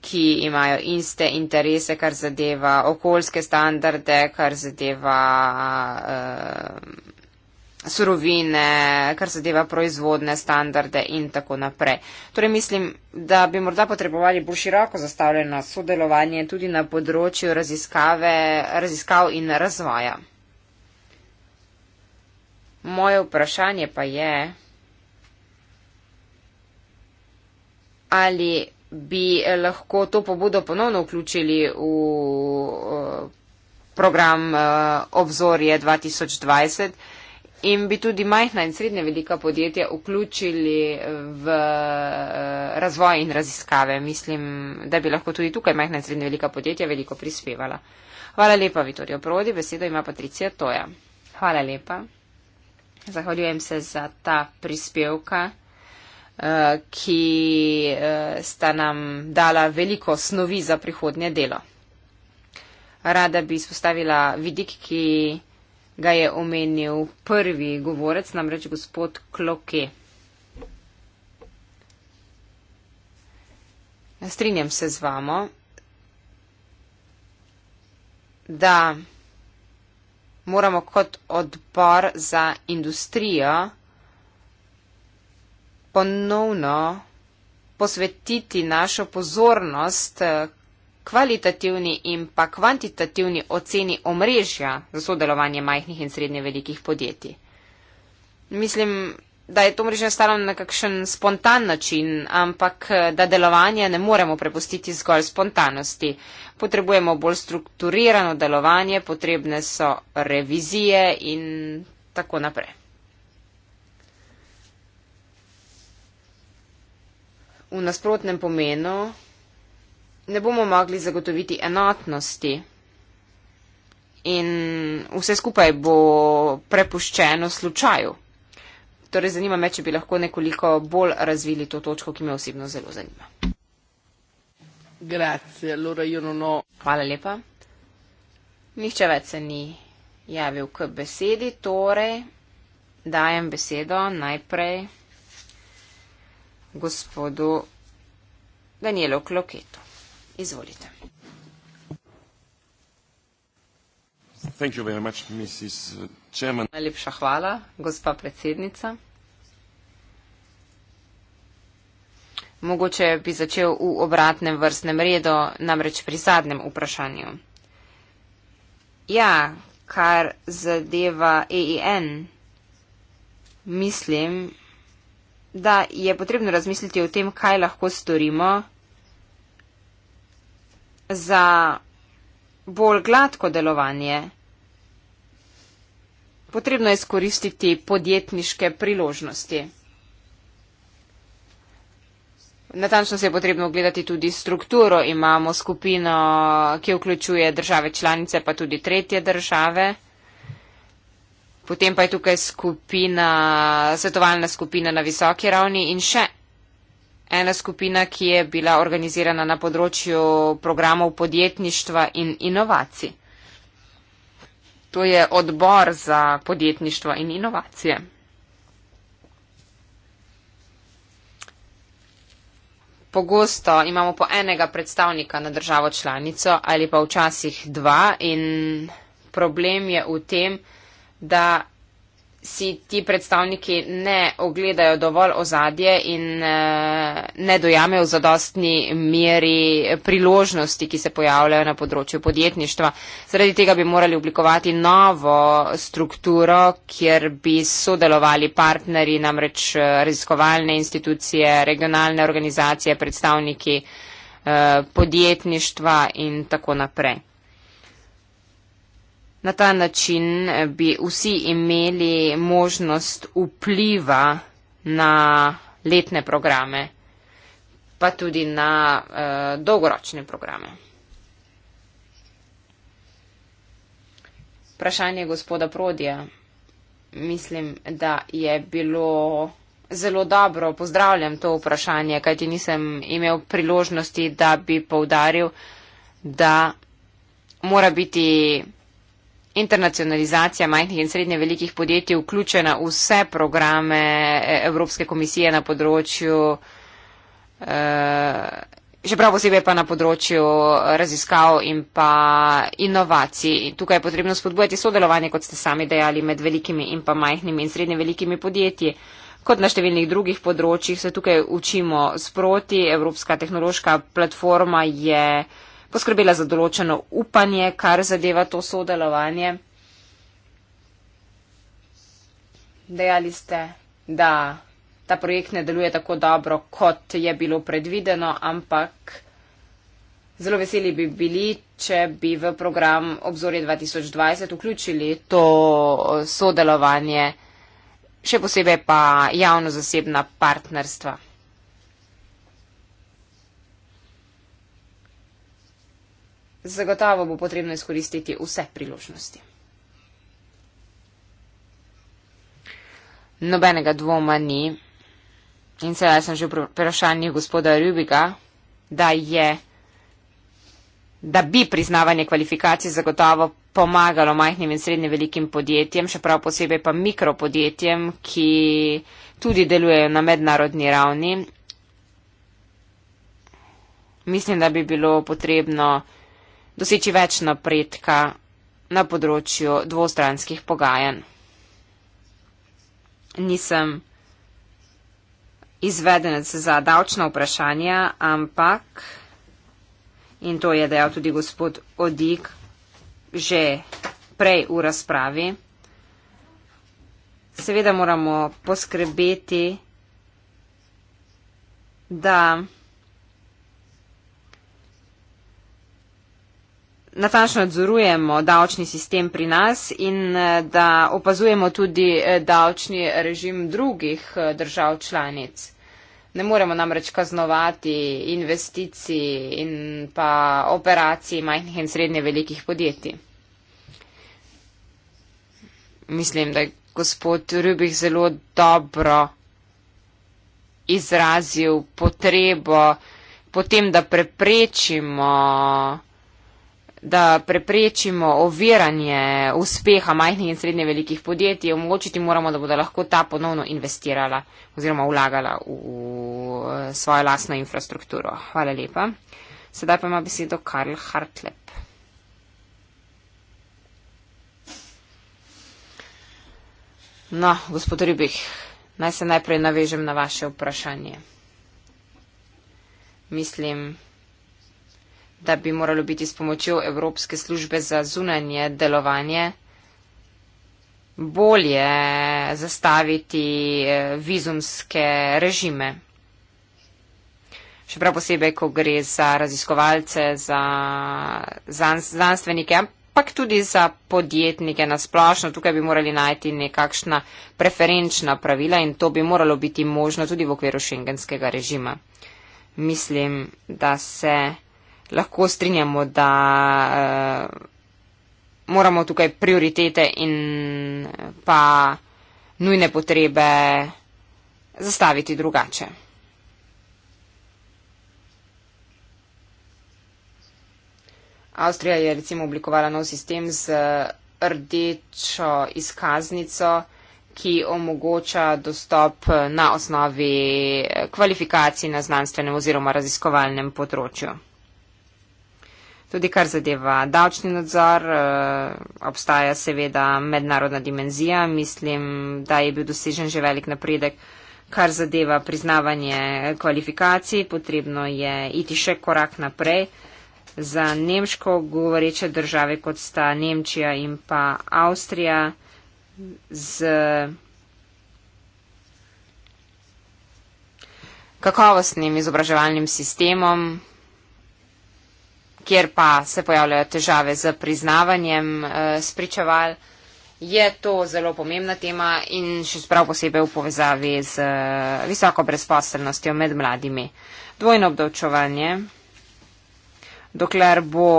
ki imajo iste interese, kar zadeva okoljske standarde, kar zadeva. Uh, surovine, kar zadeva proizvodne standarde in tako naprej. Torej mislim, da bi morda potrebovali bolj široko zastavljeno sodelovanje tudi na področju raziskav in razvoja. Moje vprašanje pa je, ali bi lahko to pobudo ponovno vključili v eh, program eh, Obzorje 2020 in bi tudi majhna in srednja velika podjetja vključili v eh, razvoj in raziskave. Mislim, da bi lahko tudi tukaj majhna in srednja velika podjetja veliko prispevala. Hvala lepa, Vitorijo Prodi, besedo ima Patricija Toja. Hvala lepa. Zahvaljujem se za ta prispevka, eh, ki eh, sta nam dala veliko snovi za prihodnje delo. Rada bi izpostavila vidik, ki ga je omenil prvi govorec, namreč gospod Kloke. Strinjam se z vamo, da moramo kot odbor za industrijo ponovno posvetiti našo pozornost, kvalitativni in pa kvantitativni oceni omrežja za sodelovanje majhnih in srednje velikih podjetij. Mislim, da je to omrežje nastalo na kakšen spontan način, ampak eh, da delovanja ne moremo prepustiti zgolj spontanosti. Potrebujemo bolj strukturirano delovanje, potrebne so revizije in tako naprej. V nasprotnem pomenu ne bomo mogli zagotoviti enotnosti. In vse skupaj bo prepuščeno slučaju. Torej, zanima me, če bi lahko nekoliko bolj razvili to točko, ki me osebno zelo zanima. Grazie, allora no. Hvala lepa. Nihče več se ni javil k besedi, torej dajem besedo najprej gospodu Danielu Kloketu. Izvolite. Najlepša hvala, gospa predsednica. Mogoče bi začel v obratnem vrstnem redu, namreč pri zadnjem vprašanju. Ja, kar zadeva EIN, mislim, da je potrebno razmisliti o tem, kaj lahko storimo, za bolj gladko delovanje, potrebno je izkoristiti podjetniške priložnosti. Natančno se je potrebno ogledati tudi strukturo. Imamo skupino, ki vključuje države članice, pa tudi tretje države. Potem pa je tukaj skupina, svetovalna skupina na visoki ravni in še ena skupina, ki je bila organizirana na področju programov podjetništva in inovacij. To je odbor za podjetništvo in inovacije. Pogosto imamo po enega predstavnika na državo članico ali pa včasih dva in problem je v tem, da si ti predstavniki ne ogledajo dovolj ozadje in eh, ne dojamejo v zadostni meri priložnosti, ki se pojavljajo na področju podjetništva. Zaradi tega bi morali oblikovati novo strukturo, kjer bi sodelovali partnerji, namreč eh, raziskovalne institucije, regionalne organizacije, predstavniki eh, podjetništva in tako naprej. Na ta način eh, bi vsi imeli možnost vpliva na letne programe, pa tudi na uh, dolgoročne programe. Vprašanje gospoda Prodija. Mislim, da je bilo zelo dobro. Pozdravljam to vprašanje, kajti nisem imel priložnosti, da bi povdaril, da mora biti internacionalizacija majhnih in srednje velikih podjetij vključena v vse programe e, Evropske komisije na področju, e, še prav posebej pa na področju raziskav in pa inovacij. Tukaj je potrebno spodbujati sodelovanje, kot ste sami dejali, med velikimi in pa majhnimi in srednje velikimi podjetji. Kot na številnih drugih področjih se tukaj učimo sproti. Evropska tehnološka platforma je poskrbela za določeno upanje, kar zadeva to sodelovanje. Dejali ste, da ta projekt ne deluje tako dobro, kot je bilo predvideno, ampak zelo veseli bi bili, če bi v program Obzorje 2020 vključili to sodelovanje, še posebej pa javno-zasebna partnerstva. Zagotovo bo potrebno izkoristiti vse priložnosti. Nobenega dvoma ni. In sedaj sem že v vprašanju gospoda Rubiga, da je, da bi priznavanje kvalifikacij zagotovo pomagalo majhnim in srednje velikim podjetjem, še prav posebej pa mikropodjetjem, ki tudi delujejo na mednarodni ravni. Mislim, da bi bilo potrebno doseči več napredka na področju dvostranskih pogajanj. Nisem izvedenec za davčna vprašanja, ampak, in to je dejal tudi gospod Odik že prej v razpravi, seveda moramo poskrbeti, da natančno nadzorujemo davčni sistem pri nas in eh, da opazujemo tudi eh, davčni režim drugih eh, držav članic. Ne moremo namreč kaznovati investicij in pa operacij majhnih in srednje velikih podjetij. Mislim, da je gospod Rubih zelo dobro izrazil potrebo potem, da preprečimo da preprečimo oviranje uspeha majhnih in srednje velikih podjetij, omogočiti moramo, da bodo lahko ta ponovno investirala oziroma vlagala v, v eh, svojo lasno infrastrukturo. Hvala lepa. Sedaj pa ima besedo Karl Hartlep. No, gospod Ribih, naj se najprej navežem na vaše vprašanje. Mislim, da bi moralo biti s pomočjo Evropske službe za zunanje delovanje bolje zastaviti eh, vizumske režime. Še prav posebej, ko gre za raziskovalce, za znanstvenike, ampak tudi za podjetnike na splošno. Tukaj bi morali najti nekakšna preferenčna pravila in to bi moralo biti možno tudi v okviru šengenskega režima. Mislim, da se lahko strinjamo, da uh, moramo tukaj prioritete in eh, pa nujne potrebe zastaviti drugače. Avstrija je recimo oblikovala nov sistem z eh, rdečo izkaznico, ki omogoča dostop na osnovi kvalifikacij na znanstvenem oziroma raziskovalnem področju. Tudi kar zadeva davčni nadzor, eh, obstaja seveda mednarodna dimenzija. Mislim, da je bil dosežen že velik napredek, kar zadeva priznavanje kvalifikacij. Potrebno je iti še korak naprej. Za nemško govoreče države, kot sta Nemčija in pa Avstrija, z kakovostnim izobraževalnim sistemom, kjer pa se pojavljajo težave z priznavanjem uh, spričeval, je to zelo pomembna tema in še sprav posebej v povezavi z uh, visoko brezposelnostjo med mladimi. Dvojno obdavčovanje, dokler bo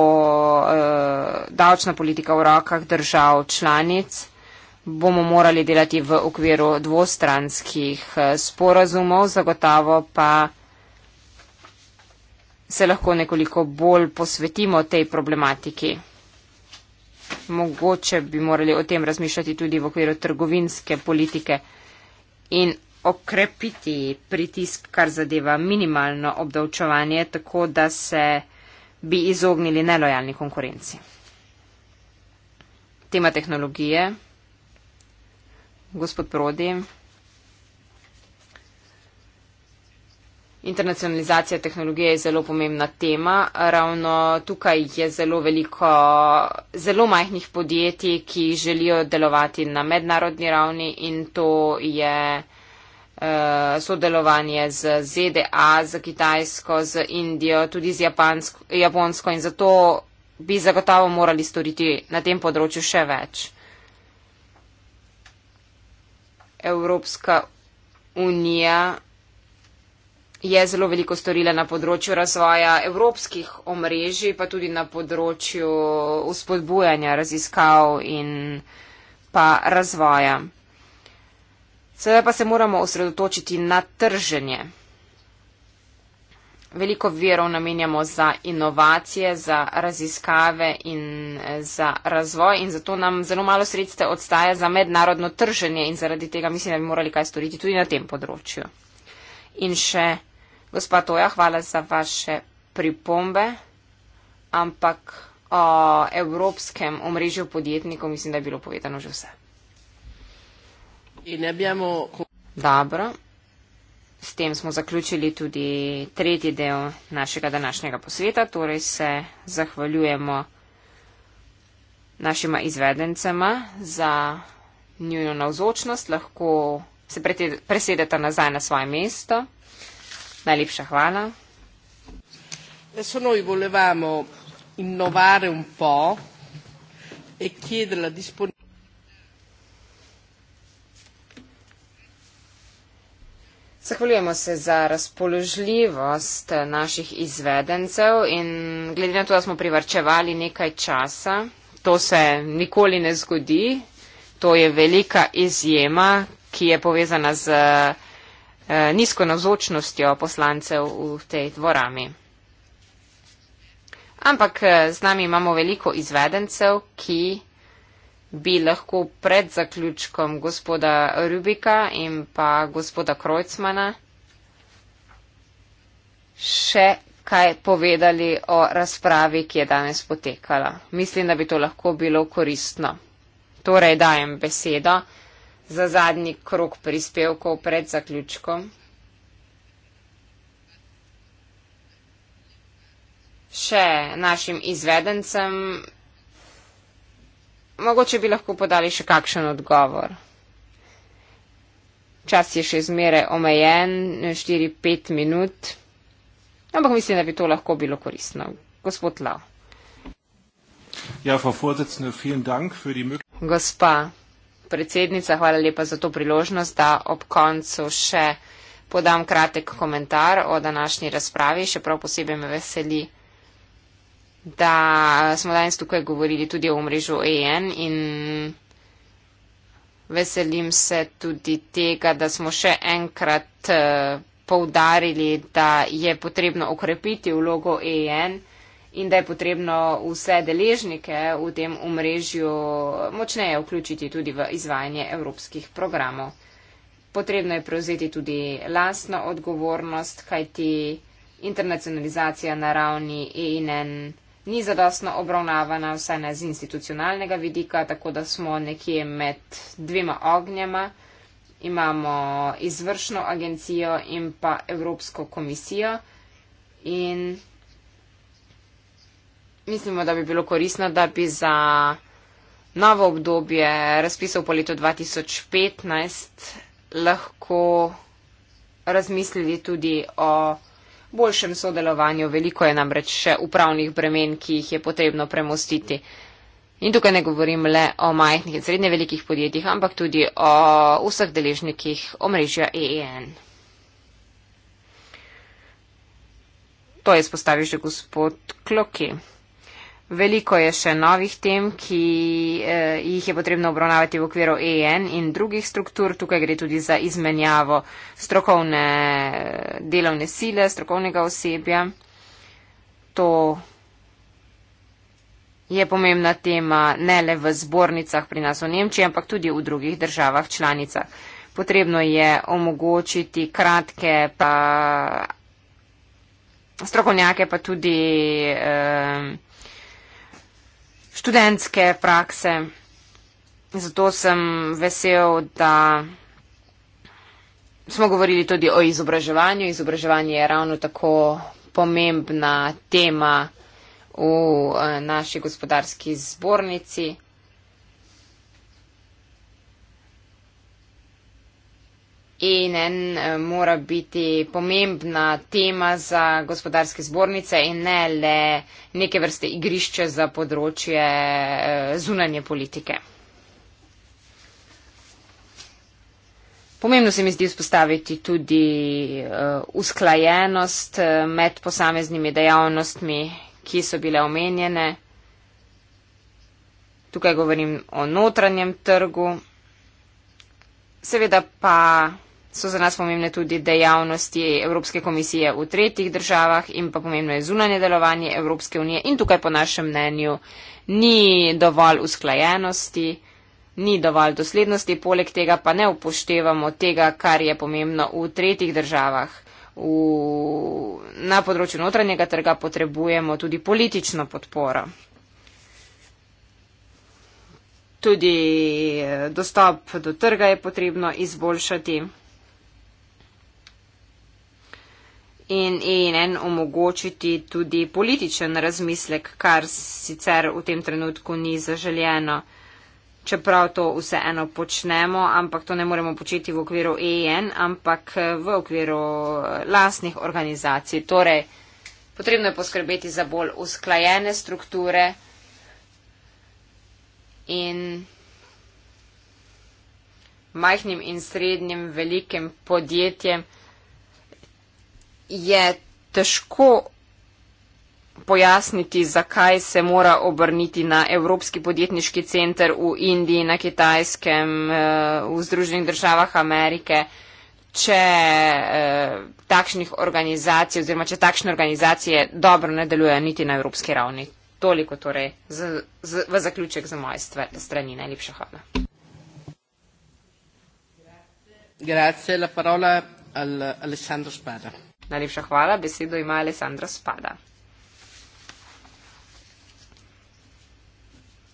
uh, davčna politika v rokah držav članic, bomo morali delati v okviru dvostranskih uh, sporazumov, zagotavo pa se lahko nekoliko bolj posvetimo tej problematiki. Mogoče bi morali o tem razmišljati tudi v okviru trgovinske politike in okrepiti pritisk, kar zadeva minimalno obdavčevanje, tako da se bi izognili nelojalni konkurenci. Tema tehnologije. Gospod Prodi. Internacionalizacija tehnologije je zelo pomembna tema. Ravno tukaj je zelo veliko zelo majhnih podjetij, ki želijo delovati na mednarodni ravni in to je uh, sodelovanje z ZDA, z Kitajsko, z Indijo, tudi z Japansko, Japonsko in zato bi zagotovo morali storiti na tem področju še več. Evropska unija je zelo veliko storila na področju razvoja evropskih omrežij, pa tudi na področju uspodbujanja raziskav in pa razvoja. Sedaj pa se moramo osredotočiti na trženje. Veliko verov namenjamo za inovacije, za raziskave in eh, za razvoj in zato nam zelo malo sredstev odstaja za mednarodno trženje in zaradi tega mislim, da bi morali kaj storiti tudi na tem področju. In še Gospa Toja, hvala za vaše pripombe, ampak o evropskem omrežju podjetnikov mislim, da je bilo povedano že vse. Abbiamo... Dobro, s tem smo zaključili tudi tretji del našega današnjega posveta, torej se zahvaljujemo našima izvedencema za njuno navzočnost, lahko se presedete nazaj na svoje mesto. Najlepša hvala. Adesso noi volevamo innovare un po' e chiedere la disponibilità. Zahvaljujemo se za razpoložljivost naših izvedencev in glede na to, da smo privrčevali nekaj časa, to se nikoli ne zgodi, to je velika izjema, ki je povezana z Eh, nizko navzočnostjo poslancev v tej dvorami. Ampak eh, z nami imamo veliko izvedencev, ki bi lahko pred zaključkom gospoda Rubika in pa gospoda Krojcmana še kaj povedali o razpravi, ki je danes potekala. Mislim, da bi to lahko bilo koristno. Torej dajem besedo za zadnji krok prispevkov pred zaključkom? Še našim izvedencem. Mogoče bi lahko podali še kakšen odgovor. Čas je še zmeraj omejen, 4-5 minut, ampak mislim, da bi to lahko bilo koristno. Gospod Lau. Ja, Gospa predsednica, hvala lepa za to priložnost, da ob koncu še podam kratek komentar o današnji razpravi. Še prav posebej me veseli, da smo danes tukaj govorili tudi o mrežu EN in veselim se tudi tega, da smo še enkrat eh, poudarili, da je potrebno okrepiti vlogo EN in da je potrebno vse deležnike v tem omrežju močneje vključiti tudi v izvajanje evropskih programov. Potrebno je prevzeti tudi lastno odgovornost, kajti internacionalizacija na ravni EIN ni zadostno obravnavana, vsaj ne z institucionalnega vidika, tako da smo nekje med dvema ognjema. Imamo izvršno agencijo in pa Evropsko komisijo. In mislimo, da bi bilo korisno, da bi za novo obdobje razpisov po letu 2015 lahko razmislili tudi o boljšem sodelovanju. Veliko je namreč še upravnih bremen, ki jih je potrebno premostiti. In tukaj ne govorim le o majhnih in srednje velikih podjetjih, ampak tudi o vseh deležnikih omrežja EEN. To je spostavil že gospod Kloki. Veliko je še novih tem, ki eh, jih je potrebno obravnavati v okviru EN in drugih struktur. Tukaj gre tudi za izmenjavo strokovne eh, delovne sile, strokovnega osebja. To je pomembna tema ne le v zbornicah pri nas v Nemčiji, ampak tudi v drugih državah članicah. Potrebno je omogočiti kratke pa strokovnjake, pa tudi. Eh, študentske prakse. Zato sem vesel, da smo govorili tudi o izobraževanju. Izobraževanje je ravno tako pomembna tema v eh, naši gospodarski zbornici. ENN eh, mora biti pomembna tema za gospodarske zbornice in ne le neke vrste igrišče za področje eh, zunanje politike. Pomembno se mi zdi vzpostaviti tudi eh, usklajenost med posameznimi dejavnostmi, ki so bile omenjene. Tukaj govorim o notranjem trgu. Seveda pa so za nas pomembne tudi dejavnosti Evropske komisije v tretjih državah in pa pomembno je zunanje delovanje Evropske unije. In tukaj po našem mnenju ni dovolj usklajenosti, ni dovolj doslednosti, poleg tega pa ne upoštevamo tega, kar je pomembno v tretjih državah. V, na področju notranjega trga potrebujemo tudi politično podporo. Tudi eh, dostop do trga je potrebno izboljšati. in ENN omogočiti tudi političen razmislek, kar sicer v tem trenutku ni zaželjeno. Čeprav to vseeno počnemo, ampak to ne moremo početi v okviru EN, ampak v okviru eh, lasnih organizacij. Torej, potrebno je poskrbeti za bolj usklajene strukture in majhnim in srednjim velikim podjetjem je težko pojasniti, zakaj se mora obrniti na Evropski podjetniški center v Indiji, na Kitajskem, eh, v Združenih državah Amerike, če eh, takšnih organizacij oziroma če takšne organizacije dobro ne delujejo niti na evropski ravni. Toliko torej z, z, v zaključek za moje stvar, strani. Najlepša hvala. Grazie, la parola al Alessandro Spada. Najlepša hvala, besedo ima Alessandra Spada.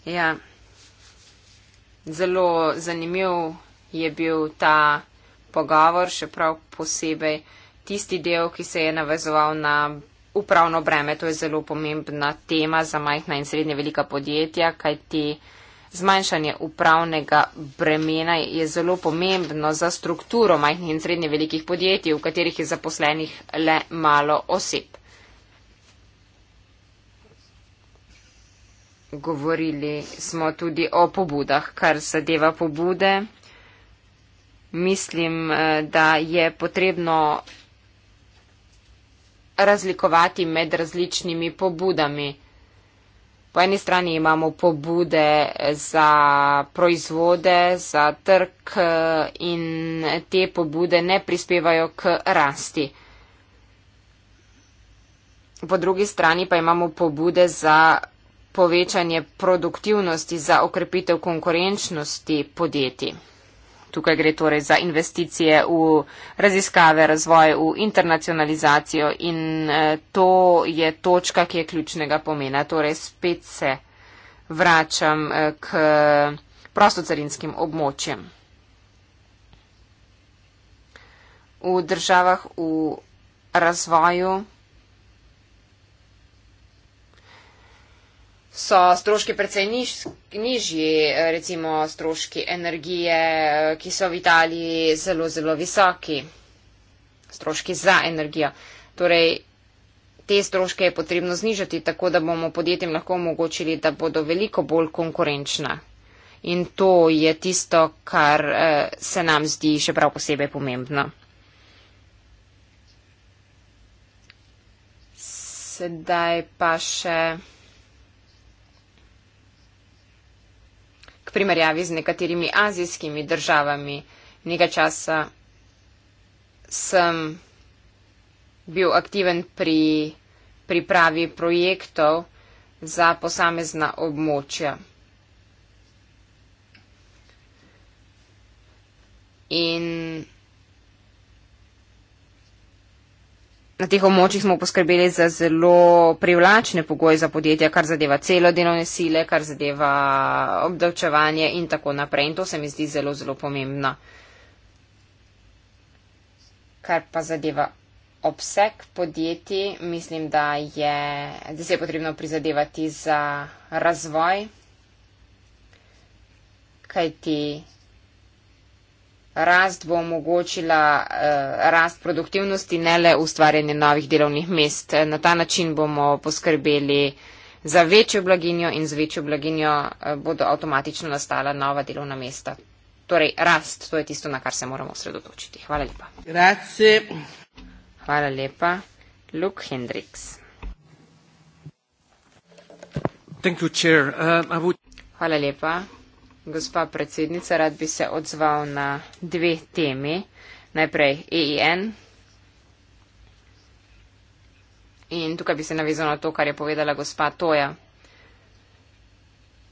Ja, zelo zanimiv je bil ta pogovor, še prav posebej tisti del, ki se je navezoval na upravno breme. To je zelo pomembna tema za majhna in srednje velika podjetja, kajti. Zmanjšanje upravnega bremena je zelo pomembno za strukturo majhnih in srednje velikih podjetij, v katerih je zaposlenih le malo oseb. Govorili smo tudi o pobudah, kar zadeva pobude. Mislim, eh, da je potrebno razlikovati med različnimi pobudami po eni strani imamo pobude za proizvode, za trg eh, in te pobude ne prispevajo k rasti. Po drugi strani pa imamo pobude za povečanje produktivnosti, za okrepitev konkurenčnosti podjetij tukaj gre torej za investicije v raziskave, razvoj, v internacionalizacijo in eh, to je točka, ki je ključnega pomena. Torej spet se vračam eh, k prostocarinskim območjem. V državah v razvoju so stroški precej niž, nižji, recimo stroški energije, ki so v Italiji zelo, zelo visoki, stroški za energijo. Torej, te stroške je potrebno znižati, tako da bomo podjetjem lahko omogočili, da bodo veliko bolj konkurenčna. In to je tisto, kar eh, se nam zdi še prav posebej pomembno. Sedaj pa še. primerjavi z nekaterimi azijskimi državami. Nekaj časa sem bil aktiven pri pripravi projektov za posamezna območja. In Na teh območjih smo poskrbeli za zelo privlačne pogoje za podjetja, kar zadeva celo delovne sile, kar zadeva obdavčevanje in tako naprej. In to se mi zdi zelo, zelo pomembno. Kar pa zadeva obseg podjetij, mislim, da, je, da se je potrebno prizadevati za razvoj, kajti rast bo omogočila eh, rast produktivnosti, ne le ustvarjanje novih delovnih mest. Na ta način bomo poskrbeli za večjo blaginjo in z večjo blaginjo eh, bodo avtomatično nastala nova delovna mesta. Torej, rast, to je tisto, na kar se moramo osredotočiti. Hvala lepa. Grazie. Hvala lepa. Luke Hendricks. Thank you, Chair. Uh, I would... Hvala lepa. Gospa predsednica, rad bi se odzval na dve temi. Najprej EIN. In tukaj bi se navezal na to, kar je povedala gospa Toja,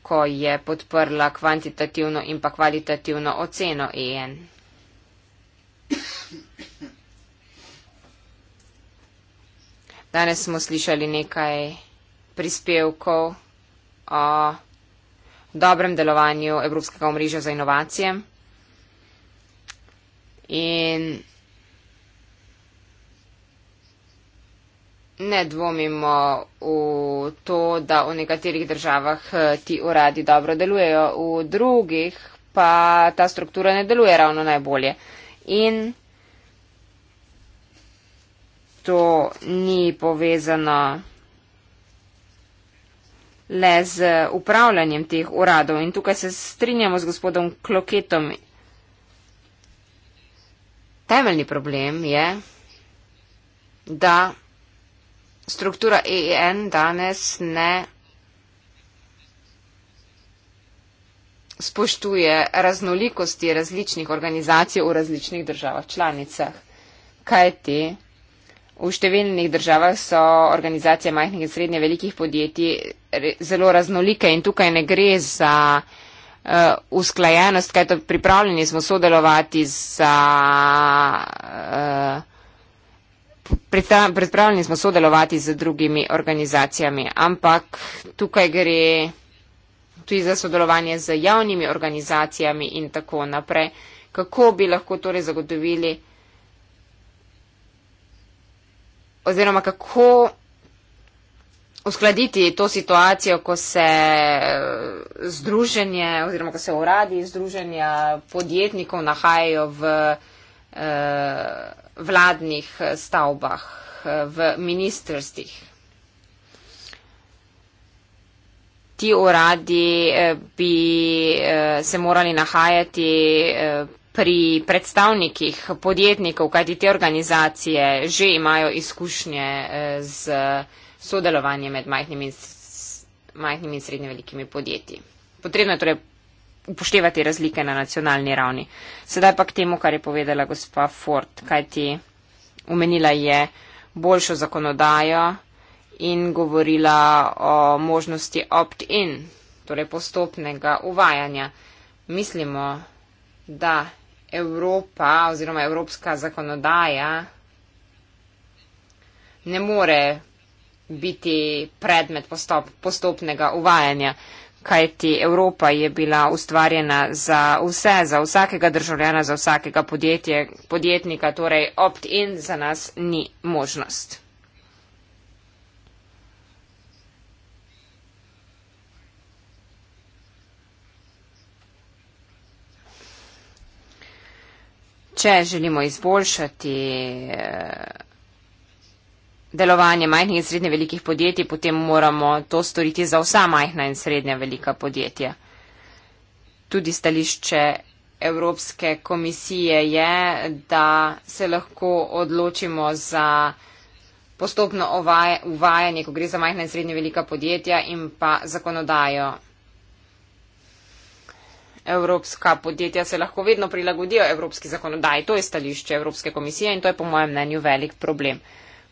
ko je podprla kvantitativno in pa kvalitativno oceno EIN. Danes smo slišali nekaj prispevkov o dobrem delovanju Evropskega omrežja za inovacije. In ne dvomimo v to, da v nekaterih državah eh, ti uradi dobro delujejo, v drugih pa ta struktura ne deluje ravno najbolje. In to ni povezano le z upravljanjem teh uradov. In tukaj se strinjamo z gospodom Kloketom. Temeljni problem je, da struktura EEN danes ne spoštuje raznolikosti različnih organizacij v različnih državah članicah. Kaj ti? V številnih državah so organizacije majhnih in srednje velikih podjetij zelo raznolike in tukaj ne gre za uh, usklajenost, kaj to pripravljeni smo sodelovati za. Uh, eh, Predpravljeni smo sodelovati z drugimi organizacijami, ampak tukaj gre tudi za sodelovanje z javnimi organizacijami in tako naprej. Kako bi lahko torej zagotovili oziroma kako uskladiti to situacijo, ko se eh, združenje oziroma ko se uradi združenja podjetnikov nahajajo v eh, vladnih stavbah, eh, v ministrstih. Ti uradi eh, bi se morali nahajati pri predstavnikih podjetnikov, kajti te organizacije že imajo izkušnje eh, z sodelovanjem med majhnimi in, majhnimi in srednje velikimi podjetji. Potrebno je torej upoštevati razlike na nacionalni ravni. Sedaj pa k temu, kar je povedala gospa Ford, kajti umenila je boljšo zakonodajo in govorila o možnosti opt-in, torej postopnega uvajanja. Mislimo, da Evropa oziroma evropska zakonodaja ne more biti predmet postop, postopnega uvajanja, kajti Evropa je bila ustvarjena za vse, za vsakega državljana, za vsakega podjetje, podjetnika, torej opt-in za nas ni možnost. Če želimo izboljšati eh, delovanje majhnih in srednje velikih podjetij, potem moramo to storiti za vsa majhna in srednja velika podjetja. Tudi stališče Evropske komisije je, da se lahko odločimo za postopno uvajanje, ko gre za majhna in srednje velika podjetja in pa zakonodajo evropska podjetja se lahko vedno prilagodijo evropski zakonodaji. To je stališče Evropske komisije in to je po mojem mnenju velik problem.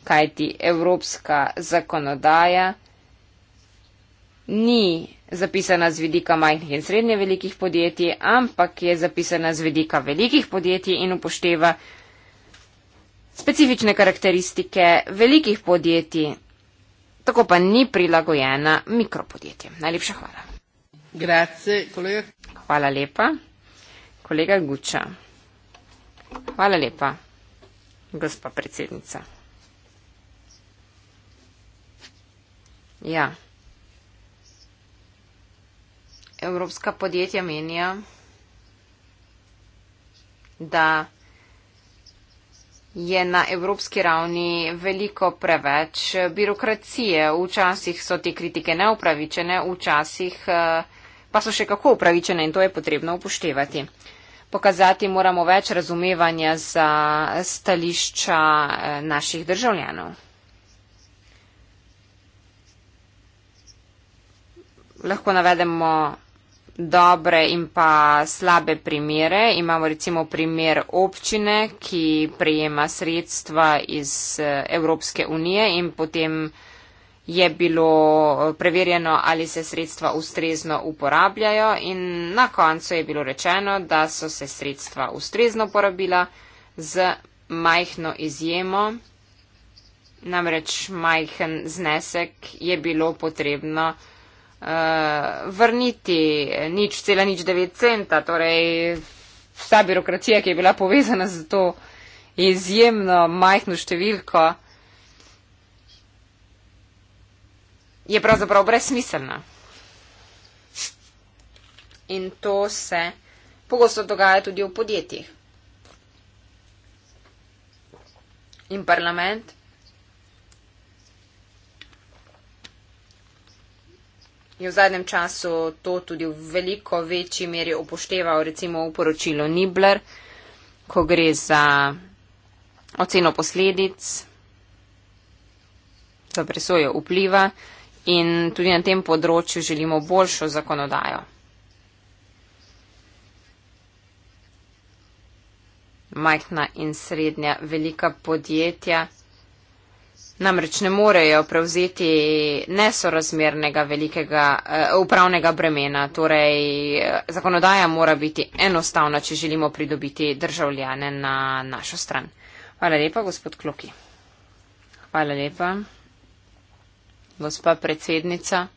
Kaj ti evropska zakonodaja ni zapisana z vidika majhnih in srednje velikih podjetij, ampak je zapisana z vidika velikih podjetij in upošteva specifične karakteristike velikih podjetij, tako pa ni prilagojena mikropodjetjem. Najlepša hvala. Grazie, kolega. Hvala lepa. Kolega Guča. Hvala lepa, gospa predsednica. Ja. Evropska podjetja menijo, da je na evropski ravni veliko preveč birokracije. Včasih so te kritike neupravičene, včasih. Uh, pa so še kako upravičene in to je potrebno upoštevati. Pokazati moramo več razumevanja za stališča eh, naših državljanov. Lahko navedemo dobre in pa slabe primere. Imamo recimo primer občine, ki prejema sredstva iz eh, Evropske unije in potem je bilo eh, preverjeno, ali se sredstva ustrezno uporabljajo in na koncu je bilo rečeno, da so se sredstva ustrezno porabila z majhno izjemo. Namreč majhen znesek je bilo potrebno uh, vrniti nič cela nič devet centa, torej vsa birokracija, ki je bila povezana z to izjemno majhno številko. je pravzaprav brezsmiselna. In to se pogosto dogaja tudi v podjetjih. In parlament je v zadnjem času to tudi v veliko večji meri upošteval, recimo v poročilo Nibler, ko gre za oceno posledic, za presojo vpliva in tudi na tem področju želimo boljšo zakonodajo. Majhna in srednja velika podjetja namreč ne morejo prevzeti nesorazmernega velikega uh, upravnega bremena. Torej, eh, zakonodaja mora biti enostavna, če želimo pridobiti državljane na našo stran. Hvala lepa, gospod Kloki. Hvala lepa gospa predsednica.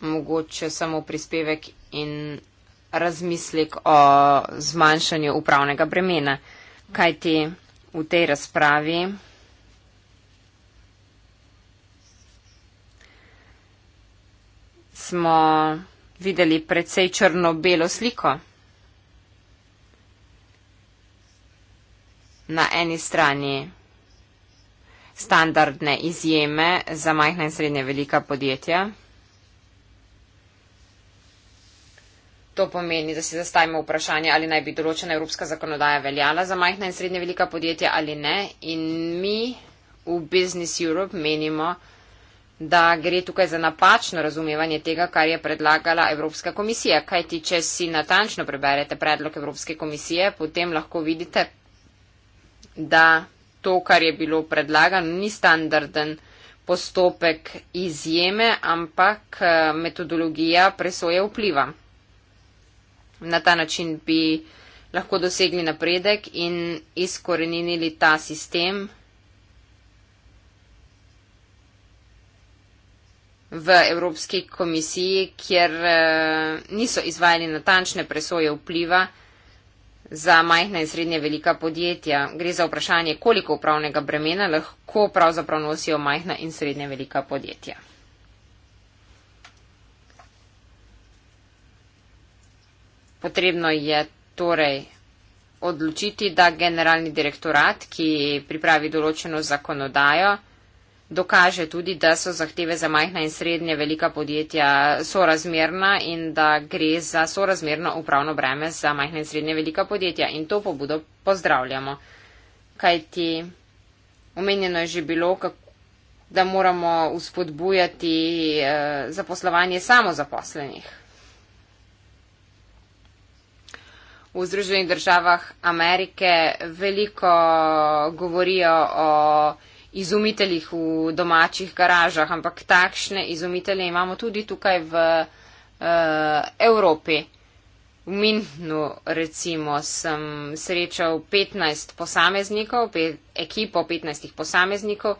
Mogoče samo prispevek in razmislek o zmanjšanju upravnega bremena, kajti v tej razpravi smo videli precej črno-belo sliko. Na eni strani standardne izjeme za majhna in srednje velika podjetja? To pomeni, da si zastavimo vprašanje, ali naj bi določena evropska zakonodaja veljala za majhna in srednje velika podjetja ali ne. In mi v Business Europe menimo, da gre tukaj za napačno razumevanje tega, kar je predlagala Evropska komisija. Kaj ti, če si natančno preberete predlog Evropske komisije, potem lahko vidite, da to, kar je bilo predlagano, ni standarden postopek izjeme, ampak eh, metodologija presoje vpliva. Na ta način bi lahko dosegli napredek in izkoreninili ta sistem v Evropski komisiji, kjer eh, niso izvajali natančne presoje vpliva za majhna in srednje velika podjetja. Gre za vprašanje, koliko upravnega bremena lahko pravzaprav nosijo majhna in srednje velika podjetja. Potrebno je torej odločiti, da generalni direktorat, ki pripravi določeno zakonodajo, dokaže tudi, da so zahteve za majhna in srednje velika podjetja sorazmerna in da gre za sorazmerno upravno breme za majhna in srednje velika podjetja. In to pobudo pozdravljamo. Kaj ti omenjeno je že bilo, da moramo uspodbujati eh, zaposlovanje samozaposlenih. V Združenih državah Amerike veliko govorijo o izumiteljih v domačih garažah, ampak takšne izumitelje imamo tudi tukaj v uh, Evropi. V Minhnu recimo sem srečal 15 posameznikov, pe, ekipo 15 posameznikov,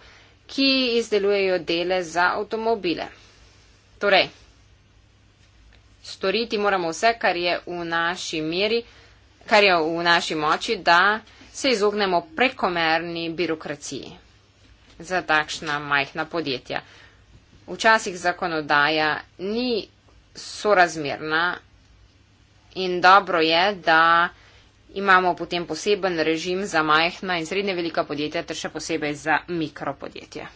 ki izdelujejo dele za avtomobile. Torej, storiti moramo vse, kar je v naši meri, kar je v naši moči, da se izognemo prekomerni birokraciji za takšna majhna podjetja. Včasih zakonodaja ni sorazmerna in dobro je, da imamo potem poseben režim za majhna in srednje velika podjetja ter še posebej za mikropodjetje.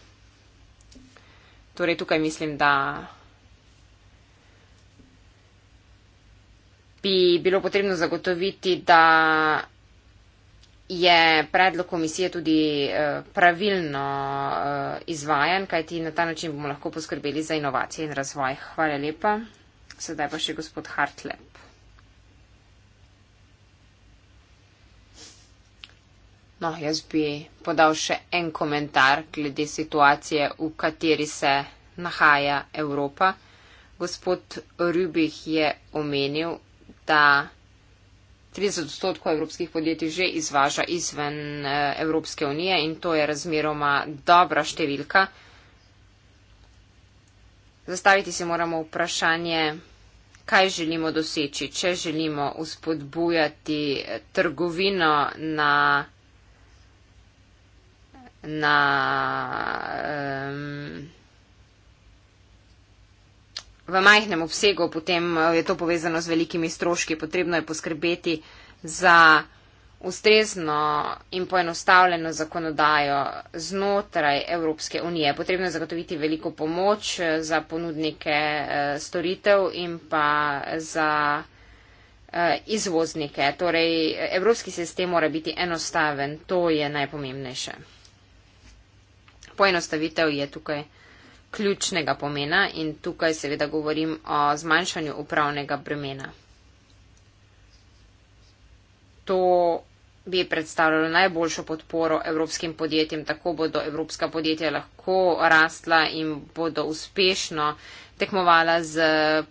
Torej tukaj mislim, da bi bilo potrebno zagotoviti, da je predlog komisije tudi eh, pravilno eh, izvajan, kajti na ta način bomo lahko poskrbeli za inovacije in razvoj. Hvala lepa. Sedaj pa še gospod Hartlep. No, jaz bi podal še en komentar glede situacije, v kateri se nahaja Evropa. Gospod Rubih je omenil, da. 30 odstotkov evropskih podjetij že izvaža izven eh, Evropske unije in to je razmeroma dobra številka. Zastaviti si moramo vprašanje, kaj želimo doseči, če želimo uspodbujati trgovino na, na um, v majhnem obsegu, potem eh, je to povezano z velikimi stroški, potrebno je poskrbeti za ustrezno in poenostavljeno zakonodajo znotraj Evropske unije. Potrebno je zagotoviti veliko pomoč eh, za ponudnike eh, storitev in pa za izvoznike. Torej, evropski sistem mora biti enostaven, to je najpomembnejše. Poenostavitev je tukaj ključnega pomena in tukaj seveda govorim o zmanjšanju upravnega bremena. To bi predstavljalo najboljšo podporo evropskim podjetjem, tako bodo evropska podjetja lahko rastla in bodo uspešno tekmovala z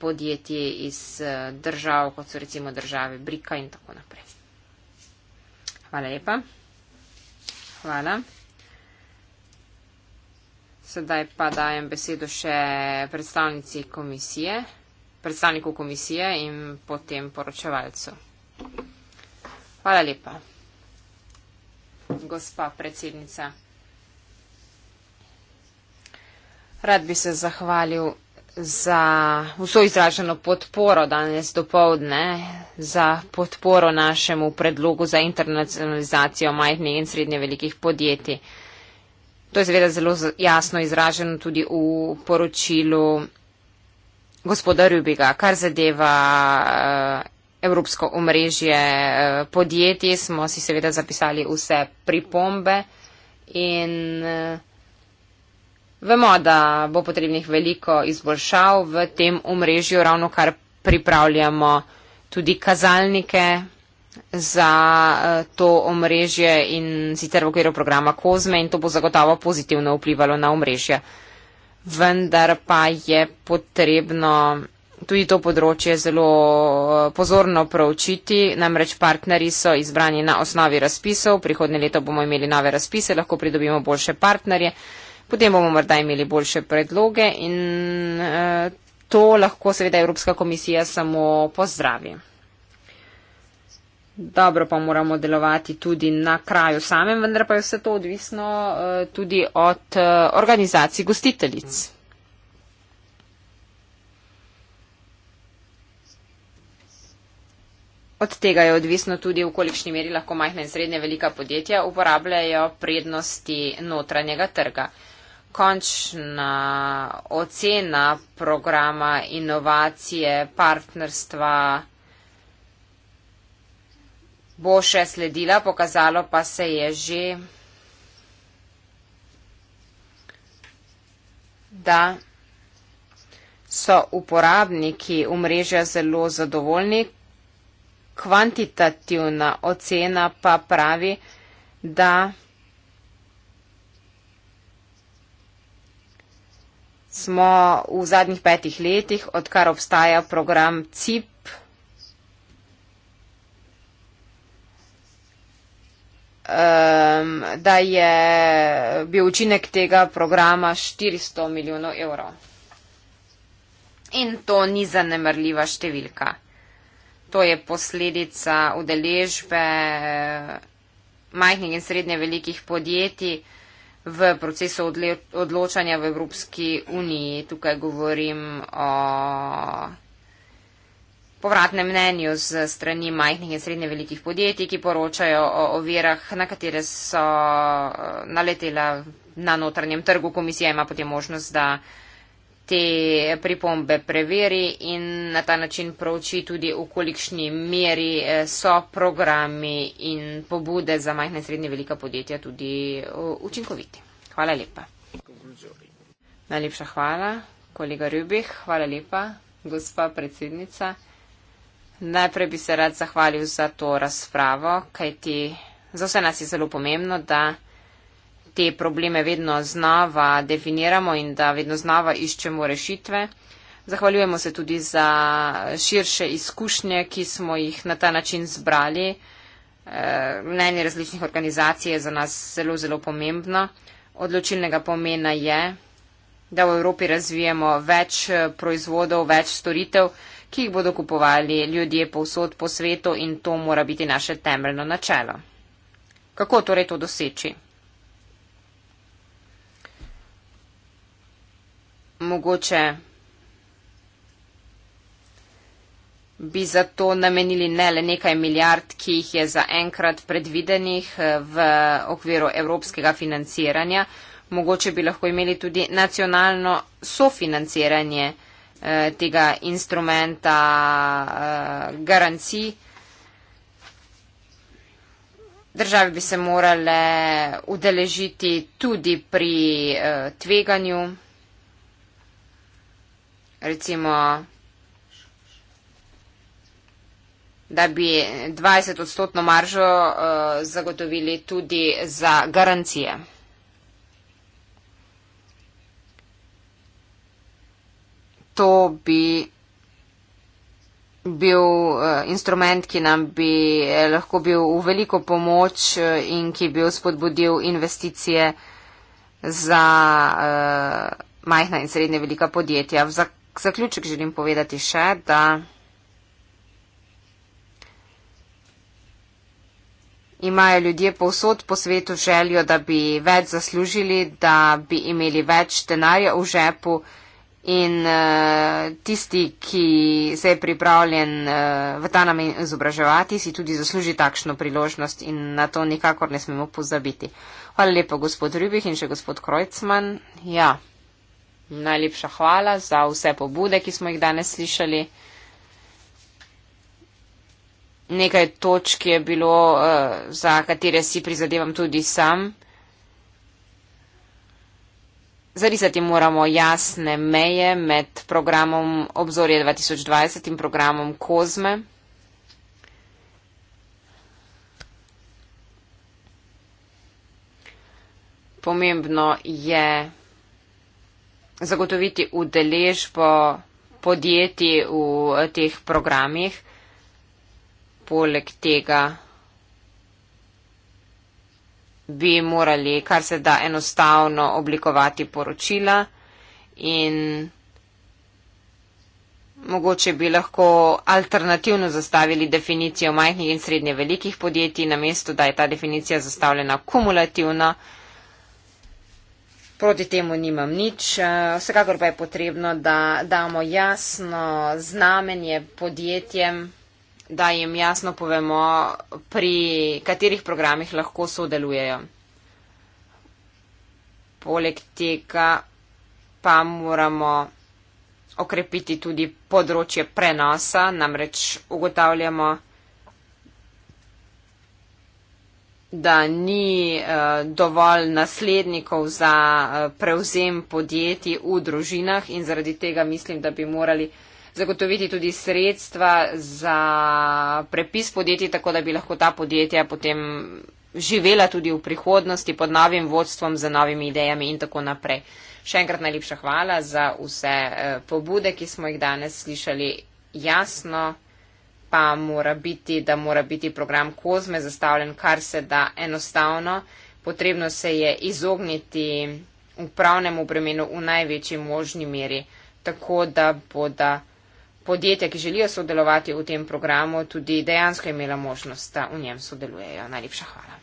podjetji iz eh, držav, kot so recimo države Brika in tako naprej. Hvala lepa. Hvala. Sedaj pa dajem besedo še predstavnici komisije, predstavniku komisije in potem poročevalcu. Hvala lepa, gospa predsednica. Rad bi se zahvalil za vso izraženo podporo danes do povdne, za podporo našemu predlogu za internacionalizacijo majhnih in srednje velikih podjetij. To je seveda zelo jasno izraženo tudi v poročilu gospoda Rubiga, kar zadeva eh, Evropsko omrežje eh, podjetij. Smo si seveda zapisali vse pripombe in eh, vemo, da bo potrebnih veliko izboljšav v tem omrežju, ravno kar pripravljamo tudi kazalnike za eh, to omrežje in sicer v okviru programa Kozme in to bo zagotovo pozitivno vplivalo na omrežje. Vendar pa je potrebno tudi to področje zelo eh, pozorno proučiti, namreč partnerji so izbrani na osnovi razpisov, prihodnje leto bomo imeli nove razpise, lahko pridobimo boljše partnerje, potem bomo morda imeli boljše predloge in eh, to lahko seveda Evropska komisija samo pozdravi dobro pa moramo delovati tudi na kraju samem, vendar pa je vse to odvisno eh, tudi od eh, organizacij gostiteljic. Od tega je odvisno tudi, v kolikšni meri lahko majhna in srednje velika podjetja uporabljajo prednosti notranjega trga. Končna ocena programa inovacije, partnerstva, bo še sledila, pokazalo pa se je že, da so uporabniki omrežja zelo zadovoljni, kvantitativna ocena pa pravi, da smo v zadnjih petih letih, odkar obstaja program CIP, um, da je bil učinek tega programa 400 milijonov evrov. In to ni zanemrljiva številka. To je posledica udeležbe eh, majhnih in srednje velikih podjetij v procesu odločanja v Evropski uniji. Tukaj govorim o povratnem mnenju z strani majhnih in srednje velikih podjetij, ki poročajo o ovirah, na katere so eh, naletela na notranjem trgu. Komisija ima potem možnost, da te pripombe preveri in na ta način prouči tudi, v kolikšni meri eh, so programi in pobude za majhne in srednje velika podjetja tudi eh, učinkoviti. Hvala lepa. Najlepša hvala, kolega Rjubih. Hvala lepa, gospa predsednica. Najprej bi se rad zahvalil za to razpravo, kajti za vse nas je zelo pomembno, da te probleme vedno znova definiramo in da vedno znova iščemo rešitve. Zahvaljujemo se tudi za širše izkušnje, ki smo jih na ta način zbrali. Eh, mnenje različnih organizacij je za nas zelo, zelo pomembno. Odločilnega pomena je, da v Evropi razvijemo več eh, proizvodov, več storitev, ki jih bodo kupovali ljudje povsod po svetu in to mora biti naše temeljno načelo. Kako torej to doseči? Mogoče bi za to namenili ne le nekaj milijard, ki jih je zaenkrat predvidenih eh, v okviru evropskega financiranja, mogoče bi lahko imeli tudi nacionalno sofinanciranje eh, Eh, tega instrumenta eh, garancij. Države bi se morale udeležiti tudi pri eh, tveganju, recimo, da bi 20-odstotno maržo eh, zagotovili tudi za garancije. to bi bil eh, instrument, ki nam bi eh, lahko bil v veliko pomoč eh, in ki bi spodbudil investicije za uh, majhna in srednje velika podjetja. V zaključek želim povedati še, da imajo ljudje povsod po svetu željo, da bi več zaslužili, da bi imeli več denarja v žepu. In uh, tisti, ki se je pripravljen uh, v ta namen izobraževati, si tudi zasluži takšno priložnost in na to nikakor ne smemo pozabiti. Hvala lepa, gospod Rübih in še gospod Krojcman. Ja, najlepša hvala za vse pobude, ki smo jih danes slišali. Nekaj točk je bilo, uh, za katere si prizadevam tudi sam. Zarisati moramo jasne meje med programom Obzorje 2020 in programom Kozme. Pomembno je zagotoviti udeležbo podjetij v teh programih. Poleg tega bi morali kar se da enostavno oblikovati poročila in mogoče bi lahko alternativno zastavili definicijo majhnih in srednje velikih podjetij, namesto da je ta definicija zastavljena kumulativno. Proti temu nimam nič. Eh, vsekakor pa je potrebno, da damo jasno znamenje podjetjem da jim jasno povemo, pri katerih programih lahko sodelujejo. Poleg tega pa moramo okrepiti tudi področje prenosa, namreč ugotavljamo, da ni eh, dovolj naslednikov za eh, prevzem podjetij v družinah in zaradi tega mislim, da bi morali zagotoviti tudi sredstva za prepis podjetij, tako da bi lahko ta podjetja potem živela tudi v prihodnosti pod novim vodstvom, z novimi idejami in tako naprej. Še enkrat najlepša hvala za vse eh, pobude, ki smo jih danes slišali jasno, pa mora biti, da mora biti program Kozme zastavljen kar se da enostavno. Potrebno se je izogniti upravnemu bremenu v največji možni meri, tako da bodo podjetja, ki želijo sodelovati v tem programu, tudi dejansko imela možnost, da v njem sodelujejo. Najlepša hvala.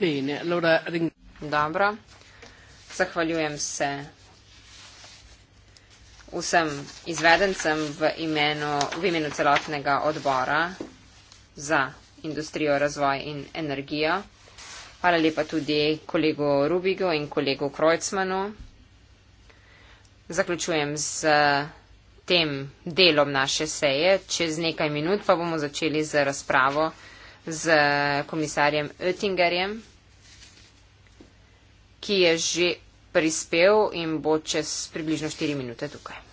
Bene, Laura, ring... Dobro. Zahvaljujem se vsem izvedencem v imenu, v imenu celotnega odbora za industrijo, razvoj in energijo. Hvala lepa tudi kolegu Rubigu in kolegu Krojcmanu. Zaključujem z tem delom naše seje. Čez nekaj minut pa bomo začeli z razpravo z komisarjem Oettingerjem, ki je že prispel in bo čez približno 4 minute tukaj.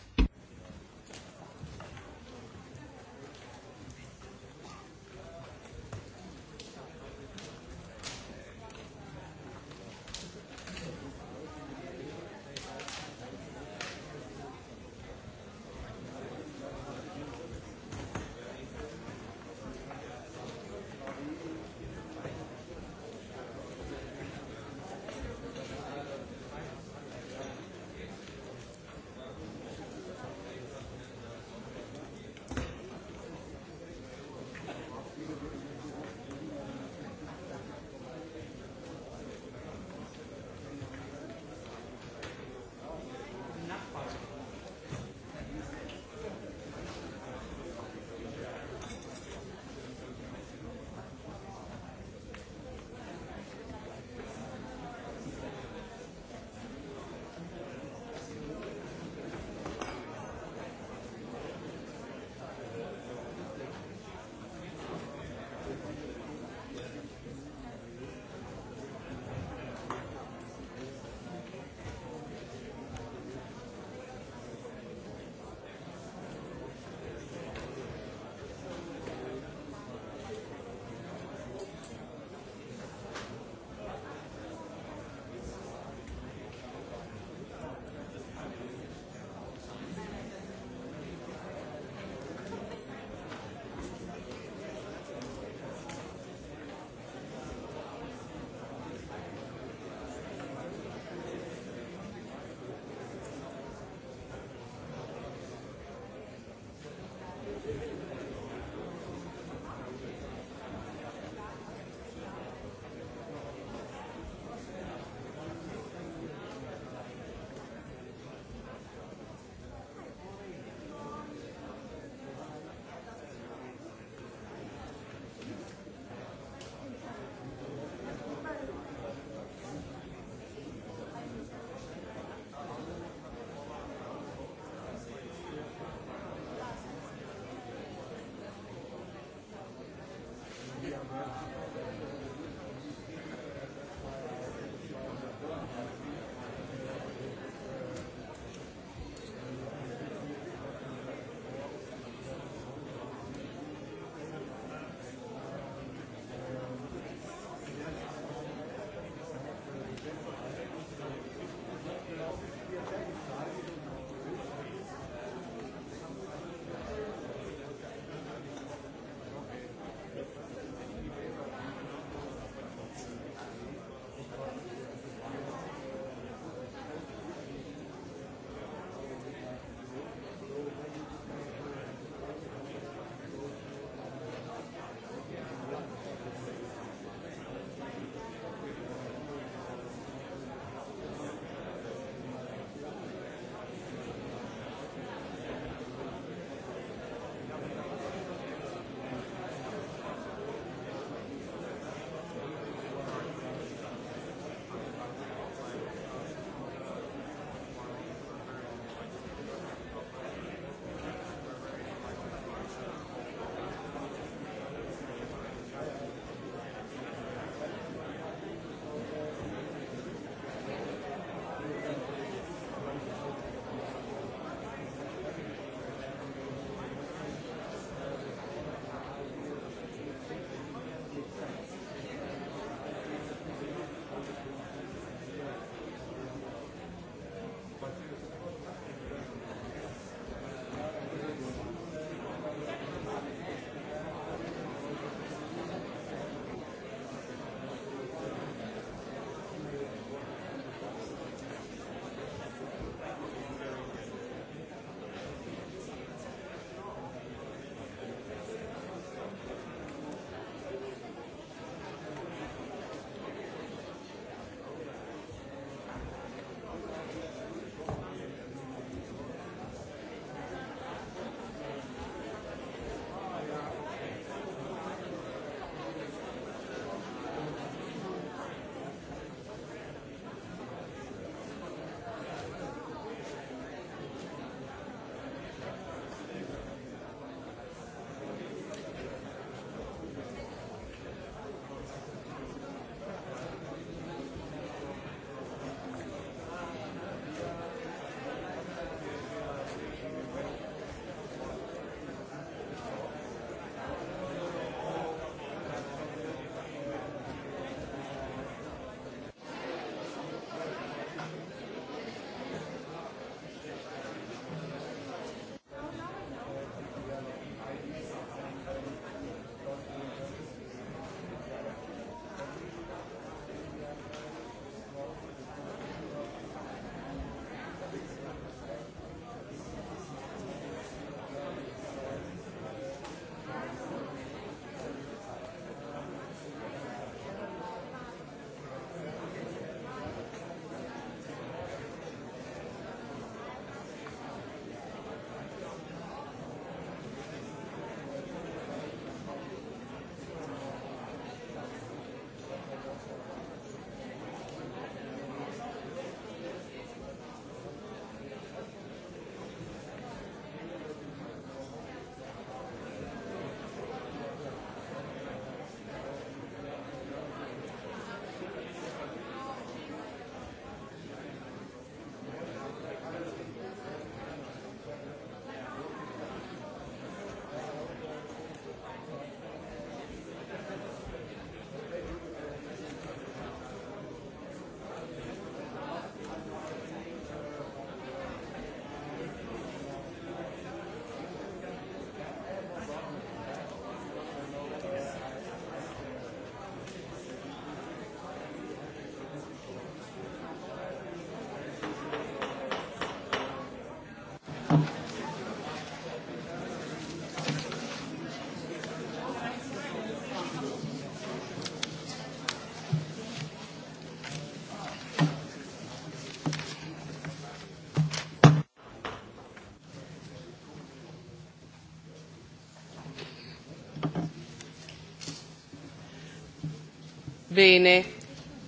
Bene,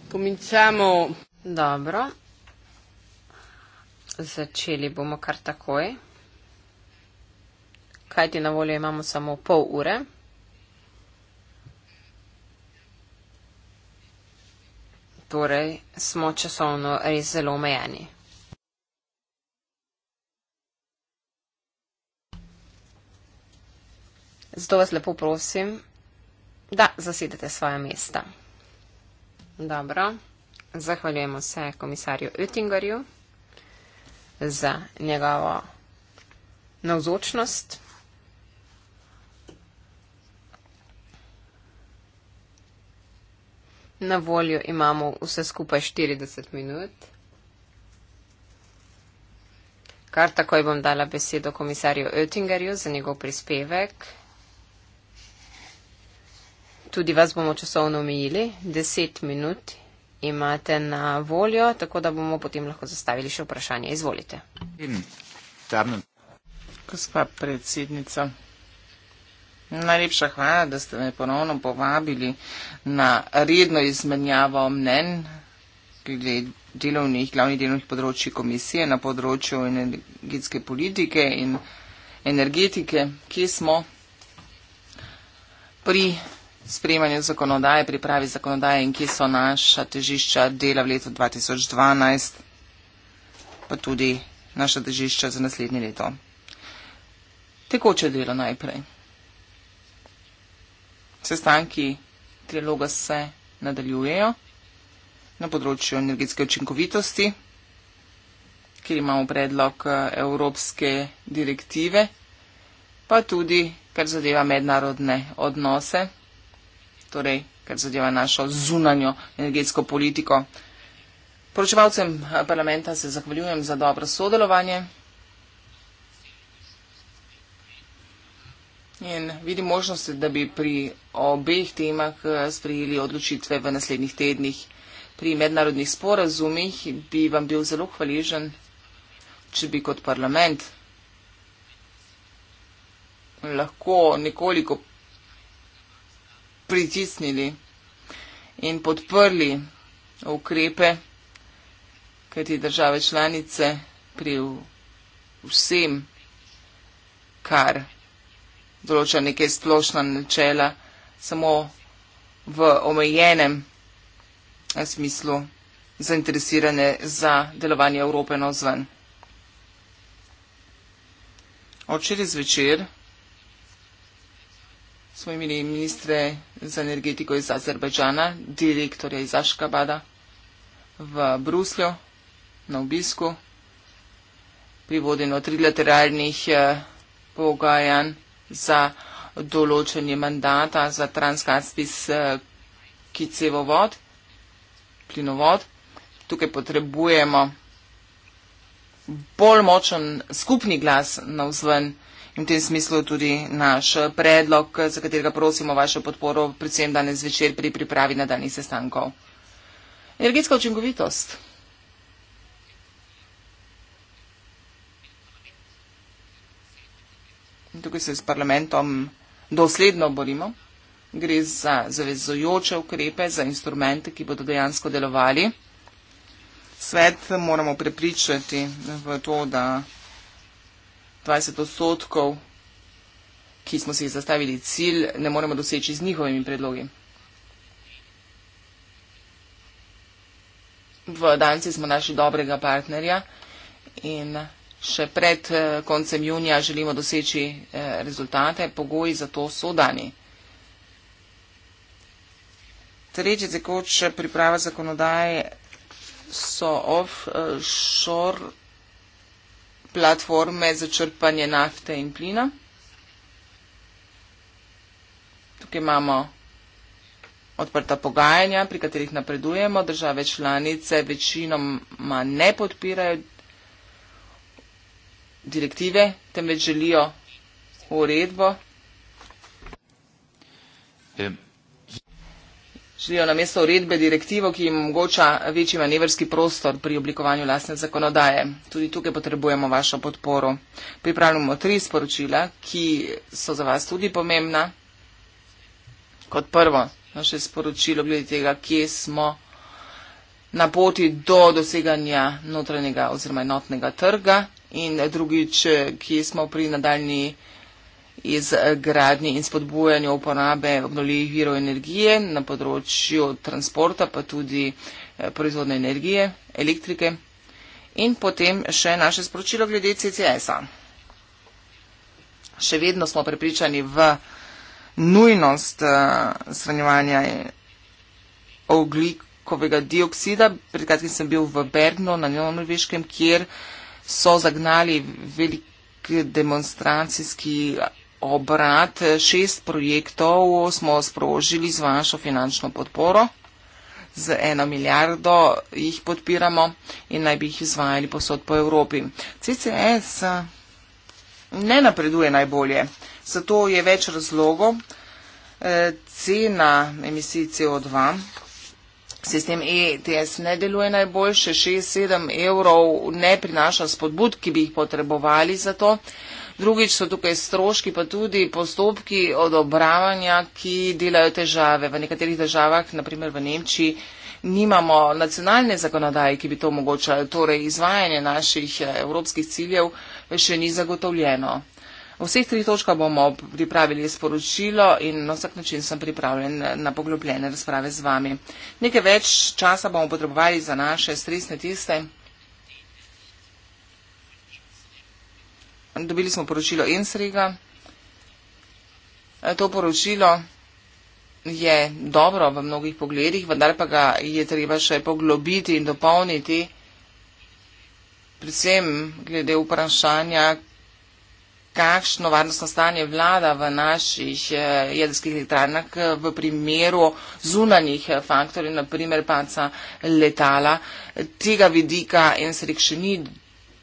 cominciamo. Dobro, začeli bomo kar takoj. Kaj ti na voljo imamo samo pol ure? Torej smo časovno res zelo omejeni. Zato vas lepo prosim, da zasedete svoje mesta. Dobro. Zahvaljujemo se komisarju Oettingerju za njegovo navzočnost. Na voljo imamo vse skupaj 40 minut. Kar takoj bom dala besedo komisarju Oettingerju za njegov prispevek tudi vas bomo časovno omejili, deset minut imate na voljo, tako da bomo potem lahko zastavili še vprašanje. Izvolite. Gospa predsednica, najlepša hvala, da ste me ponovno povabili na redno izmenjavo mnen glede delovnih, glavnih delovnih področji komisije na področju energetske politike in energetike, ki smo pri sprejemanju zakonodaje, pripravi zakonodaje in kje so naša težišča dela v letu 2012, pa tudi naša težišča za naslednje leto. Tekoče delo najprej. Sestanki triloga se nadaljujejo na področju energetske učinkovitosti, kjer imamo predlog eh, Evropske direktive, pa tudi, kar zadeva mednarodne odnose torej kar zadeva našo zunanjo energetsko politiko. Poročevalcem eh, parlamenta se zahvaljujem za dobro sodelovanje in vidim možnosti, da bi pri obeh temah eh, sprejeli odločitve v naslednjih tednih. Pri mednarodnih sporazumih bi vam bil zelo hvaležen, če bi kot parlament lahko nekoliko pritisnili in podprli ukrepe, kajti države članice pri vsem, kar določa neke splošna načela, samo v omejenem eh, smislu zainteresirane za delovanje Evrope na ozven. Očeri zvečer smo imeli ministre za energetiko iz Azerbajdžana, direktorja iz Aškabada v Bruslju na obisku pri vodenju trilateralnih eh, pogajanj za določenje mandata za transkaspis eh, kicevovod, plinovod. Tukaj potrebujemo bolj močen skupni glas na vzven. In v tem smislu je tudi naš predlog, za katerega prosimo vašo podporo, predvsem danes večer pri pripravi nadaljnih sestankov. Energetska učinkovitost. Tukaj se s parlamentom dosledno borimo. Gre za zavezujoče ukrepe, za instrumente, ki bodo dejansko delovali. Svet moramo prepričati v to, da. 20 odstotkov, ki smo si jih zastavili cilj, ne moremo doseči z njihovimi predlogi. V Danci smo našli dobrega partnerja in še pred eh, koncem junija želimo doseči eh, rezultate. Pogoji za to so dani. Tretji zekoč priprava zakonodaje so offshore platforme za črpanje nafte in plina. Tukaj imamo odprta pogajanja, pri katerih napredujemo. Države članice večinoma ne podpirajo direktive, temveč želijo uredbo želijo namesto uredbe direktivo, ki jim omogoča večji manevrski prostor pri oblikovanju lastne zakonodaje. Tudi tukaj potrebujemo vašo podporo. Pripravljamo tri sporočila, ki so za vas tudi pomembna. Kot prvo, naše sporočilo glede tega, kje smo na poti do doseganja notranjega oziroma enotnega trga in drugič, kje smo pri nadaljni iz eh, gradnje in spodbujanja uporabe obnovljivih virov energije na področju transporta, pa tudi eh, proizvodne energije, elektrike. In potem še naše sporočilo glede CCS-a. Še vedno smo prepričani v nujnost eh, shranjevanja oglikovega dioksida. Pred kratkim sem bil v Bernu na Njonorveškem, kjer so zagnali velik demonstracijski obrat, šest projektov smo sprožili z vašo finančno podporo. Z eno milijardo jih podpiramo in naj bi jih izvajali posod po Evropi. CCS ne napreduje najbolje, zato je več razlogov. Eh, cena emisij CO2, sistem ETS ne deluje najboljše, 6-7 evrov ne prinaša spodbud, ki bi jih potrebovali za to drugič so tukaj stroški, pa tudi postopki odobravanja, ki delajo težave. V nekaterih državah, naprimer v Nemčiji, nimamo nacionalne zakonodaje, ki bi to omogočala, torej izvajanje naših eh, evropskih ciljev še ni zagotovljeno. Vseh tri točka bomo pripravili sporočilo in na vsak način sem pripravljen na poglobljene razprave z vami. Nekaj več časa bomo potrebovali za naše stresne tiste. dobili smo poročilo Ensrega. E, to poročilo je dobro v mnogih pogledih, vendar pa ga je treba še poglobiti in dopolniti, predvsem glede vprašanja, kakšno varnostno stanje vlada v naših e, jedrskih elektrarnah v primeru zunanjih e, faktorjev, naprimer paca letala. Tega vidika Ensreg še ni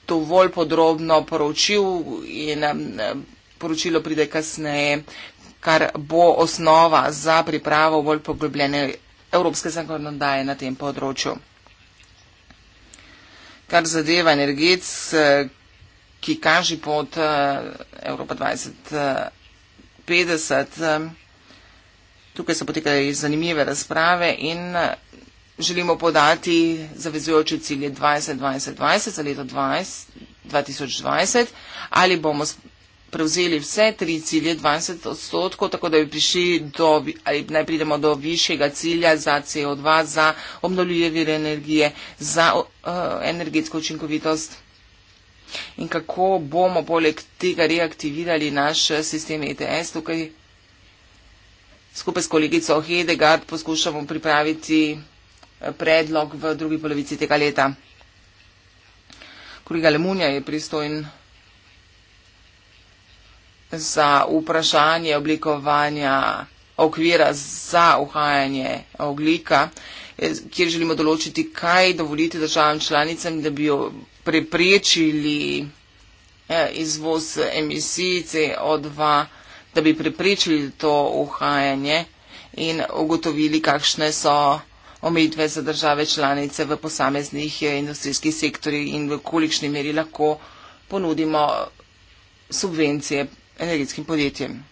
dovolj podrobno poročil in poročilo pride kasneje, kar bo osnova za pripravo bolj poglobljene evropske zakonodaje na tem področju. Kar zadeva energec, eh, ki kaže pot eh, Evropa 2050, eh, tukaj so potekali zanimive razprave in želimo podati zavezujoče cilje 2020-2020 za leto 2020 ali bomo prevzeli vse tri cilje 20 odstotkov, tako da bi prišli do, ali naj pridemo do višjega cilja za CO2, za obnovljive vire energije, za uh, energetsko učinkovitost in kako bomo poleg tega reaktivirali naš eh, sistem ETS tukaj. Skupaj s kolegico Hedegard poskušamo pripraviti predlog v drugi polovici tega leta. Kolega Lemunja je pristojen za vprašanje oblikovanja okvira za uhajanje oglika, kjer želimo določiti, kaj dovolite državam članicam, da bi jo preprečili eh, izvoz emisij CO2, da bi preprečili to uhajanje in ugotovili, kakšne so omejitve za države članice v posameznih eh, industrijskih sektorjih in v kolikšni meri lahko ponudimo subvencije energetskim podjetjem.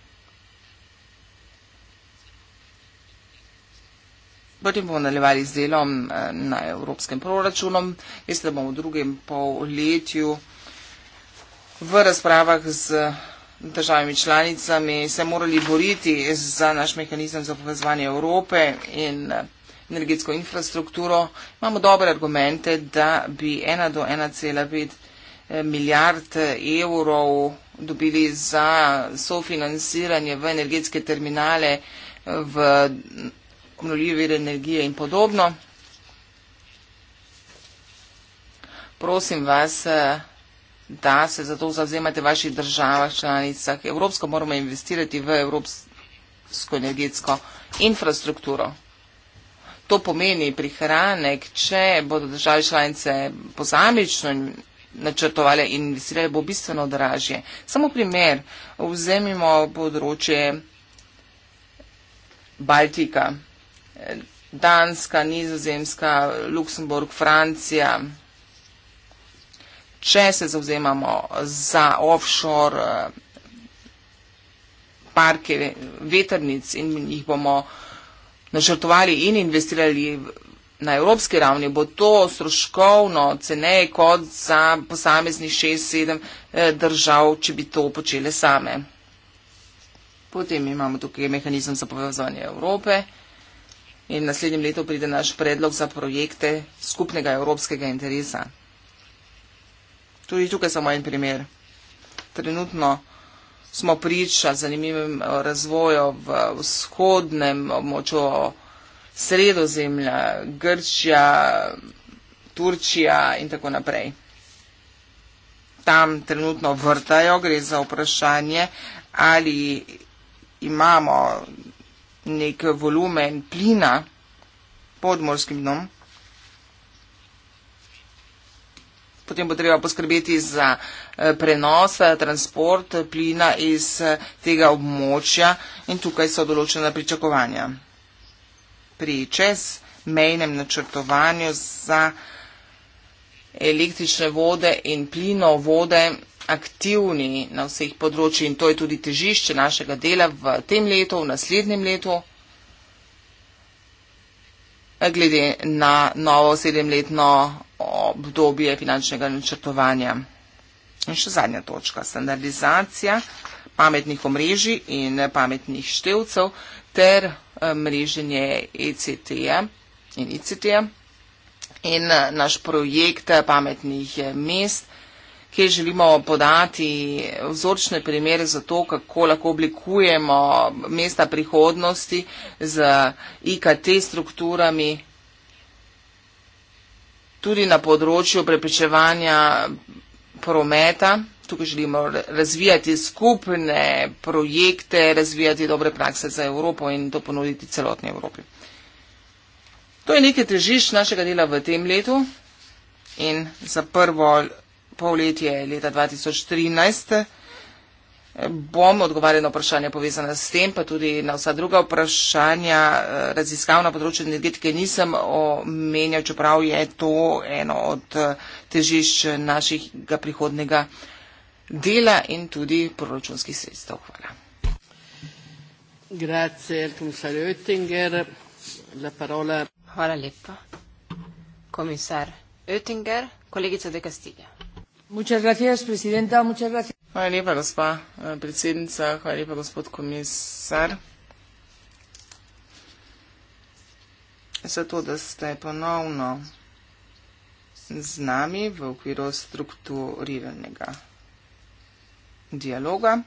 Potem bomo nadaljevali z delom eh, na evropskem proračunu. Veste, da bomo v drugem polletju v razpravah z državami članicami se morali boriti za naš mehanizem za povezovanje Evrope in eh, energetsko infrastrukturo, imamo dobre argumente, da bi 1 do 1,5 eh, milijard eh, evrov dobili za sofinanciranje v energetske terminale, eh, v obnovljive vire energije in podobno. Prosim vas, da se za to zavzemate v vaših državah, članicah. Evropsko moramo investirati v evropsko energetsko infrastrukturo to pomeni prihranek, če bodo države članice pozamično načrtovali in investirali, bo bistveno dražje. Samo primer, vzemimo področje Baltika, Danska, Nizozemska, Luksemburg, Francija. Če se zauzemamo za offshore eh, parke, veternic in jih bomo uh, načrtovali in investirali na evropski ravni, bo to stroškovno ceneje kot za posameznih 6-7 eh, držav, če bi to počele same. Potem imamo tukaj mehanizem za povezovanje Evrope in naslednjem letu pride naš predlog za projekte skupnega evropskega interesa. Tudi tukaj samo en primer. Trenutno smo priča zanimivim eh, razvoju v vzhodnem območju sredozemlja, Grčija, Turčija in tako naprej. Tam trenutno vrtajo, gre za vprašanje, ali imamo nek volumen plina pod morskim dnom. potem bo treba poskrbeti za eh, prenos, eh, transport plina iz eh, tega območja in tukaj so določena pričakovanja. Pri čez mejnem načrtovanju za električne vode in plino vode aktivni na vseh področji in to je tudi težišče našega dela v tem letu, v naslednjem letu glede na novo sedemletno obdobje finančnega načrtovanja. In še zadnja točka, standardizacija pametnih omrežij in pametnih števcev ter eh, mreženje ECT-ja in ICT-ja in eh, naš projekt eh, pametnih mest kje želimo podati vzorčne primere za to, kako lahko oblikujemo mesta prihodnosti z IKT strukturami, tudi na področju preprečevanja prometa. Tukaj želimo razvijati skupne projekte, razvijati dobre prakse za Evropo in to ponuditi celotni Evropi. To je nekaj težišč našega dela v tem letu in za prvo polletje leta 2013. Bom odgovarjal na vprašanja povezana s tem, pa tudi na vsa druga vprašanja. Eh, raziskav na področju energetike nisem omenjal, čeprav je to eno od eh, težišč našega prihodnega dela in tudi proračunskih sredstev. Hvala. Hvala lepa. Komisar Oettinger, kolegica De Castilla. Hvala lepa, gospa eh, predsednica, hvala lepa, gospod komisar. Zato, da ste ponovno z nami v okviru strukturiranega dialoga.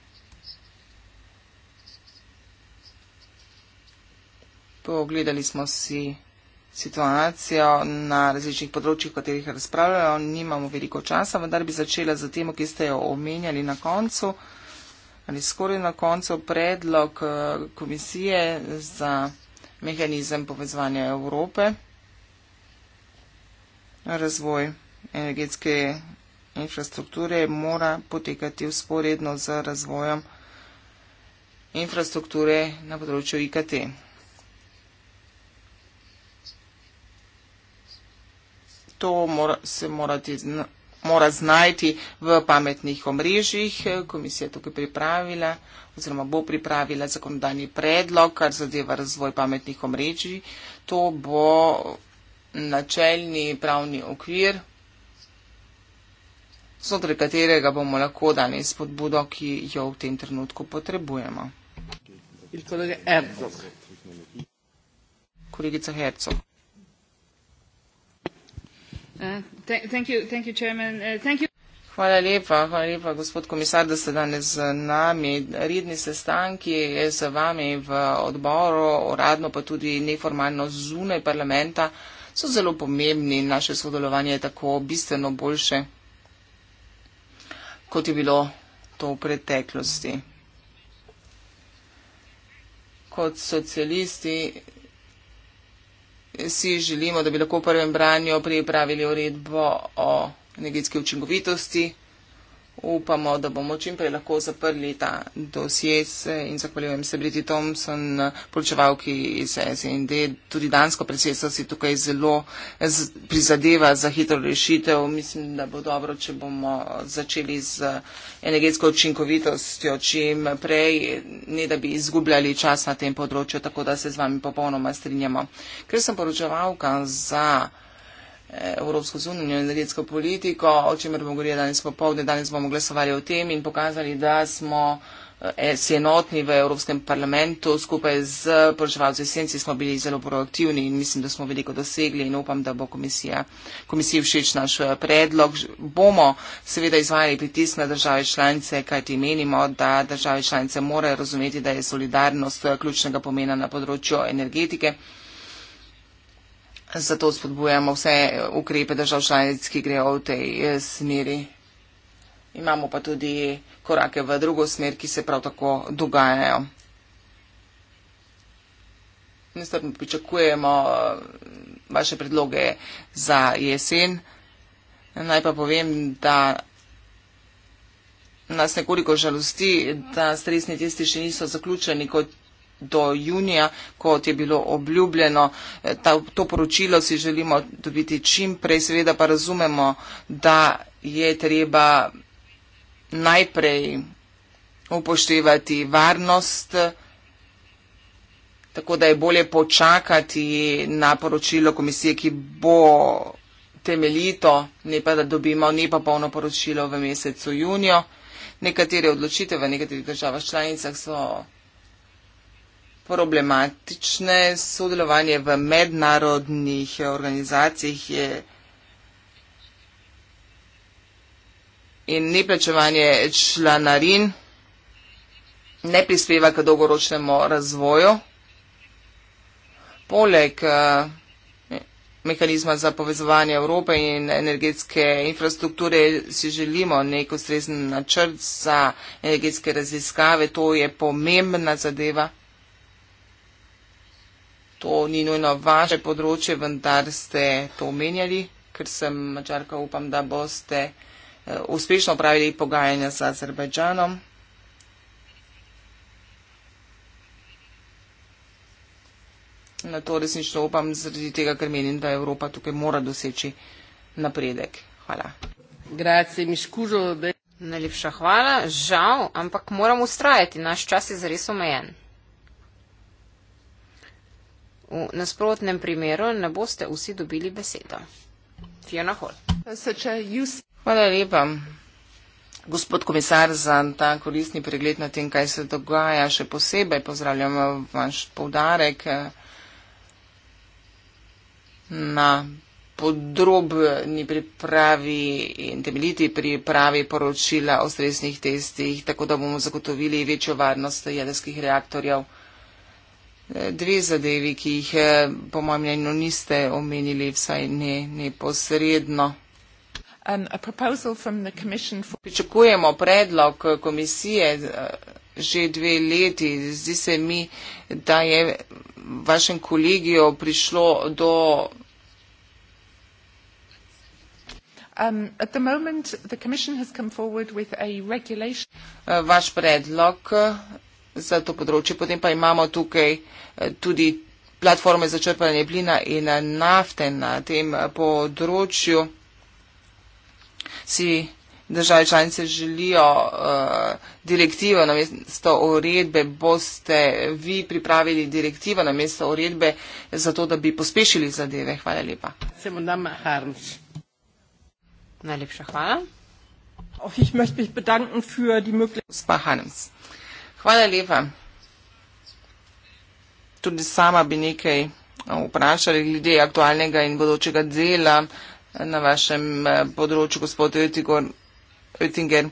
Pogledali smo si situacijo na različnih področjih, o katerih razpravljajo. Nimamo veliko časa, vendar bi začela z tem, ki ste jo omenjali na koncu ali skoraj na koncu predlog eh, komisije za mehanizem povezovanja Evrope, razvoj energetske infrastrukture mora potekati usporedno z razvojem infrastrukture na področju IKT. to mora, se morati mora znajti v pametnih omrežjih. Komisija je tukaj pripravila oziroma bo pripravila zakonodajni predlog, kar zadeva razvoj pametnih omrežij. To bo načeljni pravni okvir, znotraj katerega bomo lahko dali spodbudo, ki jo v tem trenutku potrebujemo. Kolegica Herzog. Uh, hvala lepa, hvala lepa, gospod komisar, da ste danes z nami. Redni sestanki z vami v odboru, uradno pa tudi neformalno zunaj parlamenta, so zelo pomembni. Naše sodelovanje je tako bistveno boljše, kot je bilo to v preteklosti. Kot socialisti si želimo, da bi lahko v prvem branju pripravili uredbo o energetski učinkovitosti upamo, da bomo čim prej lahko zaprli ta dosje in zahvaljujem se Briti Thompson, poročevalki iz SND. Tudi dansko predsedstvo si tukaj zelo prizadeva za hitro rešitev. Mislim, da bo dobro, če bomo začeli z energetsko učinkovitostjo čim prej, ne da bi izgubljali čas na tem področju, tako da se z vami popolnoma strinjamo. Ker sem poročevalka za Evropsko zunanjo energetsko politiko, o čemer bomo govorili danes popovdne. Danes bomo glasovali o tem in pokazali, da smo eh, se enotni v Evropskem parlamentu. Skupaj z poročevalci esenci smo bili zelo proaktivni in mislim, da smo veliko dosegli in upam, da bo komisija, komisiji všeč naš eh, predlog. Bomo seveda izvajali pritisk na države članice, kajti menimo, da države članice morajo razumeti, da je solidarnost eh, ključnega pomena na področju energetike. Zato spodbujamo vse ukrepe držav članic, ki grejo v tej eh, smeri. Imamo pa tudi korake v drugo smer, ki se prav tako dogajajo. Nestrpno pričakujemo eh, vaše predloge za jesen. Naj pa povem, da nas nekoliko žalosti, da stresni testi še niso zaključeni, kot do junija, kot je bilo obljubljeno. E, ta, to poročilo si želimo dobiti čim prej, seveda pa razumemo, da je treba najprej upoštevati varnost, tako da je bolje počakati na poročilo komisije, ki bo temeljito, ne pa da dobimo ne pa polno poročilo v mesecu junijo. Nekatere odločitve v nekaterih državah članicah so problematične. Sodelovanje v mednarodnih organizacijah je in neplačevanje članarin ne prispeva k dolgoročnemu razvoju. Poleg eh, mehanizma za povezovanje Evrope in energetske infrastrukture si želimo nek ustrezen načrt za energetske raziskave. To je pomembna zadeva to ni nujno vaše področje, vendar ste to omenjali, ker sem mačarka, upam, da boste eh, uspešno pravili pogajanja z Azerbajdžanom. Na to resnično upam, zaradi tega, ker menim, da Evropa tukaj mora doseči napredek. Hvala. Grazie, miškužo, da... Najlepša hvala. Žal, ampak moram ustrajati. Naš čas je zares omejen. V nasprotnem primeru ne boste vsi dobili besedo. Fiona Hall. Hvala lepa. Gospod komisar, za ta koristni pregled na tem, kaj se dogaja, še posebej pozdravljam vaš povdarek na podrobni pripravi in temeljiti pripravi poročila o stresnih testih, tako da bomo zagotovili večjo varnost jedrskih reaktorjev. Dve zadevi, ki jih eh, po mojem mnenju niste omenili, vsaj ne neposredno. Pričakujemo predlog komisije eh, že dve leti. Zdi se mi, da je vašem kolegiju prišlo do. Um, moment, eh, Vaš predlog za to področje. Potem pa imamo tukaj eh, tudi platforme za črpanje plina in eh, nafte na tem eh, področju. Si države članice želijo uh, direktive na mesto uredbe, boste vi pripravili direktive na mesto uredbe za to, da bi pospešili zadeve. Hvala lepa. Najlepša hvala. Oh, Spa Hanems. Hvala lepa. Tudi sama bi nekaj eh, vprašali glede aktualnega in bodočega dela eh, na vašem eh, področju, gospod Oettinger. Oettinger.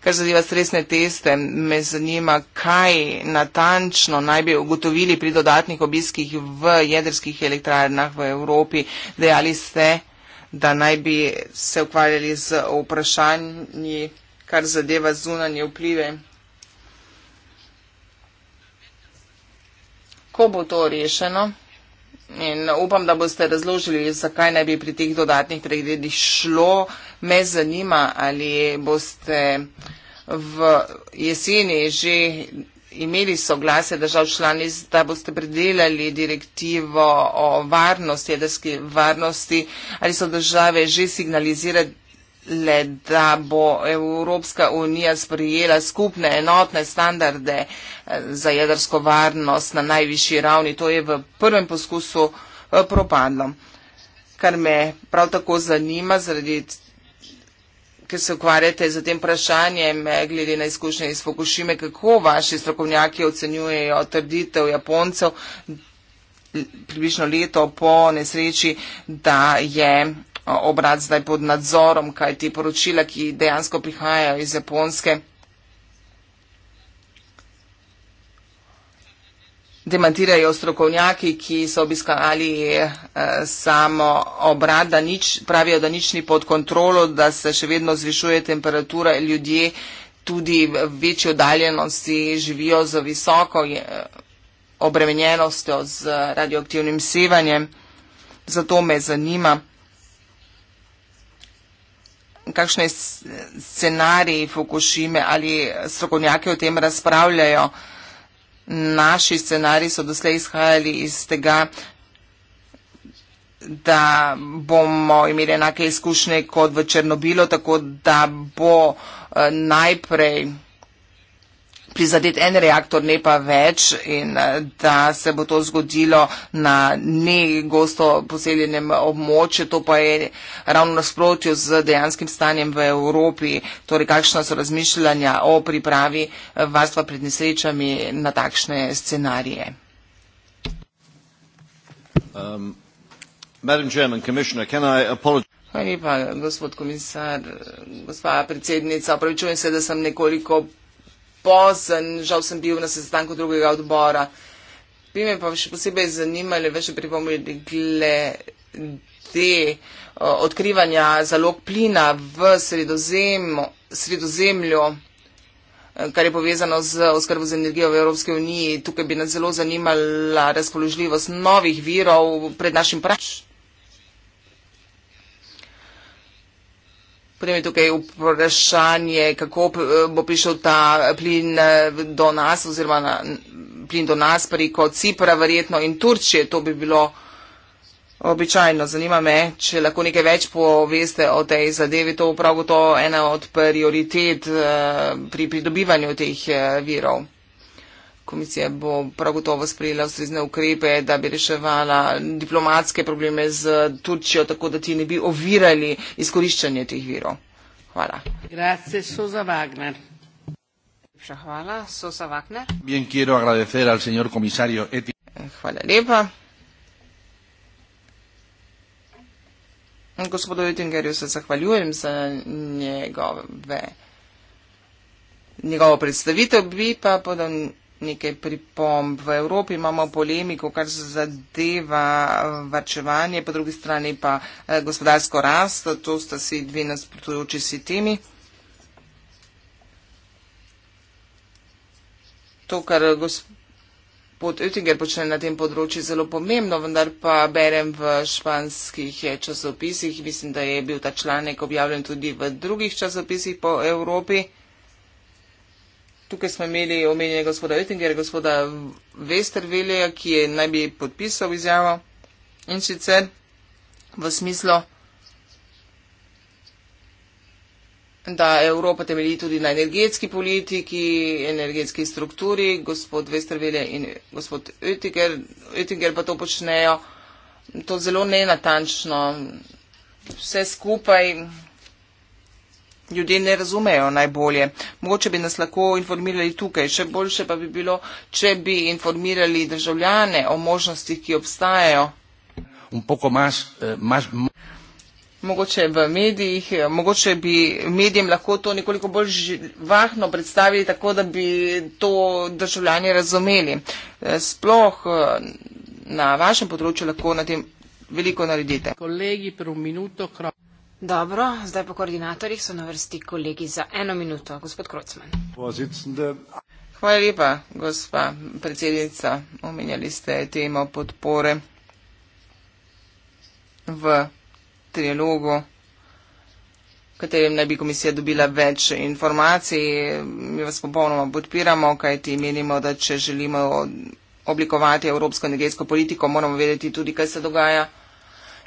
Kar zadeva stresne teste, me zanima, kaj natančno naj bi ugotovili pri dodatnih obiskih v jedrskih elektrarnah v Evropi. Dejali ste, da naj bi se ukvarjali z vprašanji, kar zadeva zunanje vplive. kako bo to rešeno. In upam, da boste razložili, zakaj naj bi pri teh dodatnih pregledih šlo. Me zanima, ali boste v jeseni že imeli soglase držav članic, da boste predelali direktivo o varnosti, jedrski varnosti, ali so države že signalizirali le da bo Evropska unija sprijela skupne enotne standarde eh, za jedrsko varnost na najvišji ravni. To je v prvem poskusu eh, propadlo. Kar me prav tako zanima, zaradi, ker se ukvarjate z tem vprašanjem, eh, glede na izkušnje iz Fukushime, kako vaši strokovnjaki ocenjujejo trditev Japoncev približno leto po nesreči, da je obrat zdaj pod nadzorom, kaj ti poročila, ki dejansko prihajajo iz Japonske, demantirajo strokovnjaki, ki so obiskali eh, samo obrat, da nič, pravijo, da nič ni pod kontrolo, da se še vedno zvišuje temperatura ljudje. Tudi v večji oddaljenosti živijo z visoko obremenjenostjo, z radioaktivnim sevanjem. Zato me zanima kakšne scenariji Fukushime ali strokovnjaki o tem razpravljajo. Naši scenariji so doslej izhajali iz tega, da bomo imeli enake izkušnje kot v Černobilo, tako da bo eh, najprej prizadeti en reaktor, ne pa več in eh, da se bo to zgodilo na ne gosto poseljenem območju, to pa je ravno nasprotju z dejanskim stanjem v Evropi, torej kakšna so razmišljanja o pripravi eh, varstva pred nesrečami na takšne scenarije. Um. Madam Chairman, Commissioner, can I apologize? Hvala lepa, gospod komisar, gospa predsednica. Opravičujem se, da sem nekoliko pozen, žal sem bil na sestanku drugega odbora. Bi me pa še posebej zanimali, več pripomili glede odkrivanja zalog plina v sredozemlju, eh, kar je povezano z oskrbo z energijo v Evropske uniji. Tukaj bi nas zelo zanimala razpoložljivost novih virov pred našim pračem. Potem je tukaj vprašanje, kako eh, bo prišel ta eh, plin eh, do nas oziroma na, plin do nas preko Cipra verjetno in Turčije. To bi bilo običajno. Zanima me, če lahko nekaj več poveste o tej zadevi. To je prav gotovo ena od prioritet pri pridobivanju teh virov komisija bo prav gotovo sprejela ustrezne ukrepe, da bi reševala diplomatske probleme z Turčijo, tako da ti ne bi ovirali izkoriščanje teh virov. Hvala. Grazie, Hvala, Sosa Wagner. Bien, quiero agradecer al señor comisario Eti. Eh, hvala lepa. Gospodu Ettingerju se zahvaljujem za njegove, njegovo predstavitev, bi pa podal nekaj pripomb. V Evropi imamo polemiko, kar zadeva eh, varčevanje, po drugi strani pa eh, gospodarsko rast. To sta si dve nasprotujoči si temi. To, kar gospod Oettinger počne na tem področju, je zelo pomembno, vendar pa berem v španskih eh, časopisih. Mislim, da je bil ta članek objavljen tudi v drugih časopisih po Evropi. Tukaj smo imeli omenjenega gospoda Oettingera, gospoda Westervelja, ki je naj bi podpisal izjavo in sicer v smislu, da Evropa temelji tudi na energetski politiki, energetski strukturi, gospod Westervelja in gospod Oettinger, Oettinger pa to počnejo. To zelo nenatančno, vse skupaj ljudje ne razumejo najbolje. Mogoče bi nas lahko informirali tukaj, še boljše pa bi bilo, če bi informirali državljane o možnostih, ki obstajajo. Más, eh, más... Mogoče v medijih, eh, mogoče bi medijem lahko to nekoliko bolj živahno predstavili, tako da bi to državljani razumeli. Eh, sploh eh, na vašem področju lahko na tem veliko naredite. Kolegi, prvo minuto, kratko. Dobro, zdaj po koordinatorjih so na vrsti kolegi za eno minuto. Gospod Krocman. Hvala lepa, gospa predsednica. Omenjali ste temo podpore v trilogu, v katerem naj bi komisija dobila več informacij. Mi vas popolnoma podpiramo, kajti menimo, da če želimo oblikovati evropsko energetsko politiko, moramo vedeti tudi, kaj se dogaja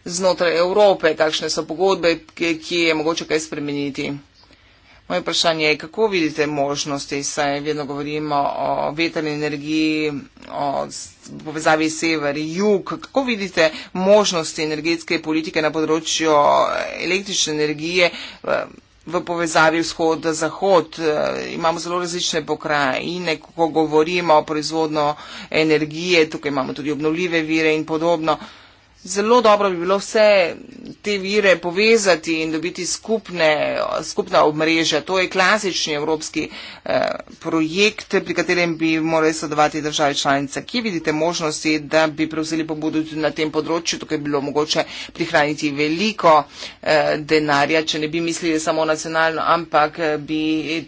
znotraj Evrope, kakšne so pogodbe, kje je mogoče kaj spremeniti. Moje vprašanje je, kako vidite možnosti, saj vedno govorimo o veterni energiji, o povezavi sever-jug, kako vidite možnosti energetske politike na področju električne energije v, v povezavi vzhod-zahod. Imamo zelo različne pokrajine, ko govorimo o proizvodno energije, tukaj imamo tudi obnovljive vire in podobno. Zelo dobro bi bilo vse te vire povezati in dobiti skupne, skupna obmreža. To je klasični evropski eh, projekt, pri katerem bi morali sodelovati države članice. Kje vidite možnosti, da bi prevzeli pobudu tudi na tem področju? Tukaj bi bilo mogoče prihraniti veliko eh, denarja, če ne bi mislili samo nacionalno, ampak eh, bi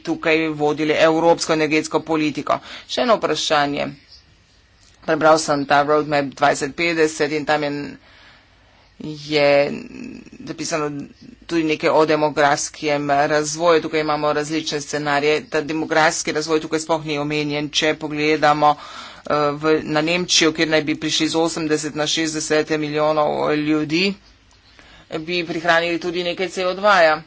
tukaj vodili evropsko energetsko politiko. Še eno vprašanje prebral sem ta roadmap 2050 in tam je, je zapisano tudi nekaj o demografskem razvoju. Tukaj imamo različne scenarije. Ta demografski razvoj tukaj sploh ni omenjen, če pogledamo. Eh, v, na Nemčijo, kjer naj bi prišli z 80 na 60 milijonov eh, ljudi, bi prihranili tudi nekaj CO2. -ja.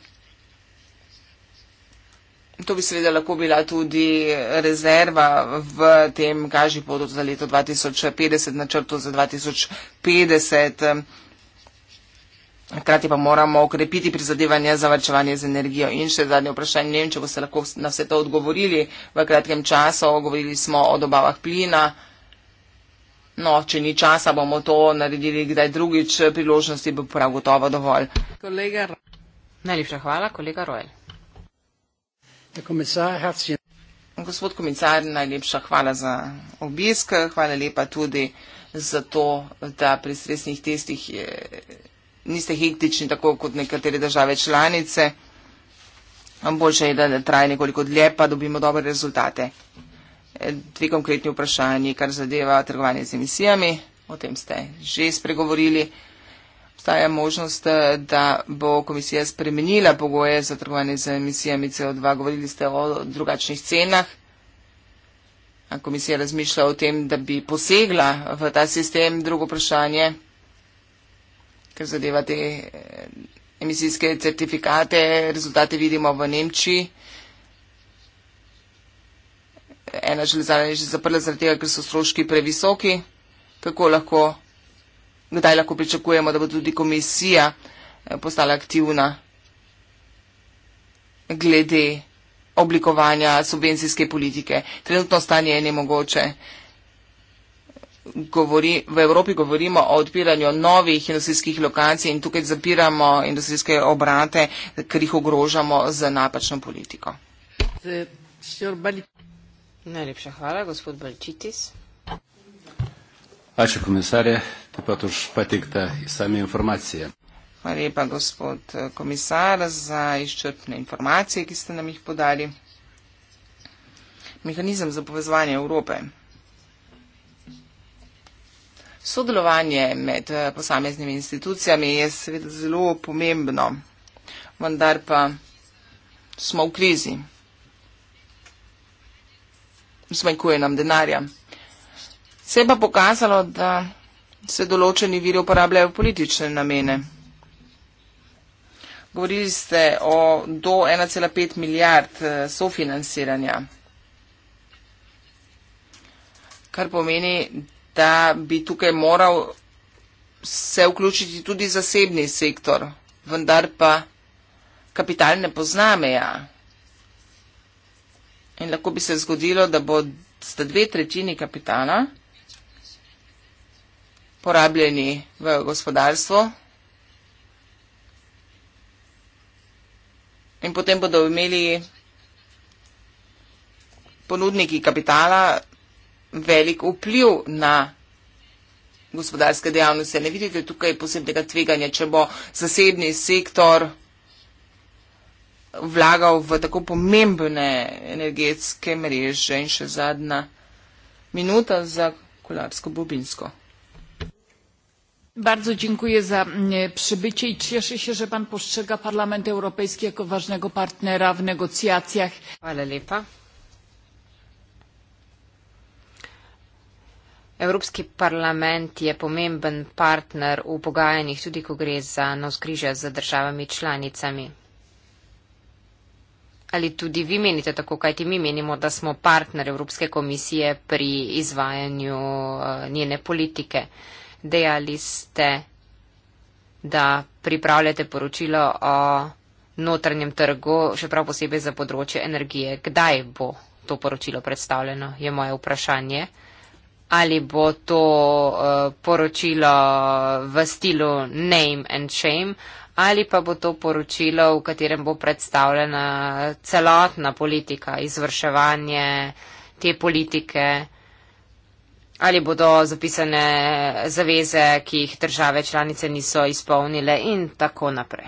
To bi seveda lahko bila tudi rezerva v tem kaži podo za leto 2050, načrtu za 2050. Hkrati pa moramo okrepiti prizadevanje za varčevanje z energijo. In še zadnje vprašanje, ne vem, če boste lahko na vse to odgovorili v kratkem času. Govorili smo o dobavah plina. No, če ni časa, bomo to naredili kdaj drugič. Priložnosti bo prav gotovo dovolj. Kolega... Najlepša hvala, kolega Rojl. Gospod komisar, najlepša hvala za obisk. Hvala lepa tudi za to, da pri stresnih testih je, eh, niste hektični, tako kot nekatere države članice. Boljše je, da traje nekoliko dlje, pa dobimo dobre rezultate. Eh, dve konkretni vprašanji, kar zadeva trgovanje z emisijami, o tem ste že spregovorili obstaja možnost, eh, da bo komisija spremenila pogoje za trgovanje z emisijami CO2? Govorili ste o drugačnih cenah. A komisija razmišlja o tem, da bi posegla v ta sistem? Drugo vprašanje, ker zadeva te eh, emisijske certifikate, rezultate vidimo v Nemčiji. Ena železarna je že zaprla zaradi tega, ker so stroški previsoki. Kako lahko kdaj lahko pričakujemo, da bo tudi komisija eh, postala aktivna glede oblikovanja subvencijske politike. Trenutno stanje je nemogoče. Govori, v Evropi govorimo o odpiranju novih industrijskih lokacij in tukaj zapiramo industrijske obrate, ker jih ogrožamo z napačno politiko. Najlepša hvala, gospod Balčitis. Pače komisarje, taip pat už pateiktą įsami informaciją. Hvala lepa, gospod eh, komisar, za izčrpne informacije, ki ste nam jih podali. Mehanizem za povezovanje Evrope. Sodelovanje med eh, posameznimi institucijami je seveda zelo pomembno, vendar pa smo v krizi. Smajkuje nam denarja. Se je pa pokazalo, da se določeni viri uporabljajo v politične namene. Govorili ste o do 1,5 milijard eh, sofinansiranja, kar pomeni, da bi tukaj moral se vključiti tudi zasebni sektor, vendar pa kapital ne pozname ja. In lahko bi se zgodilo, da bo sta dve tretjini kapitala porabljeni v gospodarstvu. In potem bodo imeli ponudniki kapitala velik vpliv na gospodarske dejavnosti. Ne vidite tukaj posebnega tveganja, če bo zasebni sektor vlagal v tako pomembne energetske mreže. In še zadnja minuta za kolarsko bobinsko bardzo dziękuję za mm, e, przybycie i cieszę się że pan postrzega parlament europejski jako ważnego partnera w negocjacjach. evropski parlament je pomemben partner v pogajanjih tudi ko gre za navzkrižja z državami članicami. Ali tudi vi menite tako, kajti mi menimo, da smo partner Evropske komisije pri izvajanju e, njene politike dejali ste, da pripravljate poročilo o notranjem trgu, še prav posebej za področje energije. Kdaj bo to poročilo predstavljeno, je moje vprašanje. Ali bo to uh, poročilo v stilu name and shame, ali pa bo to poročilo, v katerem bo predstavljena celotna politika, izvrševanje te politike ali bodo zapisane zaveze, ki jih države članice niso izpolnile in tako naprej.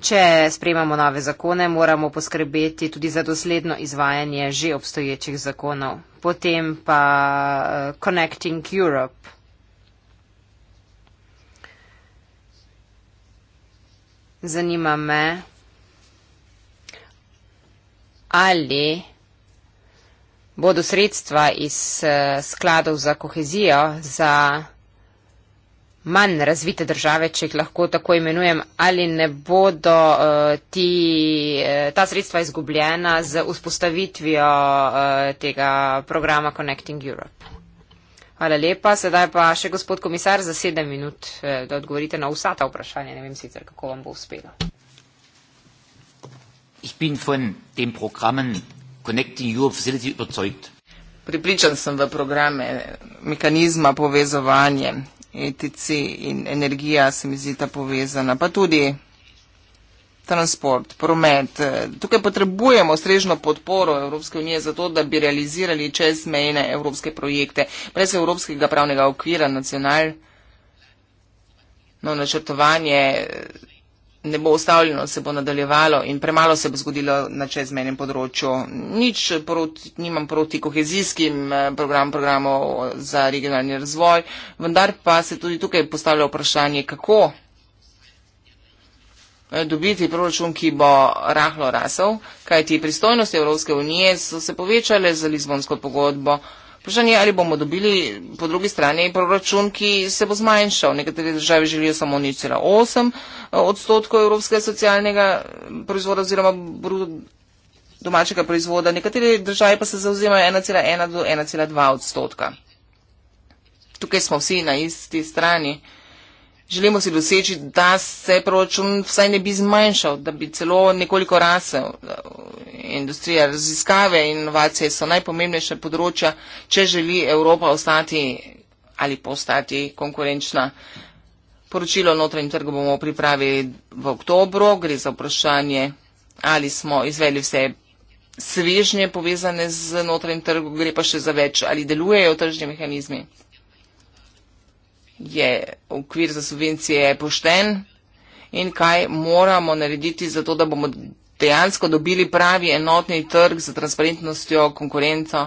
Če sprejmamo nove zakone, moramo poskrbeti tudi za dosledno izvajanje že obstoječih zakonov. Potem pa eh, Connecting Europe. Zanima me, ali bodo sredstva iz eh, skladov za kohezijo za manj razvite države, če jih lahko tako imenujem, ali ne bodo eh, ti, eh, ta sredstva izgubljena z vzpostavitvijo tega programa Connecting Europe. Hvala lepa, sedaj pa še gospod komisar za sedem minut, da odgovorite na vsa ta vprašanja. Ne vem sicer, kako vam bo uspelo. Ich bin von den Programmen Connecting Europe Facility überzeugt. Pripričan sem v programe mehanizma povezovanje ETC in energija se mi zdi ta povezana, pa tudi transport, promet. Tukaj potrebujemo strežno podporo Evropske unije za to, da bi realizirali čezmejne evropske projekte. Brez evropskega pravnega okvira nacional, no, načrtovanje ne bo ustavljeno, se bo nadaljevalo in premalo se bo zgodilo na čezmenem področju. Nič proti, nimam proti kohezijskim eh, program, programom za regionalni razvoj, vendar pa se tudi tukaj postavlja vprašanje, kako eh, dobiti proračun, ki bo rahlo rasel, kajti pristojnosti Evropske unije so se povečale za Lizbonsko pogodbo. Vprašanje je, ali bomo dobili po drugi strani proračun, ki se bo zmanjšal. Nekatere države želijo samo 0,8 eh, odstotkov evropskega socialnega mm, proizvoda oziroma domačega proizvoda, nekatere države pa se zauzemajo 1,1 do 1,2 odstotka. Tukaj smo vsi na isti strani. Želimo si doseči, da se proračun vsaj ne bi zmanjšal, da bi celo nekoliko rasel. Industrija raziskave in inovacije so najpomembnejše področja, če želi Evropa ostati ali postati konkurenčna. Poročilo o notranjem trgu bomo pripravili v oktobru. Gre za vprašanje, ali smo izveli vse svežnje povezane z notranjem trgu, gre pa še za več, ali delujejo tržni mehanizmi je okvir za subvencije pošten in kaj moramo narediti za to, da bomo dejansko dobili pravi enotni trg za transparentnostjo, konkurenco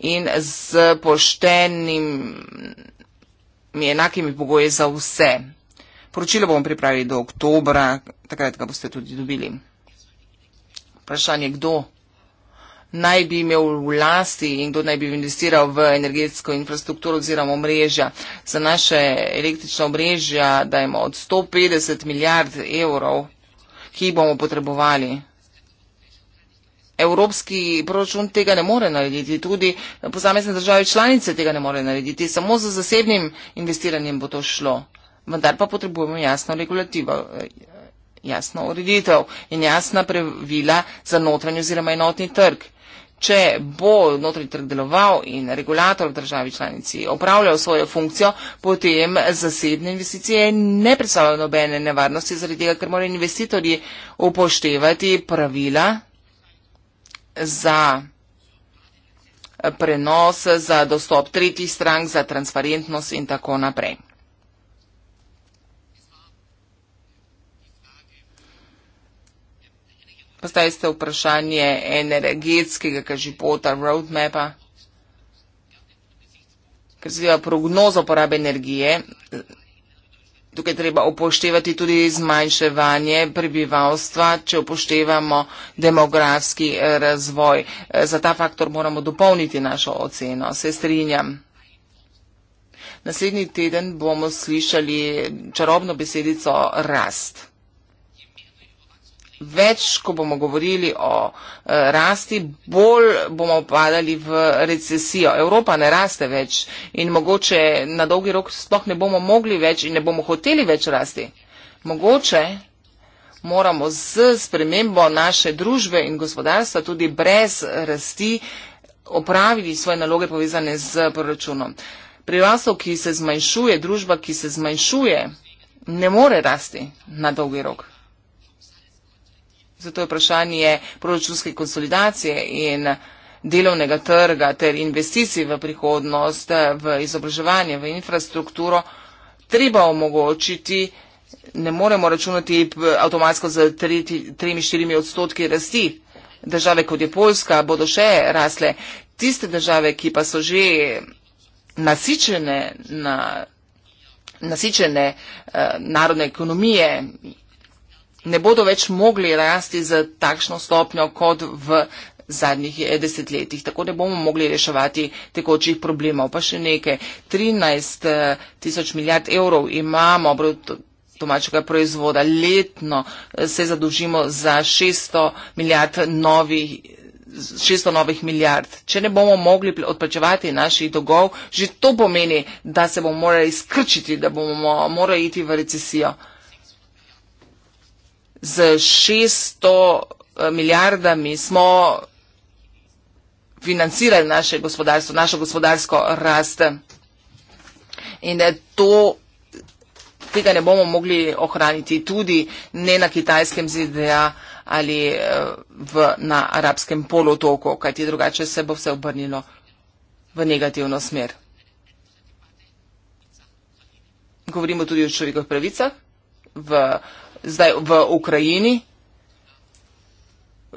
in z poštenimi enakimi pogoji za vse. Poročilo bomo pripravili do oktobra, takrat ga boste tudi dobili. Vprašanje, kdo? naj bi imel v lasti in kdo naj bi investiral v energetsko infrastrukturo oziroma omrežja. Za naše električna omrežja dajmo od 150 milijard evrov, ki jih bomo potrebovali. Evropski proračun tega ne more narediti, tudi posamezne države članice tega ne more narediti, samo z zasebnim investiranjem bo to šlo. Vendar pa potrebujemo jasno regulativo, jasno ureditev in jasna pravila za notranji oziroma enotni trg če bo notranji trg deloval in regulator v državi članici opravljal svojo funkcijo, potem zasebne investicije ne predstavljajo nobene nevarnosti, zaradi tega, ker morajo investitorji upoštevati pravila za prenos, za dostop tretjih strank, za transparentnost in tako naprej. Zdaj ste vprašanje energetskega, kaj že pota, roadmapa, kar zdaj je prognoza uporabe energije. Tukaj treba upoštevati tudi zmanjševanje prebivalstva, če upoštevamo demografski eh, razvoj. Eh, za ta faktor moramo dopolniti našo oceno. Se strinjam. Naslednji teden bomo slišali čarobno besedico rast več, ko bomo govorili o eh, rasti, bolj bomo padali v recesijo. Evropa ne raste več in mogoče na dolgi rok sploh ne bomo mogli več in ne bomo hoteli več rasti. Mogoče moramo z spremembo naše družbe in gospodarstva tudi brez rasti opraviti svoje naloge povezane z proračunom. Prirastov, ki se zmanjšuje, družba, ki se zmanjšuje, ne more rasti na dolgi rok. Zato je vprašanje proračunske konsolidacije in delovnega trga ter investicij v prihodnost, v izobraževanje, v infrastrukturo treba omogočiti. Ne moremo računati avtomatsko z 3-4 odstotki rasti. Države, kot je Poljska, bodo še rasle. Tiste države, ki pa so že nasičene, na, nasičene eh, narodne ekonomije ne bodo več mogli rasti z takšno stopnjo kot v zadnjih eh, desetletjih. Tako ne bomo mogli reševati tekočih problemov. Pa še nekaj, 13 eh, tisoč milijard evrov imamo domačega proizvoda, letno eh, se zadolžimo za 600 milijard novih. 600 novih milijard. Če ne bomo mogli odplačevati naših dolgov, že to pomeni, da se bomo morali skrčiti, da bomo morali iti v recesijo z 600 eh, milijardami smo financirali naše gospodarstvo, našo gospodarsko rast. In eh, to, tega ne bomo mogli ohraniti tudi ne na kitajskem ZDA ali eh, v, na arabskem polotoku, kajti drugače se bo vse obrnilo v negativno smer. Govorimo tudi o človekovih pravicah v zdaj v Ukrajini,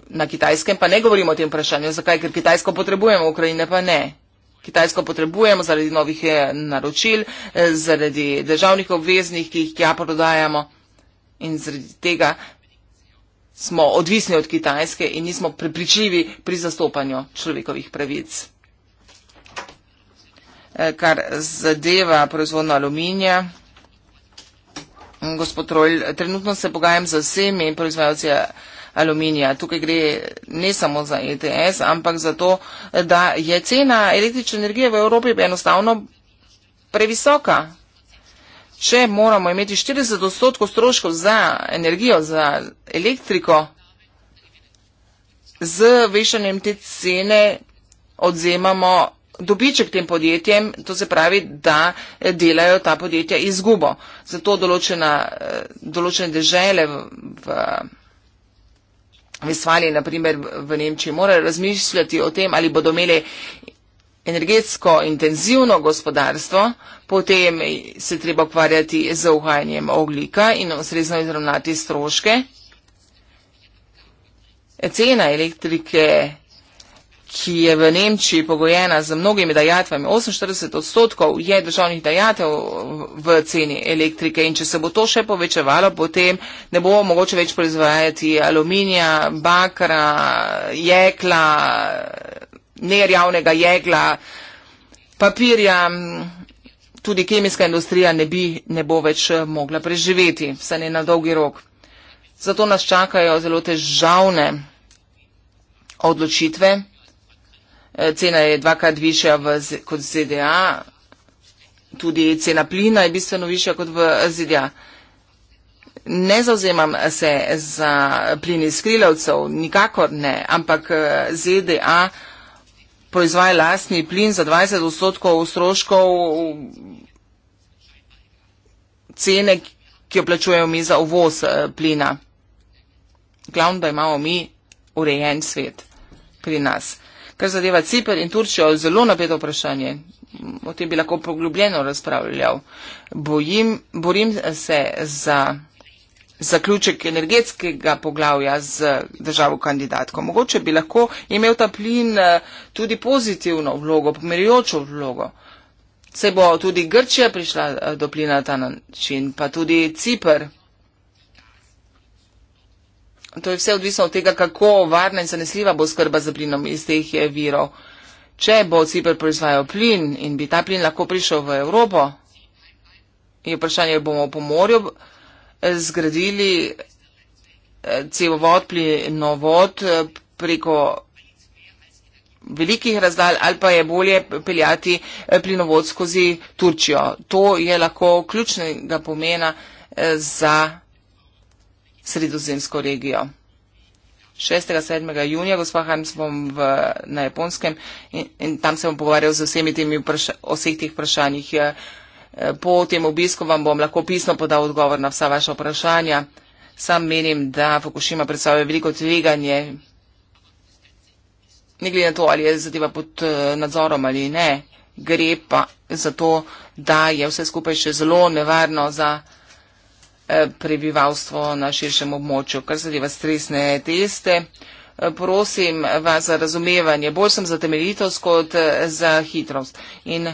na kitajskem pa ne govorimo o tem vprašanju, zakaj, ker kitajsko potrebujemo, Ukrajine pa ne. Kitajsko potrebujemo zaradi novih eh, naročil, eh, zaradi državnih obveznih, ki jih ja prodajamo in zaradi tega smo odvisni od kitajske in nismo prepričljivi pri zastopanju človekovih pravic. Eh, kar zadeva proizvodno aluminija, Gospod Trolj, trenutno se pogajam z vsemi proizvajalci aluminija. Tukaj gre ne samo za ETS, ampak za to, da je cena električne energije v Evropi enostavno previsoka. Če moramo imeti 40 odstotkov stroškov za energijo, za elektriko, z vešanjem te cene odzemamo dobiček tem podjetjem, to se pravi, da eh, delajo ta podjetja izgubo. Zato določena, eh, določene dežele v, v Vesvali, naprimer v Nemčiji, morajo razmišljati o tem, ali bodo imeli energetsko intenzivno gospodarstvo, potem se treba ukvarjati z uhajanjem oglika in osrezno izravnati stroške. Cena elektrike ki je v Nemčiji pogojena z mnogimi dajatvami. 48 odstotkov je državnih dajatev v ceni elektrike in če se bo to še povečevalo, potem ne bo mogoče več proizvajati aluminija, bakra, jekla, nerjavnega jekla, papirja. Tudi kemijska industrija ne, bi, ne bo več eh, mogla preživeti, vse ne na dolgi rok. Zato nas čakajo zelo težavne odločitve. Eh, cena je dvakrat višja v, kot v ZDA, tudi cena plina je bistveno višja kot v ZDA. Ne zauzemam se za plin iz skrilavcev, nikakor ne, ampak eh, ZDA proizvaja lastni plin za 20 odstotkov stroškov cene, ki jo plačujejo mi za uvoz eh, plina. Glavno, da imamo mi urejen svet pri nas. Kar zadeva Cipr in Turčijo, zelo napeto vprašanje. O tem bi lahko poglobljeno razpravljal. Bojim, borim se za zaključek energetskega poglavja z državo kandidatko. Mogoče bi lahko imel ta plin eh, tudi pozitivno vlogo, pomerjočo vlogo. Se bo tudi Grčija prišla eh, do plina na ta način, pa tudi Cipr. To je vse odvisno od tega, kako varna in zanesljiva bo skrba za plinom iz teh virov. Če bo Cipr proizvajal plin in bi ta plin lahko prišel v Evropo, je vprašanje, ali bomo po morju zgradili eh, cevovod, plinovod eh, preko velikih razdalj ali pa je bolje peljati eh, plinovod skozi Turčijo. To je lahko ključnega pomena za sredozemsko regijo. 6.7. junija, gospod Harms, bom v, na Japonskem in, in tam se bom pogovarjal z vsemi temi vseh tih vprašanjih. E, po tem obisku vam bom lahko pisno podal odgovor na vsa vaša vprašanja. Sam menim, da Fukushima predstavlja veliko tveganje. Ne glede na to, ali je zadeva pod e, nadzorom ali ne, gre pa za to, da je vse skupaj še zelo nevarno za. Eh, prebivalstvo na širšem območju. Kar zadeva stresne teste, eh, prosim vas za razumevanje. Bolj sem za temeljitost kot eh, za hitrost. In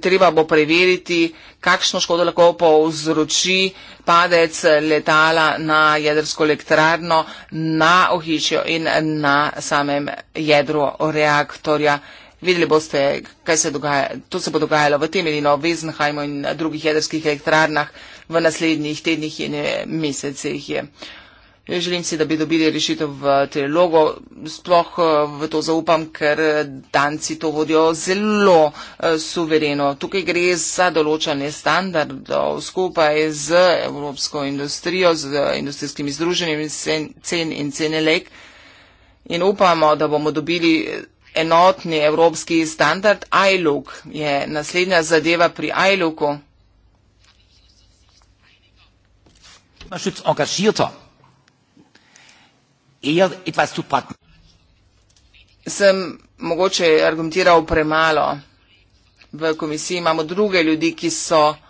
treba bo preveriti, kakšno škodo lahko povzroči padec letala na jedrsko elektrarno, na ohišjo in na samem jedru reaktorja. Videli boste, kaj se dogaja, to se bo dogajalo v temeljino v Eisenheimu in drugih jedrskih elektrarnah v naslednjih tednih in eh, mesecih. Želim si, da bi dobili rešitev v trilogu, sploh eh, v to zaupam, ker eh, danci to vodijo zelo suvereno. Tukaj gre za določanje standardov skupaj z evropsko industrijo, z industrijskimi združenjami cen in cene lek. In upamo, da bomo dobili enotni evropski standard ILUK je naslednja zadeva pri ILUKu. Sem mogoče argumentiral premalo. V komisiji imamo druge ljudi, ki so vsega,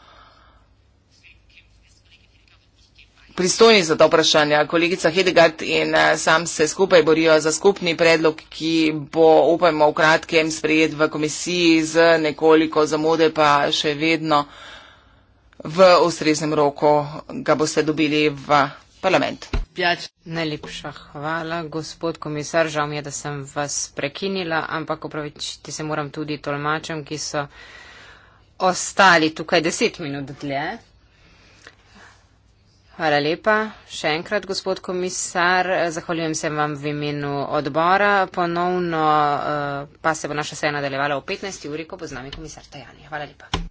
pristojni za to vprašanje. Kolegica Hedegard in eh, sam se skupaj borijo za skupni predlog, ki bo, upajmo, v kratkem sprejet v komisiji z nekoliko zamude, pa še vedno v ustreznem roku ga boste dobili v parlament. Najlepša hvala, gospod komisar. Žal mi je, da sem vas prekinila, ampak opravičiti se moram tudi tolmačem, ki so ostali tukaj deset minut dlje. Hvala lepa. Še enkrat, gospod komisar, zahvaljujem se vam v imenu odbora. Ponovno eh, pa se bo naša seja nadaljevala v 15. uri, ko bo z nami komisar Tajani. Hvala lepa.